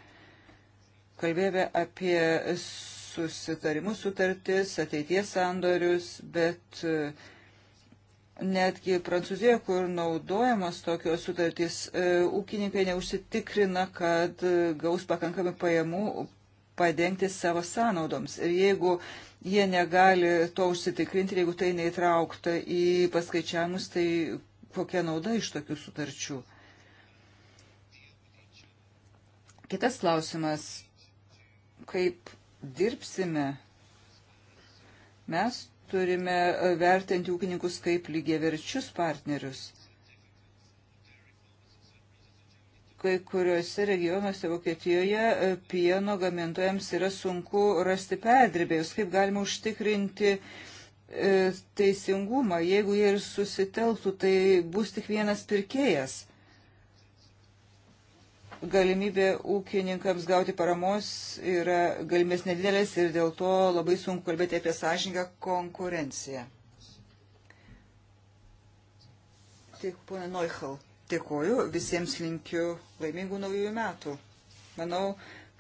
Kalbėjome apie susitarimus, sutartis, ateities sandorius, bet e, netgi Prancūzijoje, kur naudojamos tokios sutartys, e, ūkininkai neužsitikrina, kad gaus pakankamai pajamų padengti savo sąnaudoms. Ir jeigu jie negali to užsitikrinti, jeigu tai neįtraukta į paskaičiavimus, tai kokia nauda iš tokių sutarčių? Kitas klausimas, kaip dirbsime, mes turime vertinti ūkininkus kaip lygiaverčius partnerius. kai kuriuose regionuose Vokietijoje e, pieno gamintojams yra sunku rasti perdirbėjus. Kaip galima užtikrinti e, teisingumą, jeigu jie ir susitelktų, tai bus tik vienas pirkėjas. Galimybė ūkininkams gauti paramos yra galimės nedidelės ir dėl to labai sunku kalbėti apie sąžininką konkurenciją. Tik, ponė Neuchel. Dėkuoju, visiems linkiu laimingų naujųjų metų. Manau,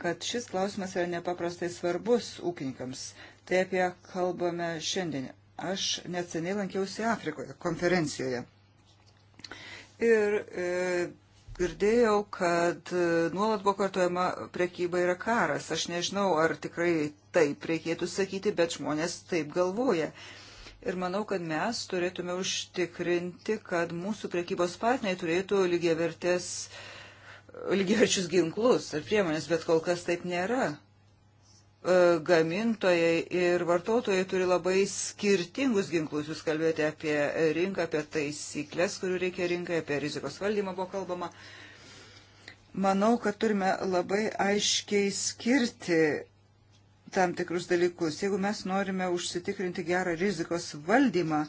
kad šis klausimas yra nepaprastai svarbus ūkininkams. Tai apie kalbame šiandien. Aš neseniai lankiausi Afrikoje konferencijoje. Ir e, girdėjau, kad e, nuolat buvo kartojama prekyba yra karas. Aš nežinau, ar tikrai taip reikėtų sakyti, bet žmonės taip galvoja. E, Ir manau, kad mes turėtume užtikrinti, kad mūsų prekybos partneriai turėtų lygiavertės, lygiaverčius ginklus ar priemonės, bet kol kas taip nėra. E, gamintojai ir vartotojai turi labai skirtingus ginklus. Jūs kalbėjote apie rinką, apie taisyklės, kurių reikia rinkai, apie rizikos valdymą buvo kalbama. Manau, kad turime labai aiškiai skirti tam tikrus dalykus. Jeigu mes norime užsitikrinti gerą rizikos valdymą,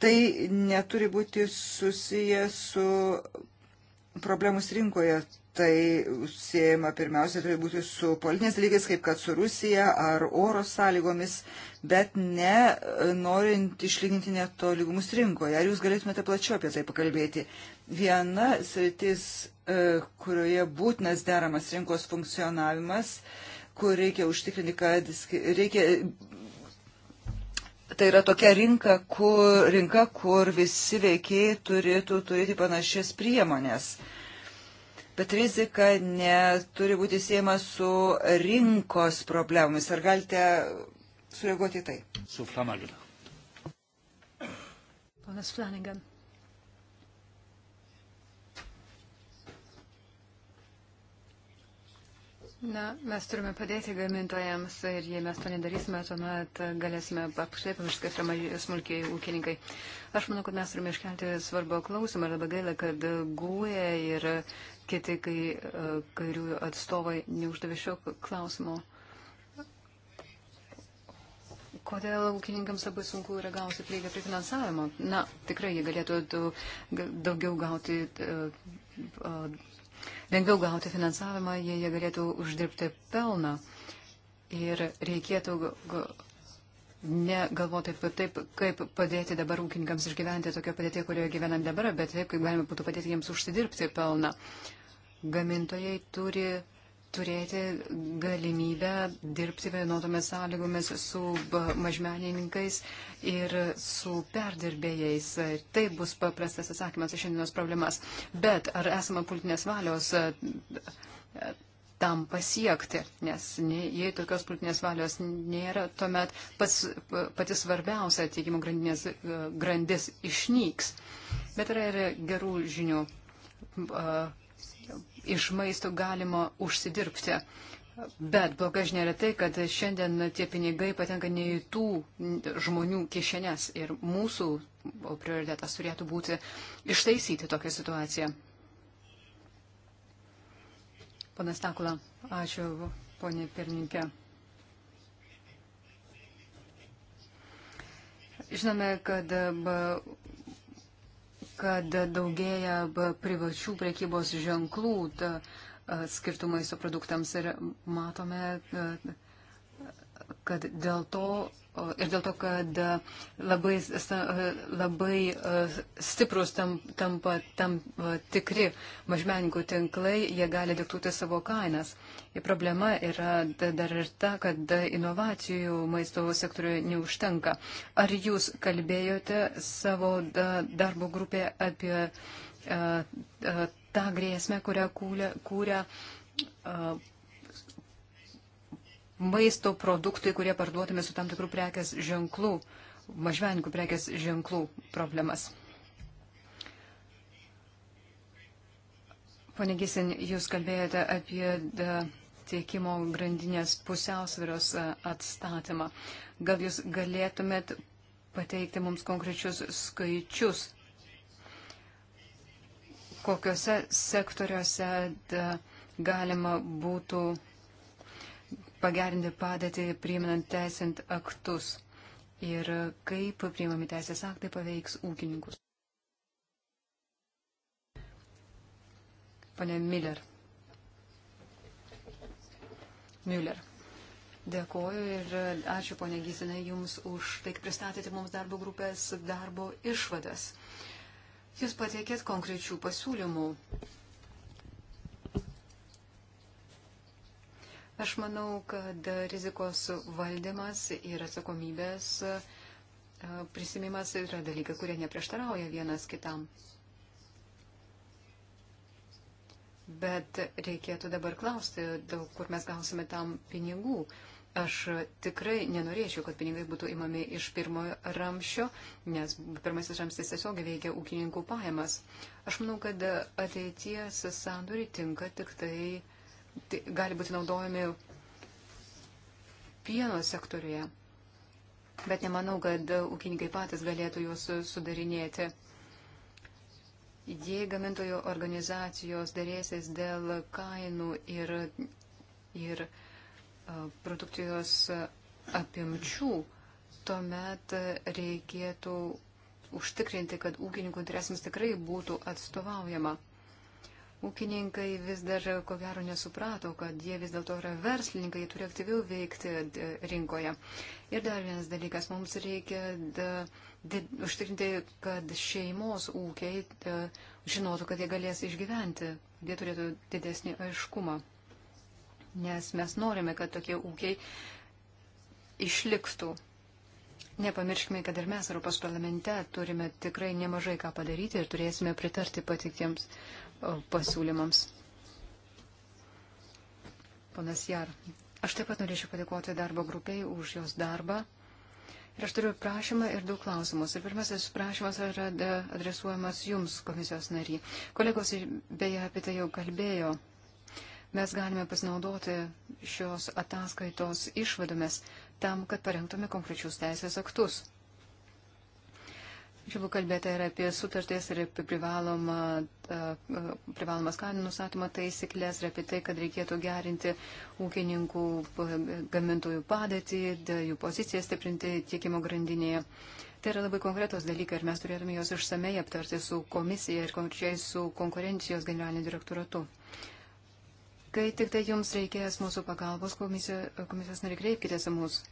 tai neturi būti susiję su problemus rinkoje. Tai siejama pirmiausia turi būti su politinės lygis, kaip kad su Rusija ar oro sąlygomis, bet ne e, norint išlyginti netolygumus rinkoje. Ar jūs galėtumėte plačiau apie tai pakalbėti? Viena sritis, e, kurioje būtinas deramas rinkos funkcionavimas, kur reikia užtikrinti, kad reikia. Tai yra tokia rinka kur, rinka, kur visi veikiai turėtų turėti panašias priemonės. Bet rizika neturi būti siejama su rinkos problemomis. Ar galite sureaguoti į tai? Su Flanagan. Ponas Flanagan. Na, mes turime padėti gamintojams ir jei mes to nedarysime, tuomet galėsime apšlėpim, kas yra smulkiai ūkininkai. Aš manau, kad mes turime iškelti svarbą klausimą ir labai gaila, kad GUE ir kiti kai, e, kairiųjų atstovai neuždavė šio klausimo. Kodėl ūkininkams labai sunku yra gauti prieigą prie finansavimo? Na, tikrai jie galėtų daugiau gauti e, lengviau gauti finansavimą, jei jie galėtų uždirbti pelną. Ir reikėtų negalvoti apie taip, kaip padėti dabar ūkininkams išgyventi tokią padėtį, kurioje gyvenam dabar, bet taip, kaip galima būtų padėti jiems užsidirbti pelną. Gamintojai turi turėti galimybę dirbti vienodomis sąlygomis su mažmenininkais ir su perdirbėjais. Tai bus paprastas atsakymas į šiandienos problemas. Bet ar esame politinės valios e, e, tam pasiekti, nes jei tokios politinės valios nėra, tuomet pas, pati svarbiausia tiekimo grandinės e, grandis išnyks. Bet yra ir gerų žinių iš maisto galima užsidirbti. Bet bloga žinia yra tai, kad šiandien tie pinigai patenka ne į tų žmonių kišenės ir mūsų prioritetas turėtų būti ištaisyti tokią situaciją. Panas Takula, ačiū, ponė pirmininkė. Žinome, kad kad daugėja privačių prekybos ženklų ta, skirtų maisto produktams ir matome, kad dėl to ir dėl to, kad labai, labai stiprus tam, tampa tam tikri mažmeninkų tinklai, jie gali diktuoti savo kainas. Problema yra dar ir ta, kad inovacijų maisto sektoriuje neužtenka. Ar jūs kalbėjote savo darbo grupėje apie tą grėsmę, kurią kūrė, kūrė maisto produktai, kurie parduodami su tam tikrų prekės ženklų, mažmenikų prekės ženklų problemas. Pane Gisin, jūs kalbėjote apie tiekimo grandinės pusiausviros e, atstatymą. Gal jūs galėtumėt pateikti mums konkrečius skaičius, kokiuose sektoriuose e, galima būtų pagerinti padėtį priiminant teisint aktus ir kaip priimami teisės aktai paveiks ūkininkus. Pane Miller. Müller. Dėkoju ir ačiū, ponė Gizinai, Jums už tai, kad pristatėte mums darbo grupės darbo išvadas. Jūs pateikėt konkrečių pasiūlymų. Aš manau, kad rizikos valdymas ir atsakomybės e, prisimimas yra dalykai, kurie neprieštarauja vienas kitam. Bet reikėtų dabar klausti, daug kur mes gausime tam pinigų. Aš tikrai nenorėčiau, kad pinigai būtų imami iš pirmojo ramščio, nes pirmasis ramstis tiesiog veikia ūkininkų pajamas. Aš manau, kad ateities sandoriai tinka tik tai, tai gali būti naudojami pieno sektoriuje. Bet nemanau, kad ūkininkai patys galėtų juos sudarinėti. Jei gamintojų organizacijos dėrėsis dėl kainų ir, ir produkcijos apimčių, tuomet reikėtų užtikrinti, kad ūkininkų interesams tikrai būtų atstovaujama. Ūkininkai vis dar, ko gero, nesuprato, kad jie vis dėlto yra verslininkai, turi aktyviau veikti e, rinkoje. Ir dar vienas dalykas, mums reikia da, did, užtikrinti, kad šeimos ūkiai da, e, žinotų, kad jie galės išgyventi, jie turėtų didesnį aiškumą. Nes mes norime, kad tokie ūkiai išliktų. Nepamirškime, kad ir mes Europos parlamente turime tikrai nemažai ką padaryti ir turėsime pritarti patiktiems pasiūlymams. Ponas Jar, aš taip pat norėčiau padėkoti darbo grupiai už jos darbą. Ir aš turiu prašymą ir daug klausimus. Ir pirmasis prašymas yra adresuojamas jums, komisijos nariai. Kolegos beje apie tai jau kalbėjo. Mes galime pasinaudoti šios ataskaitos išvadomis tam, kad parengtume konkrečius teisės aktus. Čia buvo kalbėta ir apie sutartys, ir apie privalomą, privalomas kainų nustatymą taisyklės, ir apie tai, kad reikėtų gerinti ūkininkų gamintojų padėtį, jų poziciją stiprinti tiekimo grandinėje. Tai yra labai konkretos dalykai ir mes turėtume juos išsamei aptarti su komisija ir konkrečiai su konkurencijos generaliniu direktoratu. Kai tik tai jums reikės mūsų pagalbos, komisijos, komisijos nariai, kreipkite į mus.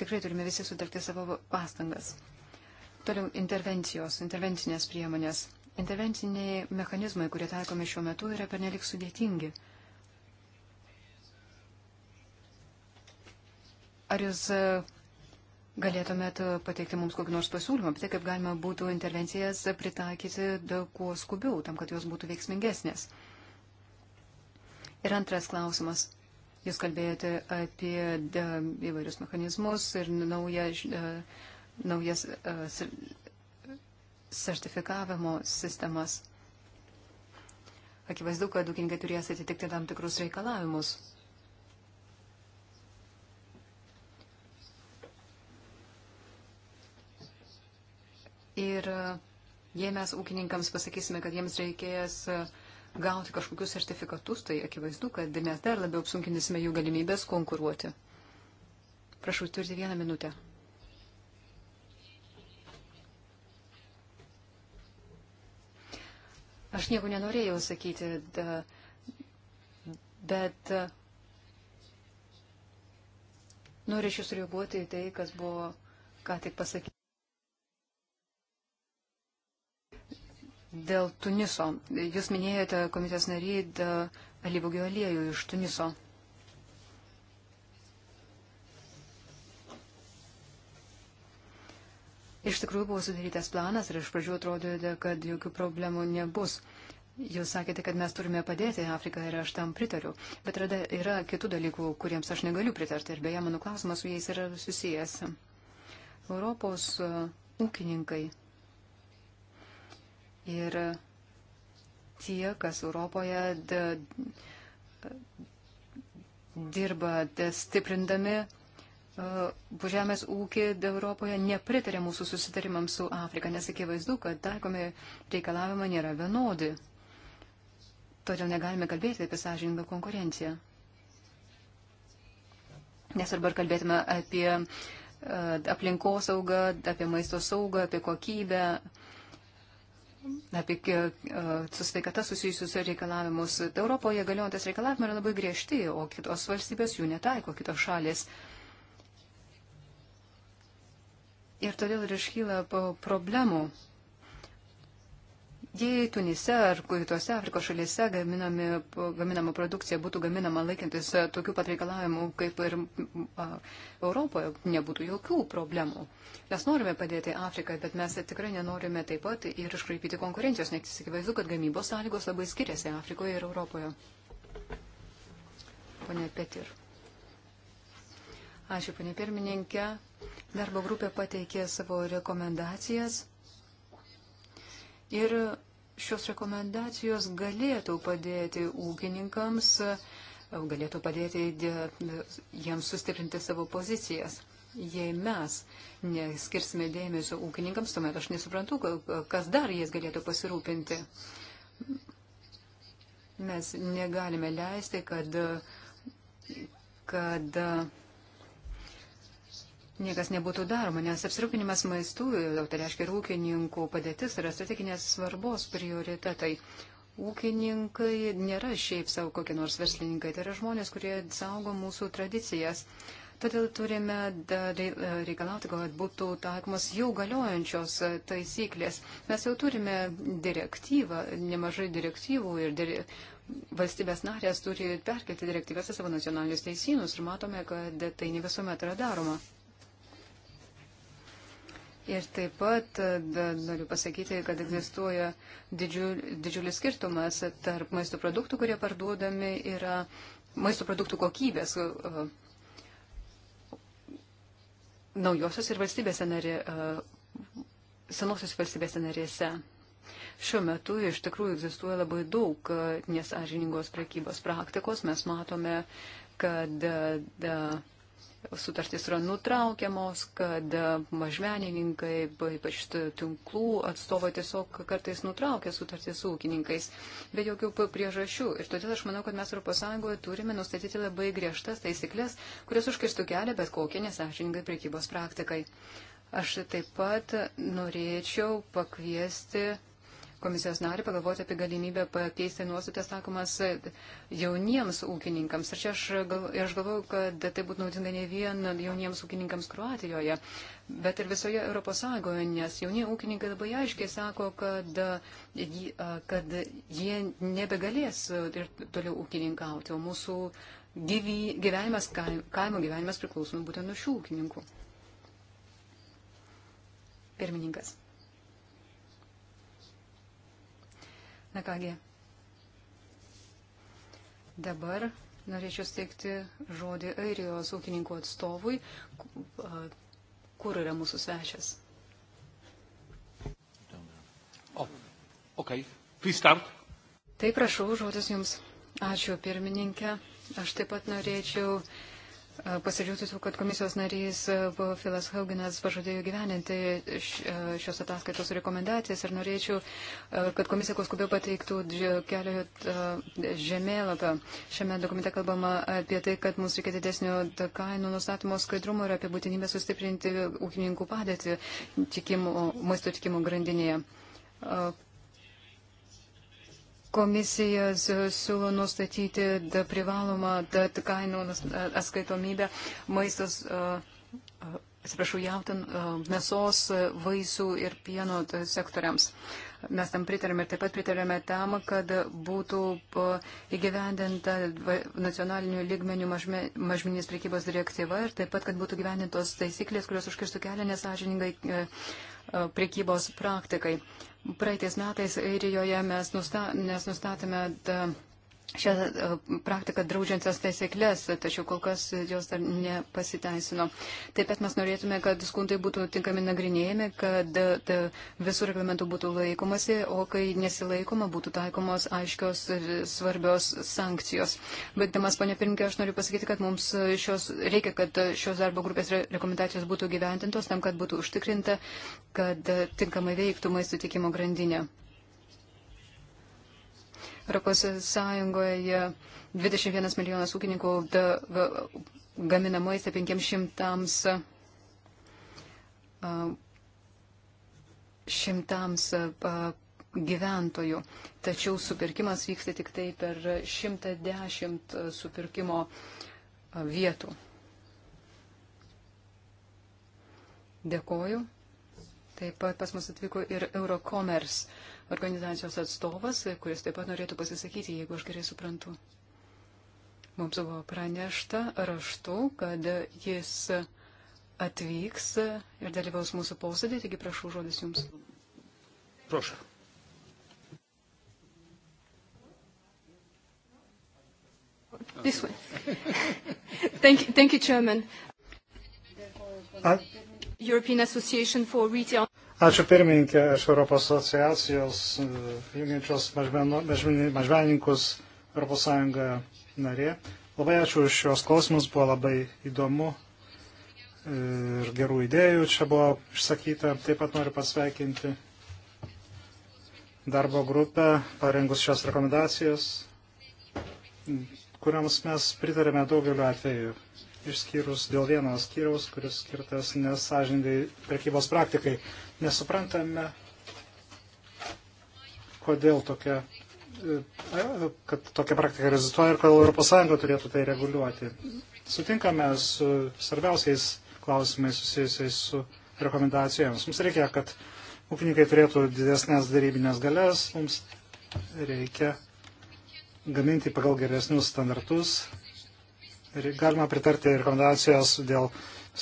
Tikrai turime visi sutarkti savo pastangas. Toliau intervencijos, intervencinės priemonės. Intervenciniai mechanizmai, kurie taikomi šiuo metu, yra pernelik sudėtingi. Ar jūs e, galėtumėt pateikti mums kokį nors pasiūlymą, tai kaip galima būtų intervencijas pritaikyti kuo skubiau, tam, kad jos būtų veiksmingesnės? Ir antras klausimas. Jūs kalbėjote apie įvairius mechanizmus ir naują e, naujas e, sertifikavimo sistemas. Akivaizdu, kad ūkininkai turės atitikti tam tikrus reikalavimus. Ir e, jei mes ūkininkams pasakysime, kad jiems reikės e, gauti kažkokius sertifikatus, tai akivaizdu, kad mes dar labiau apsunkinsime jų galimybės konkuruoti. Prašau, turite vieną minutę. Aš nieko nenorėjau sakyti, da, bet norėčiau sureaguoti į tai, kas buvo ką tik pasakyti. Dėl Tuniso. Jūs minėjote komisijos narį Alibogio aliejų iš Tuniso. Iš tikrųjų buvo sudarytas planas ir iš pradžių atrodė, kad jokių problemų nebus. Jūs sakėte, kad mes turime padėti Afrikai ir aš tam pritariu. Bet yra, yra kitų dalykų, kuriems aš negaliu pritarti. Ir beje, mano klausimas su jais yra susijęs. Europos uh, ūkininkai ir tie, kas Europoje da, dirba da, stiprindami žemės ūkį Europoje nepritarė mūsų susitarimams su Afrika, nes akivaizdu, kad taikomi reikalavimai nėra vienodi. Todėl negalime kalbėti apie sąžiningą konkurenciją. Nesvarbu, ar kalbėtume apie e, aplinkosaugą, apie maisto saugą, apie kokybę, apie e, su sveikata susijusius reikalavimus. Europoje galiojantis reikalavimai yra labai griežti, o kitos valstybės jų netaiko, kitos šalis. Uh, ir todėl ir iškyla problemų. Jei Tunise ar kitose Afrikos šalyse gaminami, gaminama produkcija būtų gaminama laikintis tokių pat reikalavimų kaip ir a, Europoje, nebūtų jokių problemų. Mes norime padėti Afrikai, bet mes tikrai nenorime taip pat ir iškraipyti konkurencijos, nes įsivaizdu, kad gamybos sąlygos labai skiriasi Afrikoje ir Europoje. Pone Petir. Ačiū, ponė pirmininkė. Darbo grupė pateikė savo rekomendacijas ir šios rekomendacijos galėtų padėti ūkininkams, galėtų padėti jiems sustiprinti savo pozicijas. Jei mes neskirsime dėmesio ūkininkams, tuomet aš nesuprantu, kas dar jais galėtų pasirūpinti. Mes negalime leisti, kad, kad niekas nebūtų daroma, nes apsirūpinimas maistų, tai reiškia ir ūkininkų padėtis, yra strateginės svarbos prioritetai. Ūkininkai nėra šiaip savo kokie nors verslininkai, tai yra žmonės, kurie saugo mūsų tradicijas. Todėl turime reikalauti, kad būtų taikomas jau galiojančios taisyklės. Mes jau turime direktyvą, nemažai direktyvų ir dire... valstybės narės turi perkelti direktyvas į savo nacionalinius teisynus ir matome, kad tai ne visuomet yra daroma. Ir taip pat e, da, noriu pasakyti, kad egzistuoja didžiul, didžiulis skirtumas tarp maisto produktų, kurie parduodami yra maisto produktų kokybės e, naujosios ir valstybėse narė, e, senosios valstybėse narėse. Šiuo metu iš tikrųjų egzistuoja labai daug nesažiningos prekybos praktikos. Mes matome, kad da, sutartys yra nutraukiamos, kad mažmenininkai, ypač tinklų atstovai tiesiog kartais nutraukia sutartys su ūkininkais be jokių priežasčių. Ir todėl aš manau, kad mes Europos Sąjungoje turime nustatyti labai griežtas taisyklės, kurios užkirstų kelią bet kokie nesąžininkai priekybos praktikai. Aš taip pat norėčiau pakviesti komisijos narį pagalvoti apie galimybę pakeisti nuostatas taikomas jauniems ūkininkams. Ir čia aš, gal, aš galvoju, kad tai būtų naudinga ne vien jauniems ūkininkams Kroatijoje, bet ir visoje Europos Sąjungoje, nes jaunie ūkininkai labai aiškiai sako, kad, kad jie nebegalės ir toliau ūkininkauti, o mūsų gyvy, gyvenimas, kaimo gyvenimas priklauso būtent nuo šių ūkininkų. Pirmininkas. Na kągi, dabar norėčiau steigti žodį Airijos ūkininkų atstovui, kur yra mūsų svečias. O, oh, ok, pristart. Tai prašau, žodis jums. Ačiū pirmininkė. Aš taip pat norėčiau uh, Pasidžiausiu, kad komisijos narys Filas Hauginas pažadėjo gyveninti šios ataskaitos rekomendacijas ir norėčiau, kad komisija kuo skubiau pateiktų kelio žemėlapio. Šiame dokumente kalbama apie tai, kad mums reikia didesnio kainų nustatymo skaidrumo ir apie būtinybę sustiprinti ūkininkų padėtį tikimo, maisto tikimo grandinėje komisijas siūlo nustatyti da privalomą da kainų atskaitomybę maistas, atsiprašau, jautin, mėsos, vaisių ir pieno sektoriams. Mes tam pritarėme ir taip pat pritarėme tam, kad būtų e, įgyvendinta nacionalinių lygmenių mažmeninės priekybos direktyva ir taip pat, kad būtų gyvendintos taisyklės, kurios užkirstų kelią nesažiningai e, e, priekybos praktikai. Praeitais metais Airijoje mes, nusta, mes nustatėme. Da, šią e, praktiką draudžiančias taisyklės, tačiau kol kas jos dar nepasiteisino. Taip pat mes norėtume, kad skundai būtų tinkami nagrinėjami, kad e, visų reglamentų būtų laikomasi, o kai nesilaikoma, būtų taikomos aiškios ir svarbios sankcijos. Baigdamas, ponė pirmininkė, aš noriu pasakyti, kad mums šios, reikia, kad šios darbo grupės rekomendacijos būtų gyventintos tam, kad būtų užtikrinta, kad tinkamai veiktų maisto tikimo grandinė. Europos Sąjungoje 21 milijonas ūkininkų da, ga, gamina maistą 500 šimtams gyventojų. Tačiau supirkimas vyksta tik tai per 110 supirkimo vietų. Dėkoju. Taip pat pas mus atvyko ir Eurocommerce organizacijos atstovas, kuris taip pat norėtų pasisakyti, jeigu aš gerai suprantu. Mums buvo pranešta raštu, kad jis atvyks ir dalyvaus mūsų posėdį, taigi prašau žodis jums. Prašau. This way. thank you, thank you, Chairman. Dėkuoju, European Association for Retail. Ačiū pirmininkė iš Europos asociacijos, e, jungiančios mažmenininkus Europos Sąjunga narė. Labai ačiū už šios klausimus, buvo labai įdomu ir gerų idėjų čia buvo išsakyta. Taip pat noriu pasveikinti darbo grupę, parengus šias rekomendacijas, kuriams mes pritarėme daugeliu atveju išskyrus dėl vieno skyriaus, kuris skirtas nesažingai prekybos praktikai. Nesuprantame, kodėl tokia, e, kad tokia praktika egzistuoja ir kodėl ES turėtų tai reguliuoti. Sutinkame su svarbiausiais klausimais susijusiais su rekomendacijomis. Mums reikia, kad ūkininkai turėtų didesnės darybinės galės, mums reikia gaminti pagal geresnius standartus galima pritarti rekomendacijos dėl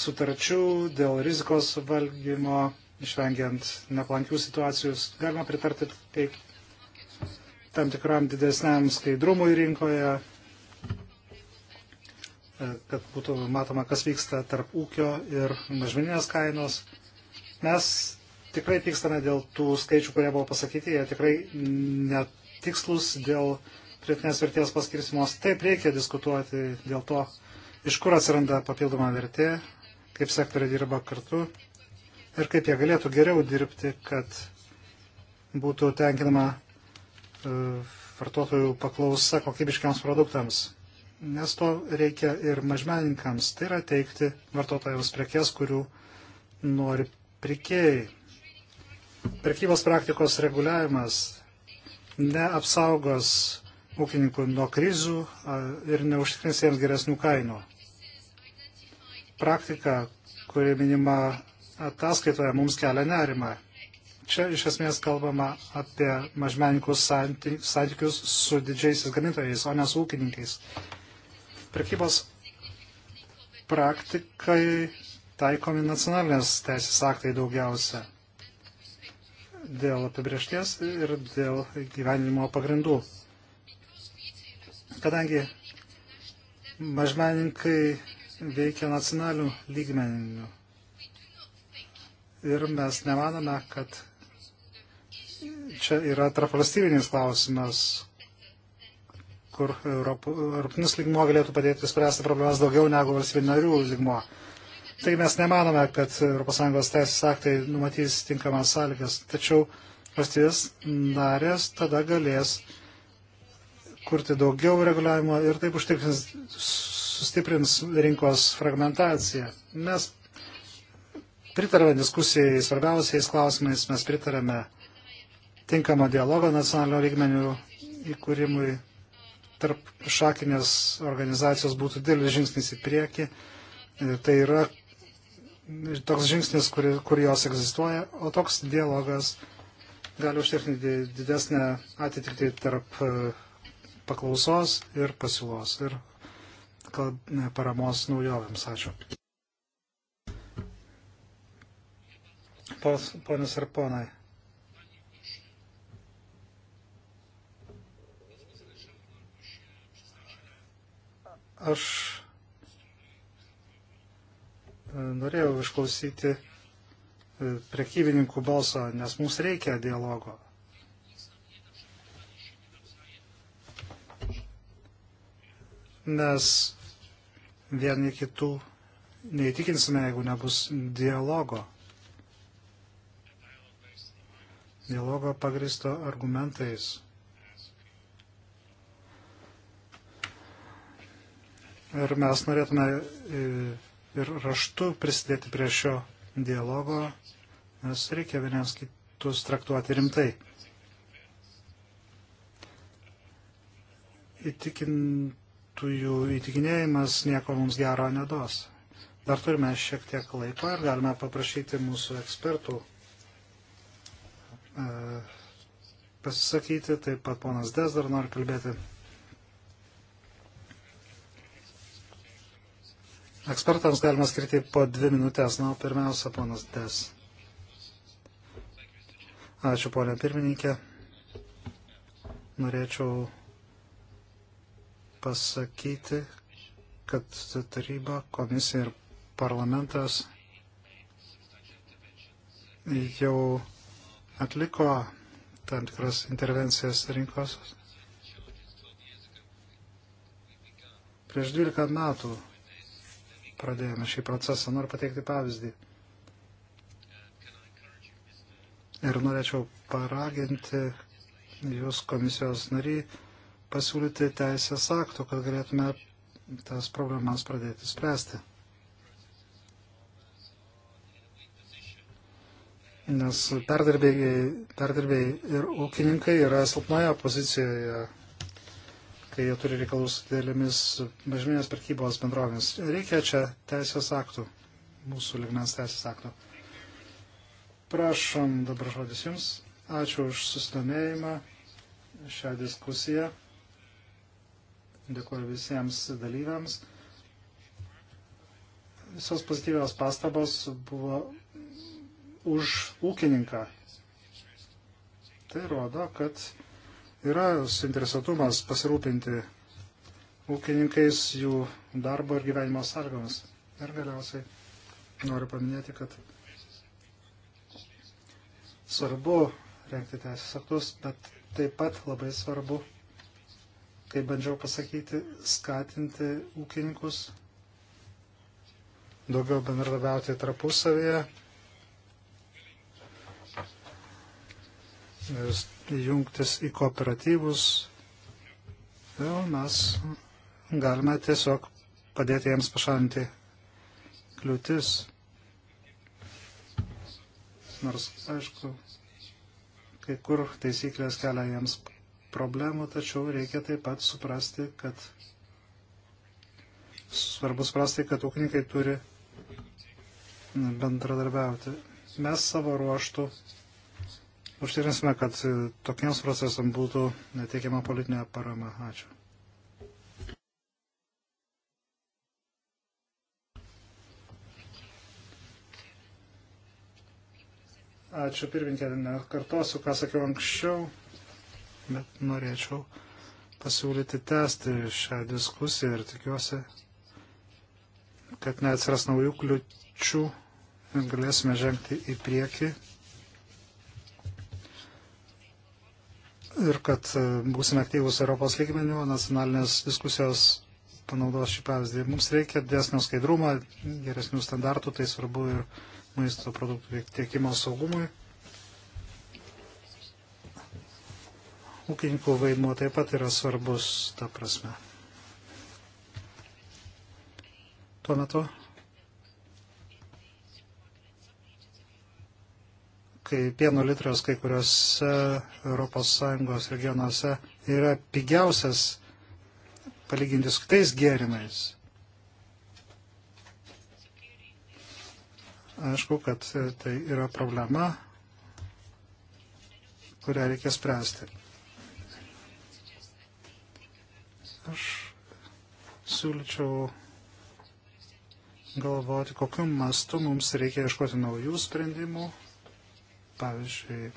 sutarčių, dėl rizikos valgymo, išvengiant neplankių situacijų. Galima pritarti tai tam tikram didesniam skaidrumui rinkoje, kad būtų matoma, kas vyksta tarp ūkio ir mažmeninės kainos. Mes tikrai pykstame dėl tų skaičių, kurie buvo pasakyti, jie tikrai netikslus dėl pridėtinės vertės paskirsimos. Taip reikia diskutuoti dėl to, iš kur atsiranda papildoma vertė, kaip sektoriai dirba kartu ir kaip jie galėtų geriau dirbti, kad būtų tenkinama e, vartotojų paklausa kokybiškiams produktams. Nes to reikia ir mažmeninkams, tai yra teikti vartotojams prekes, kurių nori prikėjai. Prekybos praktikos reguliavimas neapsaugos ūkininkų nuo krizių ir neužtikrins jiems geresnių kainų. Praktika, kuri minima ataskaitoje, mums kelia nerimą. Čia iš esmės kalbama apie mažmenininkus santykius su didžiaisiais gamintojais, o ne su ūkininkais. Prekybos praktikai taikomi nacionalinės teisės aktai daugiausia dėl apibriešties ir dėl gyvenimo pagrindų kadangi mažmeninkai veikia nacionalių lygmeninių. Ir mes nemanome, kad čia yra tarpvalstybinis klausimas, kur europinis lygmo galėtų padėti spręsti problemas daugiau negu valstybių narių lygmo. Tai mes nemanome, kad ES teisės aktai numatys tinkamas sąlygas, tačiau valstybės narės tada galės uh, kurti daugiau reguliavimo ir taip užtikrins, sustiprins rinkos fragmentaciją. Mes pritarėme diskusijai svarbiausiais klausimais, mes pritarėme tinkamo dialogo nacionalinio lygmenių įkūrimui tarp šakinės organizacijos būtų didelis žingsnis į priekį. Tai yra toks žingsnis, kur, kur jos egzistuoja, o toks dialogas gali užtikrinti didesnę atitikti tarp paklausos ir pasiūlos ir paramos naujovėms. Ačiū. Ponios ir ponai. Aš e, norėjau išklausyti e, prekybininkų balso, nes mums reikia dialogo. nes vieni kitų neįtikinsime, jeigu nebus dialogo. Dialogo pagristo argumentais. Ir mes norėtume e, ir raštu prisidėti prie šio dialogo, nes reikia vieniems kitus traktuoti rimtai. Įtikinti kaltųjų įtikinėjimas nieko mums gero nedos. Dar turime šiek tiek laiko ir galime paprašyti mūsų ekspertų e, pasisakyti. Taip pat ponas Des dar nori kalbėti. Ekspertams galima skirti po dvi minutės. Na, pirmiausia, ponas Des. Ačiū, ponė pirmininkė. Norėčiau pasakyti, kad taryba, komisija ir parlamentas jau atliko tam tikras intervencijas rinkos. Prieš 12 metų pradėjome šį procesą. Noriu pateikti pavyzdį. Ir norėčiau paraginti jūs komisijos nariai pasiūlyti teisės aktų, kad galėtume tas problemas pradėti spręsti. Nes perdirbėjai, perdirbėjai ir ūkininkai yra silpnoje pozicijoje, kai jie turi reikalus dėlėmis mažminės prekybos bendrovėmis. Reikia čia teisės aktų, mūsų ligmens teisės aktų. Prašom dabar žodis Jums. Ačiū už susidomėjimą šią diskusiją. Dėkuoju visiems dalyviams. Visos pozityvios pastabos buvo už ūkininką. Tai rodo, kad yra suinteresuotumas pasirūpinti ūkininkais jų darbo ir gyvenimo sąlygomis. Ir galiausiai noriu paminėti, kad svarbu renkti teisės aktus, bet taip pat labai svarbu kaip bandžiau pasakyti, skatinti ūkininkus daugiau bendradabiauti tarpusavėje, jungtis į kooperatyvus. Ir mes galime tiesiog padėti jiems pašalinti kliūtis. Nors, aišku, kai kur taisyklės kelia jiems problemų, tačiau reikia taip pat suprasti, kad svarbu suprasti, kad ūkininkai turi bendradarbiauti. Mes savo ruoštų užtikrinsime, kad tokiems procesams būtų neteikiama politinė parama. Ačiū. Ačiū pirmininkė, nekartosiu, ką sakiau anksčiau bet norėčiau pasiūlyti tęsti šią diskusiją ir tikiuosi, kad neatsiras naujų kliučių ir galėsime žengti į priekį ir kad e, būsime aktyvus Europos lygmenių, nacionalinės diskusijos panaudos šį pavyzdį. Mums reikia didesnio skaidrumo, geresnių standartų, tai svarbu ir maisto produktų tiekimo saugumui. ūkininkų vaidmuo taip pat yra svarbus tą prasme. Tuo metu, kai pieno litras kai kuriuose ES regionuose yra pigiausias palyginti su kitais gėrimais. Aišku, kad tai yra problema, kurią reikia spręsti. Aš siūlyčiau galvoti, kokiu mastu mums reikia ieškoti naujų sprendimų. Pavyzdžiui,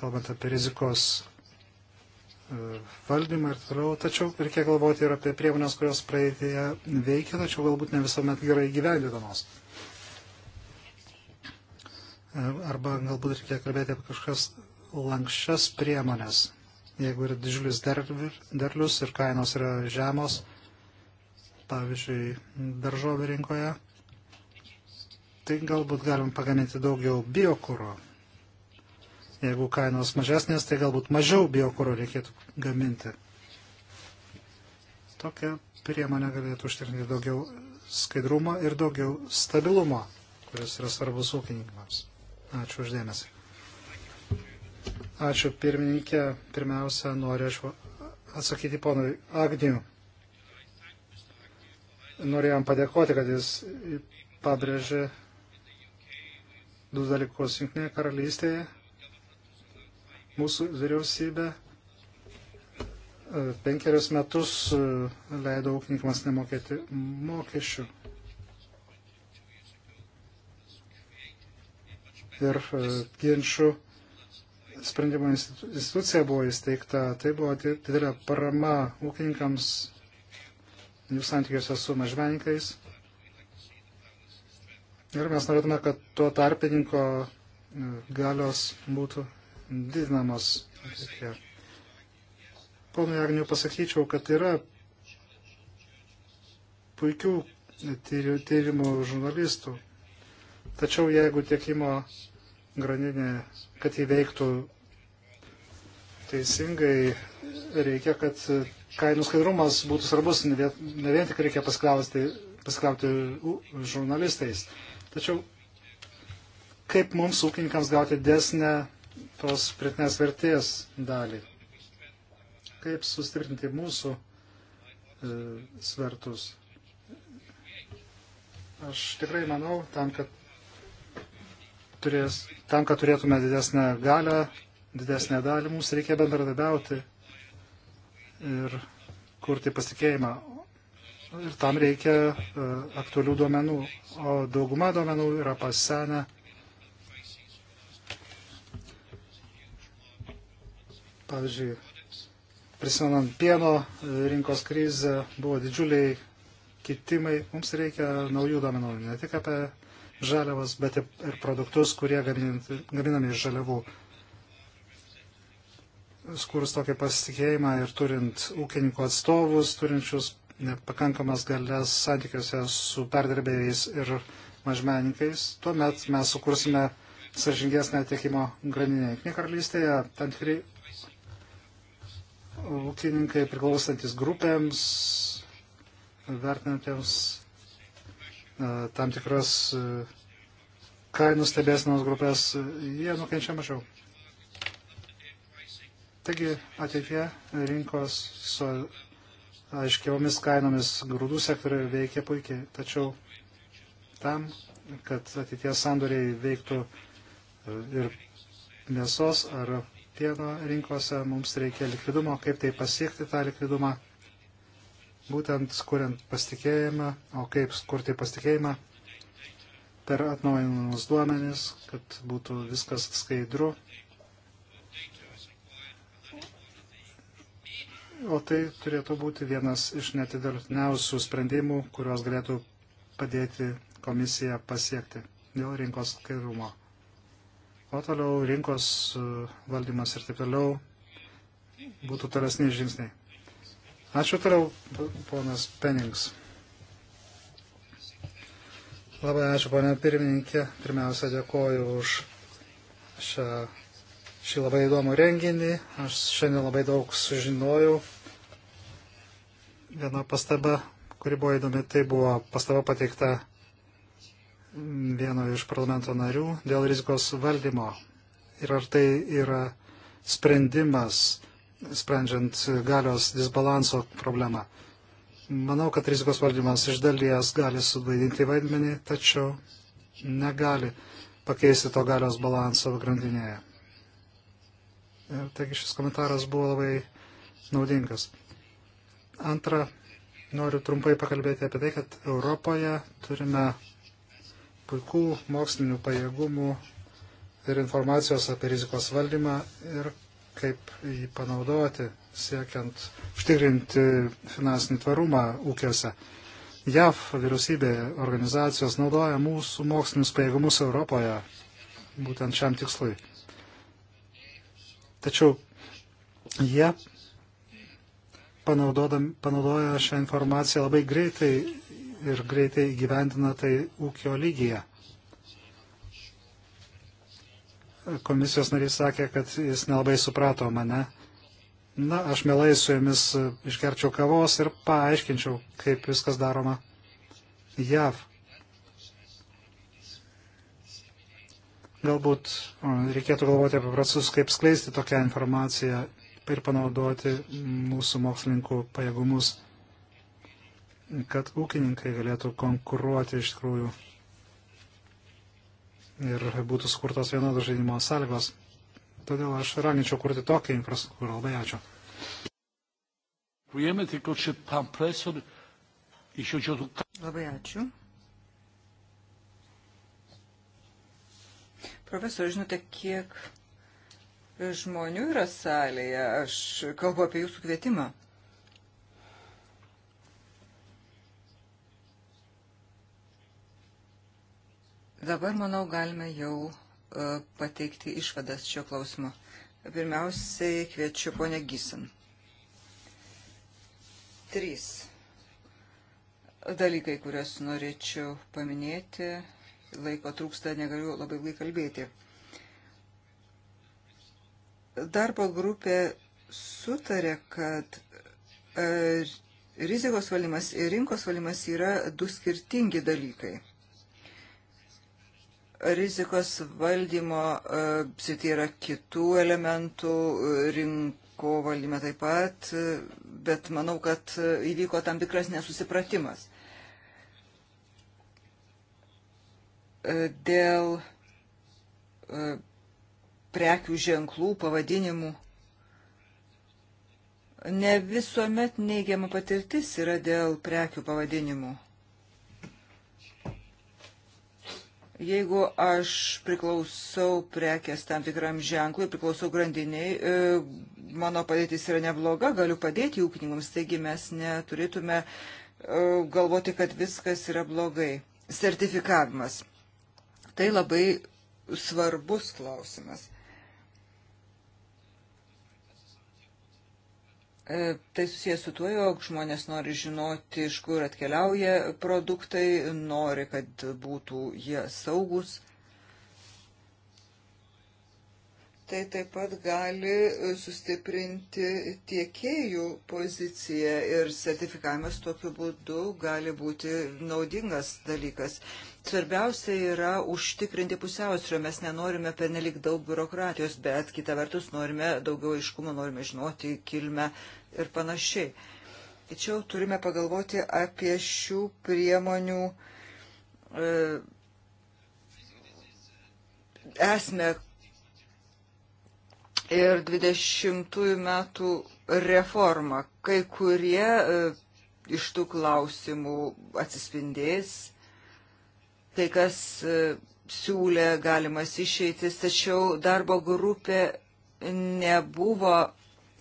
kalbant apie rizikos e, valdymą ir toliau. Tačiau reikia galvoti ir apie priemonės, kurios praeitėje veikia, tačiau galbūt ne visuomet gerai gyvendinamos. E, arba galbūt reikia kalbėti apie kažkas lankščias priemonės. Jeigu yra didžiulis derlius ir kainos yra žemos, pavyzdžiui, daržovių rinkoje, tai galbūt galim pagaminti daugiau biokūro. Jeigu kainos mažesnės, tai galbūt mažiau biokūro reikėtų gaminti. Tokia priemonė galėtų užtikrinti daugiau skaidrumo ir daugiau stabilumo, kuris yra svarbus ūkininkams. Ačiū uždėmesi. Ačiū pirmininkė. Pirmiausia, noriu aš atsakyti ponui Agniu. Norėjom padėkoti, kad jis pabrėžė du dalykus Junktinėje karalystėje. Mūsų vyriausybė e, penkerius metus e, leido ūkininkams nemokėti mokesčių. Ir e, ginčių sprendimo institucija buvo įsteigta, tai buvo didelė parama ūkininkams jų santykiuose su mažmenkais. Ir mes norėtume, kad tuo tarpininko e, galios būtų didinamos. Ponui Agniu pasakyčiau, kad yra puikių tyrimų žurnalistų. Tačiau jeigu tiekimo grandinė, kad jį veiktų teisingai, reikia, kad kainų skaidrumas būtų svarbus, ne vien tik reikia paskliauti žurnalistais. Tačiau kaip mums ūkininkams gauti desnę tos pritinės vertės dalį? Kaip sustiprinti mūsų e, svertus? Aš tikrai manau, tam, kad turės, tam, kad turėtume didesnę galę, didesnę dalį, mums reikia bendradabiauti ir kurti pasitikėjimą. Ir tam reikia e, aktualių duomenų, o dauguma duomenų yra pasenę. Pavyzdžiui, prisimenant pieno e, rinkos krizę, buvo didžiuliai kitimai. Mums reikia naujų duomenų, ne tik apie žaliavas, bet ir produktus, kurie gaminami iš žaliavų. Skurs tokį pasitikėjimą ir turint ūkininkų atstovus, turinčius pakankamas galės santykiuose su perdirbėjais ir mažmeninkais, tuomet mes sukursime sažingesnę tiekimo graninę. Jungtinė karalystėje tam tikri ūkininkai priklausantis grupėms, vertinantiems E, tam tikras e, kainų stebėsinos grupės, e, jie nukenčia mažiau. Taigi ateitie rinkos su aiškiomis kainomis grūdų sektoriai veikia puikiai, tačiau tam, kad ateities sandoriai veiktų ir mėsos ar pieno rinkose, mums reikia likvidumo, kaip tai pasiekti tą likvidumą būtent kuriant pasitikėjimą, o kaip skurti pasitikėjimą per atnaujinimus duomenis, kad būtų viskas skaidru. O tai turėtų būti vienas iš netidėltiniausių sprendimų, kuriuos galėtų padėti komisija pasiekti dėl rinkos skairumo. O toliau rinkos uh, valdymas ir taip toliau būtų tolesni žingsniai. Ačiū toliau, ponas Penings. Labai ačiū, ponė pirmininkė. Pirmiausia, dėkoju už šią, šį labai įdomų renginį. Aš šiandien labai daug sužinojau. Viena pastaba, kuri buvo įdomi, tai buvo pastaba pateikta vieno iš parlamento narių dėl rizikos valdymo. Ir ar tai yra sprendimas sprendžiant galios disbalanso problemą. Manau, kad rizikos valdymas iš dalies gali suvaidinti vaidmenį, tačiau negali pakeisti to galios balanso grandinėje. Ir e, taigi šis komentaras buvo labai naudingas. Antra, noriu trumpai pakalbėti apie tai, kad Europoje turime puikų mokslinių pajėgumų ir informacijos apie rizikos valdymą ir kaip jį panaudoti, siekiant užtikrinti finansinį tvarumą ūkiuose. JAV vyriausybė organizacijos naudoja mūsų mokslinius pajėgumus Europoje būtent šiam tikslui. Tačiau jie panaudoja šią informaciją labai greitai ir greitai gyvendina tai ūkio lygyje. komisijos narys sakė, kad jis nelabai suprato mane. Na, aš mielai su jumis išgerčiau kavos ir paaiškinčiau, kaip viskas daroma JAV. Galbūt reikėtų galvoti apie procesus, kaip skleisti tokią informaciją ir panaudoti mūsų mokslininkų pajėgumus, kad ūkininkai galėtų konkuruoti iš tikrųjų ir būtų sukurtos vienodos žaidimo sąlygos. Todėl aš raginčiau kurti tokią infrastruktūrą. Labai ačiū. Labai ačiū. Profesor, žinote, kiek žmonių yra salėje? Aš kalbu apie jūsų kvietimą. Dabar, manau, galime jau e, pateikti išvadas šio klausimo. Pirmiausiai kviečiu ponę Gysin. Trys dalykai, kuriuos norėčiau paminėti. Laiko trūksta, negaliu labai ilgai kalbėti. Darbo grupė sutarė, kad e, rizikos valymas ir rinkos valymas yra du skirtingi dalykai. Rizikos valdymo e, srityje yra kitų elementų, e, rinko valdyme taip pat, e, bet manau, kad įvyko tam tikras nesusipratimas. Dėl prekių ženklų, pavadinimų. Ne visuomet neigiama patirtis yra dėl prekių pavadinimų. Jeigu aš priklausau prekės tam tikram ženklui, priklausau grandiniai, e, mano padėtis yra nebloga, galiu padėti ūkininkams, taigi mes neturėtume e, galvoti, kad viskas yra blogai. Sertifikavimas. Tai labai svarbus klausimas. E, tai susijęs su tuo, jog žmonės nori žinoti, iš kur atkeliauja produktai, nori, kad būtų jie saugus. Tai taip pat gali sustiprinti tiekėjų poziciją ir sertifikavimas tokiu būdu gali būti naudingas dalykas. Svarbiausia yra užtikrinti pusiausvyrą. Mes nenorime pernelik daug biurokratijos, bet kita vertus norime daugiau aiškumo, norime žinoti kilmę ir panašiai. Tačiau turime pagalvoti apie šių priemonių e, esmę ir 20 metų reformą. Kai kurie e, iš tų klausimų atsispindės tai, kas e, siūlė galimas išeitis, tačiau darbo grupė nebuvo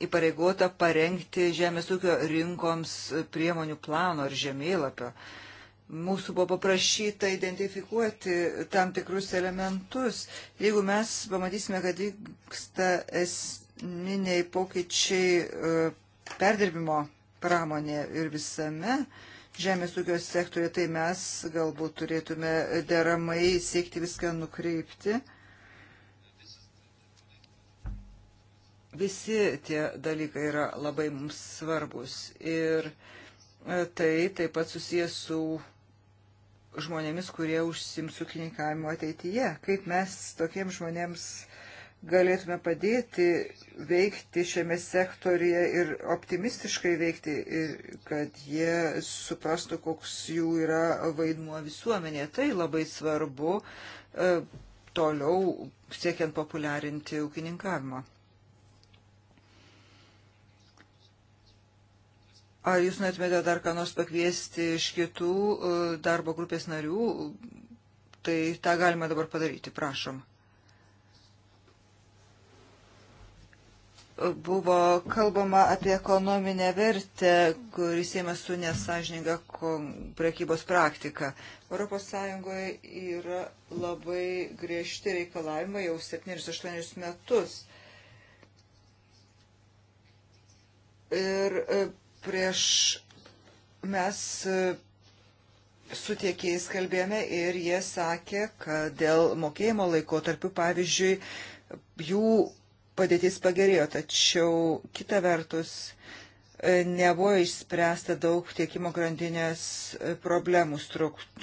įpareigota parengti žemės ūkio rinkoms priemonių plano ar žemėlapio. Mūsų buvo paprašyta identifikuoti tam tikrus elementus. Jeigu mes pamatysime, kad vyksta esminiai pokyčiai e, perdirbimo pramonė ir visame žemės ūkio sektoriuje, tai mes galbūt turėtume deramai siekti viską nukreipti. Visi tie dalykai yra labai mums svarbus ir e, tai taip pat susijęs su žmonėmis, kurie užsims ūkininkavimo ateityje. Kaip mes tokiems žmonėms galėtume padėti veikti šiame sektorije ir optimistiškai veikti, ir kad jie suprastų, koks jų yra vaidmuo visuomenėje. Tai labai svarbu e, toliau siekiant populiarinti ūkininkavimą. Ar jūs norėtumėte dar ką nors pakviesti iš kitų e, darbo grupės narių? Tai tą galima dabar padaryti, prašom. buvo kalbama apie ekonominę vertę, kuris įmė su nesažininga prekybos praktika. ES yra labai griežti reikalavimai jau 7-8 metus. Ir e, prieš mes e, su tiekėjais kalbėjome ir jie sakė, kad dėl mokėjimo laikotarpių, pavyzdžiui, jų padėtis pagerėjo, tačiau kita vertus e, nebuvo išspręsta daug tiekimo grandinės e, problemų,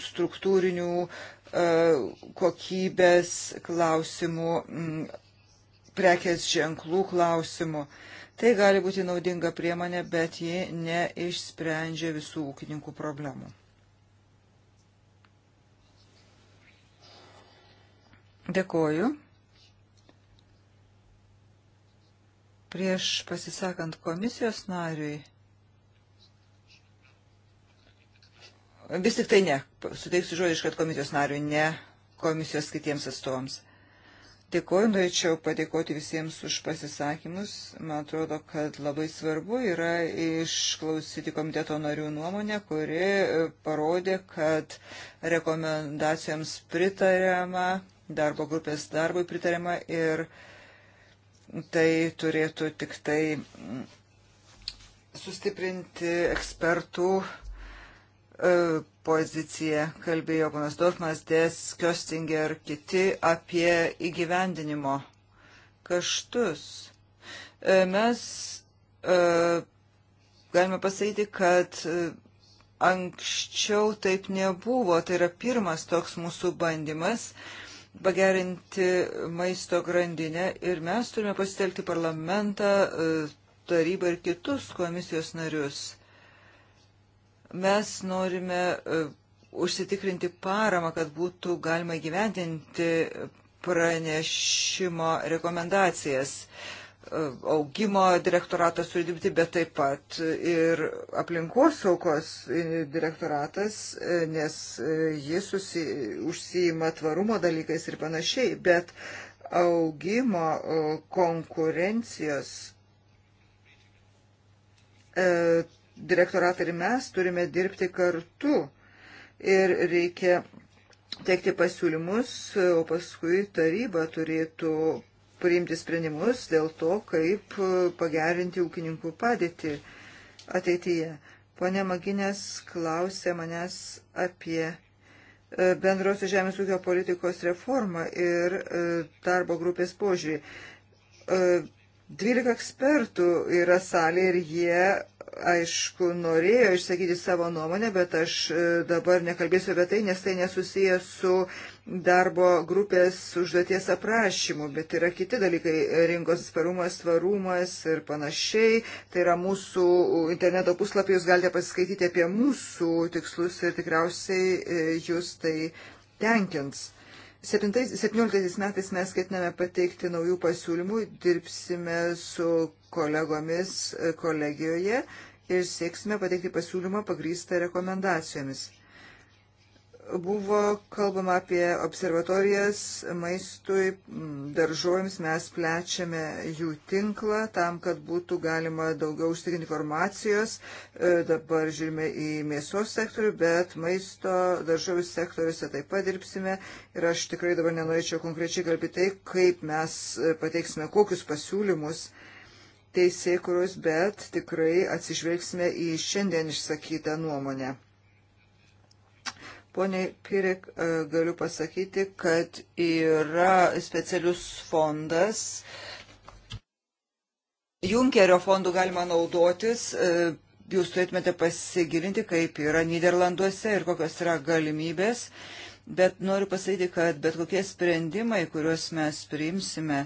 struktūrinių e, kokybės klausimų, prekės ženklų klausimų. Tai gali būti naudinga priemonė, bet ji neišsprendžia visų ūkininkų problemų. Dėkoju. Prieš pasisakant komisijos nariui, vis tik tai ne, suteiksiu žodį iškart komisijos nariui, ne komisijos kitiems atstovams. Dėkuoju, norėčiau padėkoti visiems už pasisakymus. Man atrodo, kad labai svarbu yra išklausyti komiteto narių nuomonę, kuri e, parodė, kad rekomendacijoms pritariama, darbo grupės darbui pritariama ir uh, tai turėtų tik tai sustiprinti ekspertų e, poziciją, kalbėjo panas Dorfmas, Des, Kjostinger, kiti apie įgyvendinimo kaštus. E, mes e, galime pasakyti, kad anksčiau taip nebuvo, tai yra pirmas toks mūsų bandymas. E, pagerinti maisto grandinę ir mes turime pasitelkti parlamentą, e, tarybą ir kitus komisijos narius. Mes norime e, užsitikrinti paramą, kad būtų galima gyventinti pranešimo rekomendacijas augimo direktoratas turi dirbti, bet taip pat ir aplinkos saukos direktoratas, nes jis susi, užsijima tvarumo dalykais ir panašiai, bet augimo konkurencijos e, direktoratai ir mes turime dirbti kartu ir reikia teikti pasiūlymus, o paskui taryba turėtų priimti sprendimus dėl to, kaip e, pagerinti ūkininkų padėtį ateityje. Pone Maginės klausė manęs apie e, bendrosios žemės ūkio politikos reformą ir e, darbo grupės požiūrį. 12 ekspertų yra salė ir jie, aišku, norėjo išsakyti savo nuomonę, bet aš dabar nekalbėsiu apie tai, nes tai nesusijęs su uh, darbo grupės užduoties aprašymų, bet yra kiti dalykai - rinkos sparumas, tvarumas ir panašiai. Tai yra mūsų interneto puslapį, jūs galite pasiskaityti apie mūsų tikslus ir tikriausiai e, jūs tai tenkins. 2017 metais mes ketiname pateikti naujų pasiūlymų, dirbsime su kolegomis e, kolegijoje ir sieksime pateikti pasiūlymą pagrįstą rekomendacijomis buvo kalbama apie observatorijas maistui, daržovėms, mes plečiame jų tinklą tam, kad būtų galima daugiau užtikrinti informacijos. E, dabar žiūrime į mėsos sektorių, bet maisto daržovių sektoriuose taip pat dirbsime. Ir aš tikrai dabar nenorėčiau konkrečiai kalbėti tai, kaip mes pateiksime kokius pasiūlymus teisėkuros, bet tikrai atsižvelgsime į šiandien išsakytą nuomonę. Pone Pirek, e, galiu pasakyti, kad yra specialius fondas. Junkerio fondų galima naudotis. E, jūs turėtumėte pasigilinti, kaip yra Niderlanduose ir kokios yra galimybės. Bet noriu pasakyti, kad bet kokie sprendimai, kuriuos mes priimsime,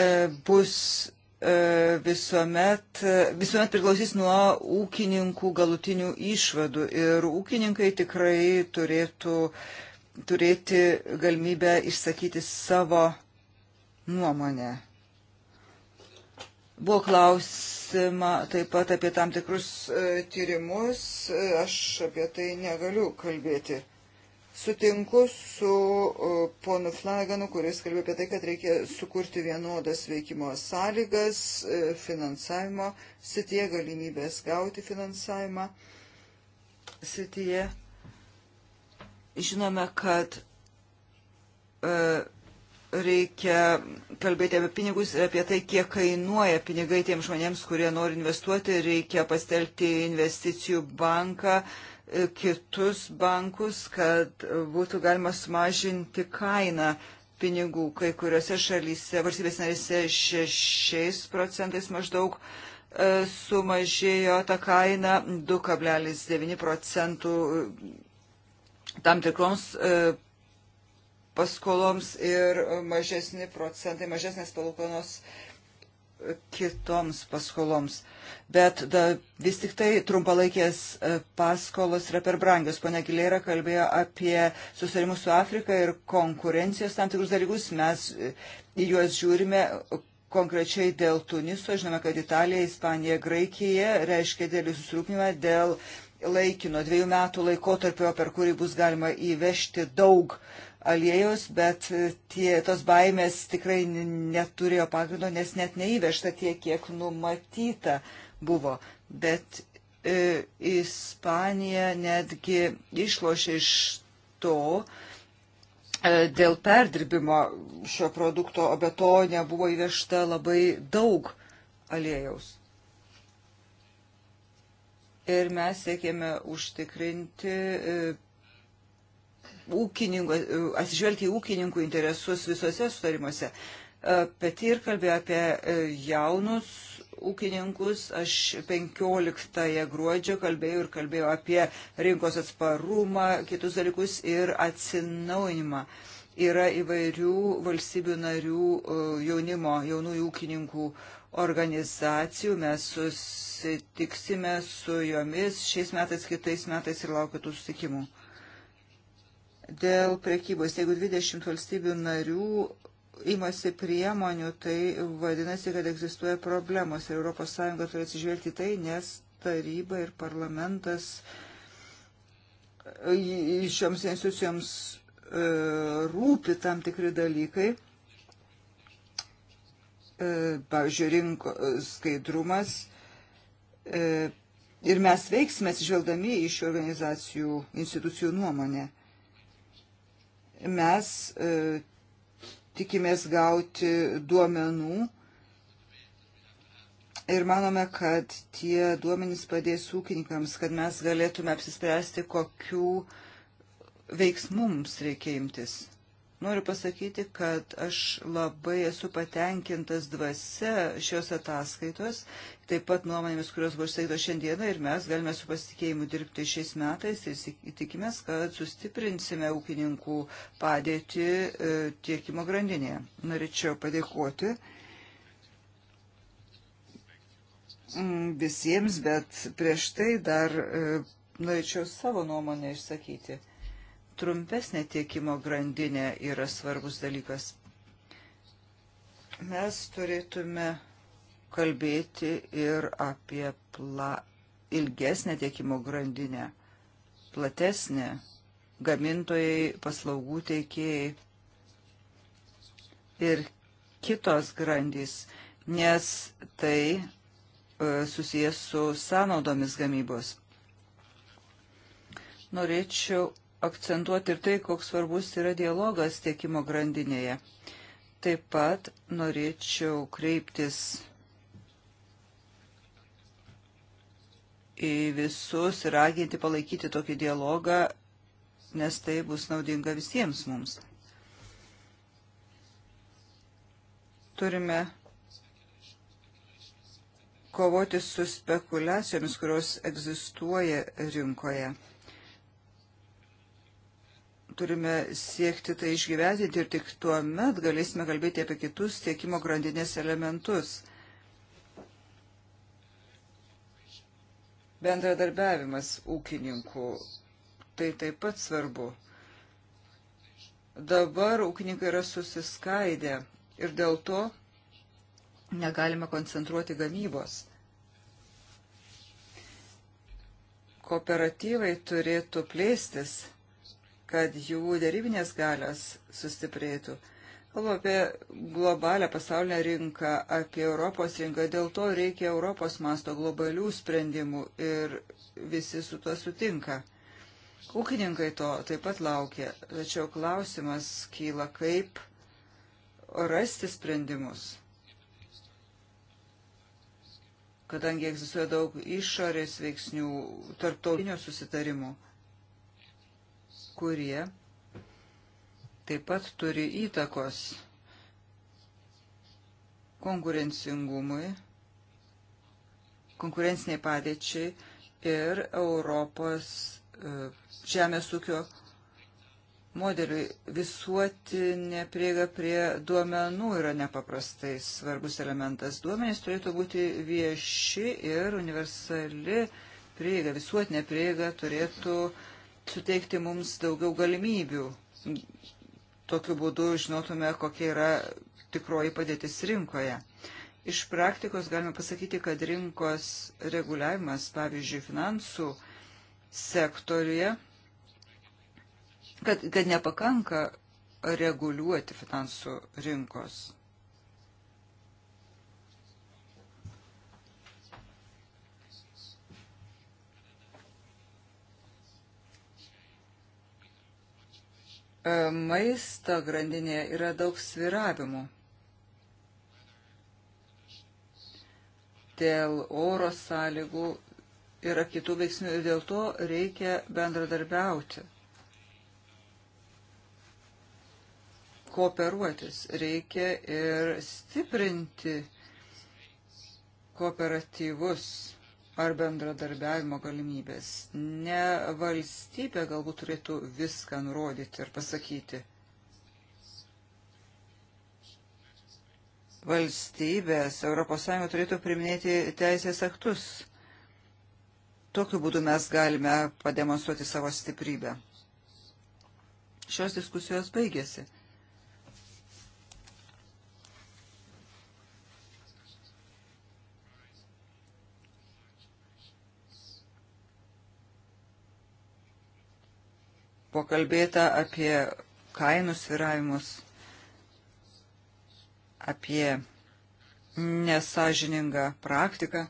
e, bus E, visuomet, e, visuomet priklausys nuo ūkininkų galutinių išvadų ir ūkininkai tikrai turėtų turėti galimybę išsakyti savo nuomonę. Buvo klausima taip pat apie tam tikrus e, tyrimus, aš apie tai negaliu kalbėti. Sutinku su e, ponu Flaganu, kuris kalbėjo apie tai, kad reikia sukurti vienodas veikimo sąlygas, e, finansavimo sitie, galimybės gauti finansavimą sitie. Žinome, kad e, reikia kalbėti apie pinigus ir apie tai, kiek kainuoja pinigai tiems žmonėms, kurie nori investuoti. Reikia pastelti investicijų banką, E, kitus bankus, kad būtų galima sumažinti kainą pinigų. Kai kuriuose šalyse, valstybės narėse 6 procentais maždaug e, sumažėjo ta kaina 2,9 procentų tam tikroms e, paskoloms ir mažesni procentai, mažesnės palūkanos kitoms paskoloms. Bet da, vis tik tai trumpalaikės e, paskolos yra per brangios. Pone Gilėra kalbėjo apie susitarimus su Afrika ir konkurencijos tam tikrus dalykus. Mes e, į juos žiūrime e, konkrečiai dėl Tuniso. Žinome, kad Italija, Ispanija, Graikija reiškia dėlį susirūpinimą dėl laikino dviejų metų laikotarpio, per kurį bus galima įvežti daug uh, aliejus, bet e, tie, tos baimės tikrai neturėjo pagrindo, nes net neįvežta tiek, kiek numatyta buvo. Bet e, Ispanija netgi išlošė iš to, e, Dėl perdirbimo šio produkto, o be to nebuvo įvežta labai daug aliejaus. Ir mes siekėme užtikrinti e, ūkininko, atsižvelgti į ūkininkų interesus visose sutarimuose. E, Peti ir kalbėjo apie e, jaunus ūkininkus. Aš 15 gruodžio kalbėjau ir kalbėjau apie rinkos atsparumą, kitus dalykus ir atsinaujinimą. Yra įvairių valstybių narių e, jaunimo, jaunųjų ūkininkų organizacijų. Mes susitiksime su jomis šiais metais, kitais metais ir laukiu tų susitikimų. Dėl prekybos, jeigu 20 valstybių narių imasi priemonių, tai vadinasi, kad egzistuoja problemos ir ES turi atsižvelgti tai, nes taryba ir parlamentas e, šioms institucijoms e, rūpi tam tikri dalykai e, pavyzdžiui, rinko skaidrumas. Ir mes veiksime atsižvelgdami į šių organizacijų, institucijų nuomonę. Mes e, tikimės gauti duomenų ir manome, kad tie duomenys padės ūkininkams, kad mes galėtume apsispręsti, kokių veiksmų mums reikia imtis. Noriu pasakyti, kad aš labai esu patenkintas dvasia šios ataskaitos, taip pat nuomonėmis, kurios buvo išsakytos šiandieną ir mes galime su pasitikėjimu dirbti šiais metais ir tikimės, kad sustiprinsime ūkininkų padėtį e, tiekimo grandinėje. Norėčiau padėkoti mm, visiems, bet prieš tai dar e, norėčiau savo nuomonę išsakyti trumpesnė tiekimo grandinė yra svarbus dalykas. Mes turėtume kalbėti ir apie pla, ilgesnę tiekimo grandinę, platesnę, gamintojai, paslaugų teikėjai ir kitos grandys, nes tai e, susijęs su sąnaudomis gamybos. Norėčiau akcentuoti ir tai, koks svarbus yra dialogas tiekimo grandinėje. Taip pat norėčiau kreiptis į visus ir raginti palaikyti tokį dialogą, nes tai bus naudinga visiems mums. Turime kovoti su spekulacijomis, kurios egzistuoja rinkoje turime siekti tai išgyvendinti ir tik tuo met galėsime kalbėti apie kitus tiekimo grandinės elementus. Bendradarbiavimas ūkininkų. Tai taip pat svarbu. Dabar ūkininkai yra susiskaidę ir dėl to negalime koncentruoti gamybos. Kooperatyvai turėtų plėstis kad jų darybinės galios sustiprėtų. Kalbu apie globalę pasaulinę rinką, apie Europos rinką, dėl to reikia Europos masto globalių sprendimų ir visi su tuo sutinka. Ūkininkai to taip pat laukia, tačiau klausimas kyla, kaip rasti sprendimus. Kadangi egzistuoja daug išorės veiksnių, tarptautinio susitarimų kurie taip pat turi įtakos konkurencingumui, konkurenciniai padėčiai ir Europos e, žemės ūkio modeliui visuotinė prieiga prie duomenų yra nepaprastai svarbus elementas. Duomenys turėtų būti vieši ir universali prieiga, visuotinė prieiga turėtų uh, suteikti mums daugiau galimybių. Tokiu būdu žinotume, kokia yra tikroji padėtis rinkoje. Iš praktikos galime pasakyti, kad rinkos reguliavimas, pavyzdžiui, finansų sektoriuje, kad, kad nepakanka reguliuoti finansų rinkos. E, maisto grandinėje yra daug sviravimų dėl oro sąlygų yra kitų veiksnių ir dėl to reikia bendradarbiauti, kooperuotis, reikia ir stiprinti kooperatyvus ar bendradarbiavimo galimybės. Ne valstybė galbūt turėtų viską nurodyti ir pasakyti. Valstybės ES turėtų priminėti teisės aktus. Tokiu būdu mes galime pademonstruoti savo stiprybę. Šios diskusijos baigėsi. pakalbėta apie kainų sviravimus, apie nesažiningą praktiką.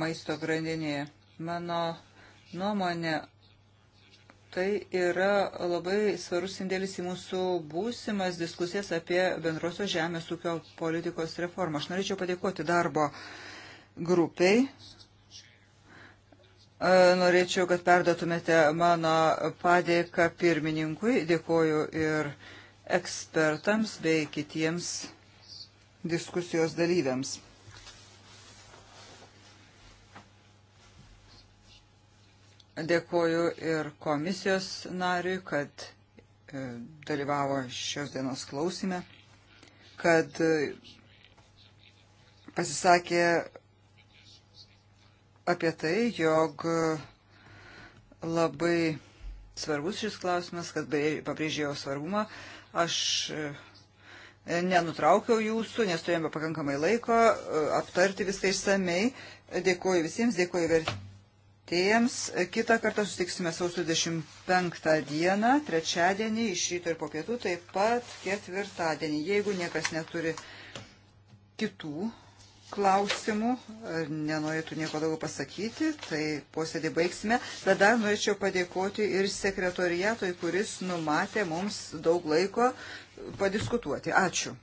maisto grandinėje. Mano nuomonė, tai yra labai svarus indėlis į mūsų būsimas diskusijas apie bendrosios žemės ūkio politikos reformą. Aš norėčiau padėkoti darbo grupiai, Norėčiau, kad perdotumėte mano padėką pirmininkui. Dėkoju ir ekspertams bei kitiems diskusijos dalyviams. Dėkoju ir komisijos nariui, kad e, dalyvavo šios dienos klausime, kad e, pasisakė apie tai, jog labai svarbus šis klausimas, kad pabrėžėjau svarbumą. Aš e, nenutraukiau jūsų, nes turėjome pakankamai laiko e, aptarti viską išsamei. Dėkuoju visiems, dėkuoju vertėjams. Kitą kartą susitiksime sausio 25 dieną, trečiadienį, iš ryto ir po pietų, taip pat ketvirtadienį. Jeigu niekas neturi kitų klausimų, nenorėtų nieko daugiau pasakyti, tai posėdį baigsime. Bet dar norėčiau padėkoti ir sekretoriatui, kuris numatė mums daug laiko padiskutuoti. Ačiū.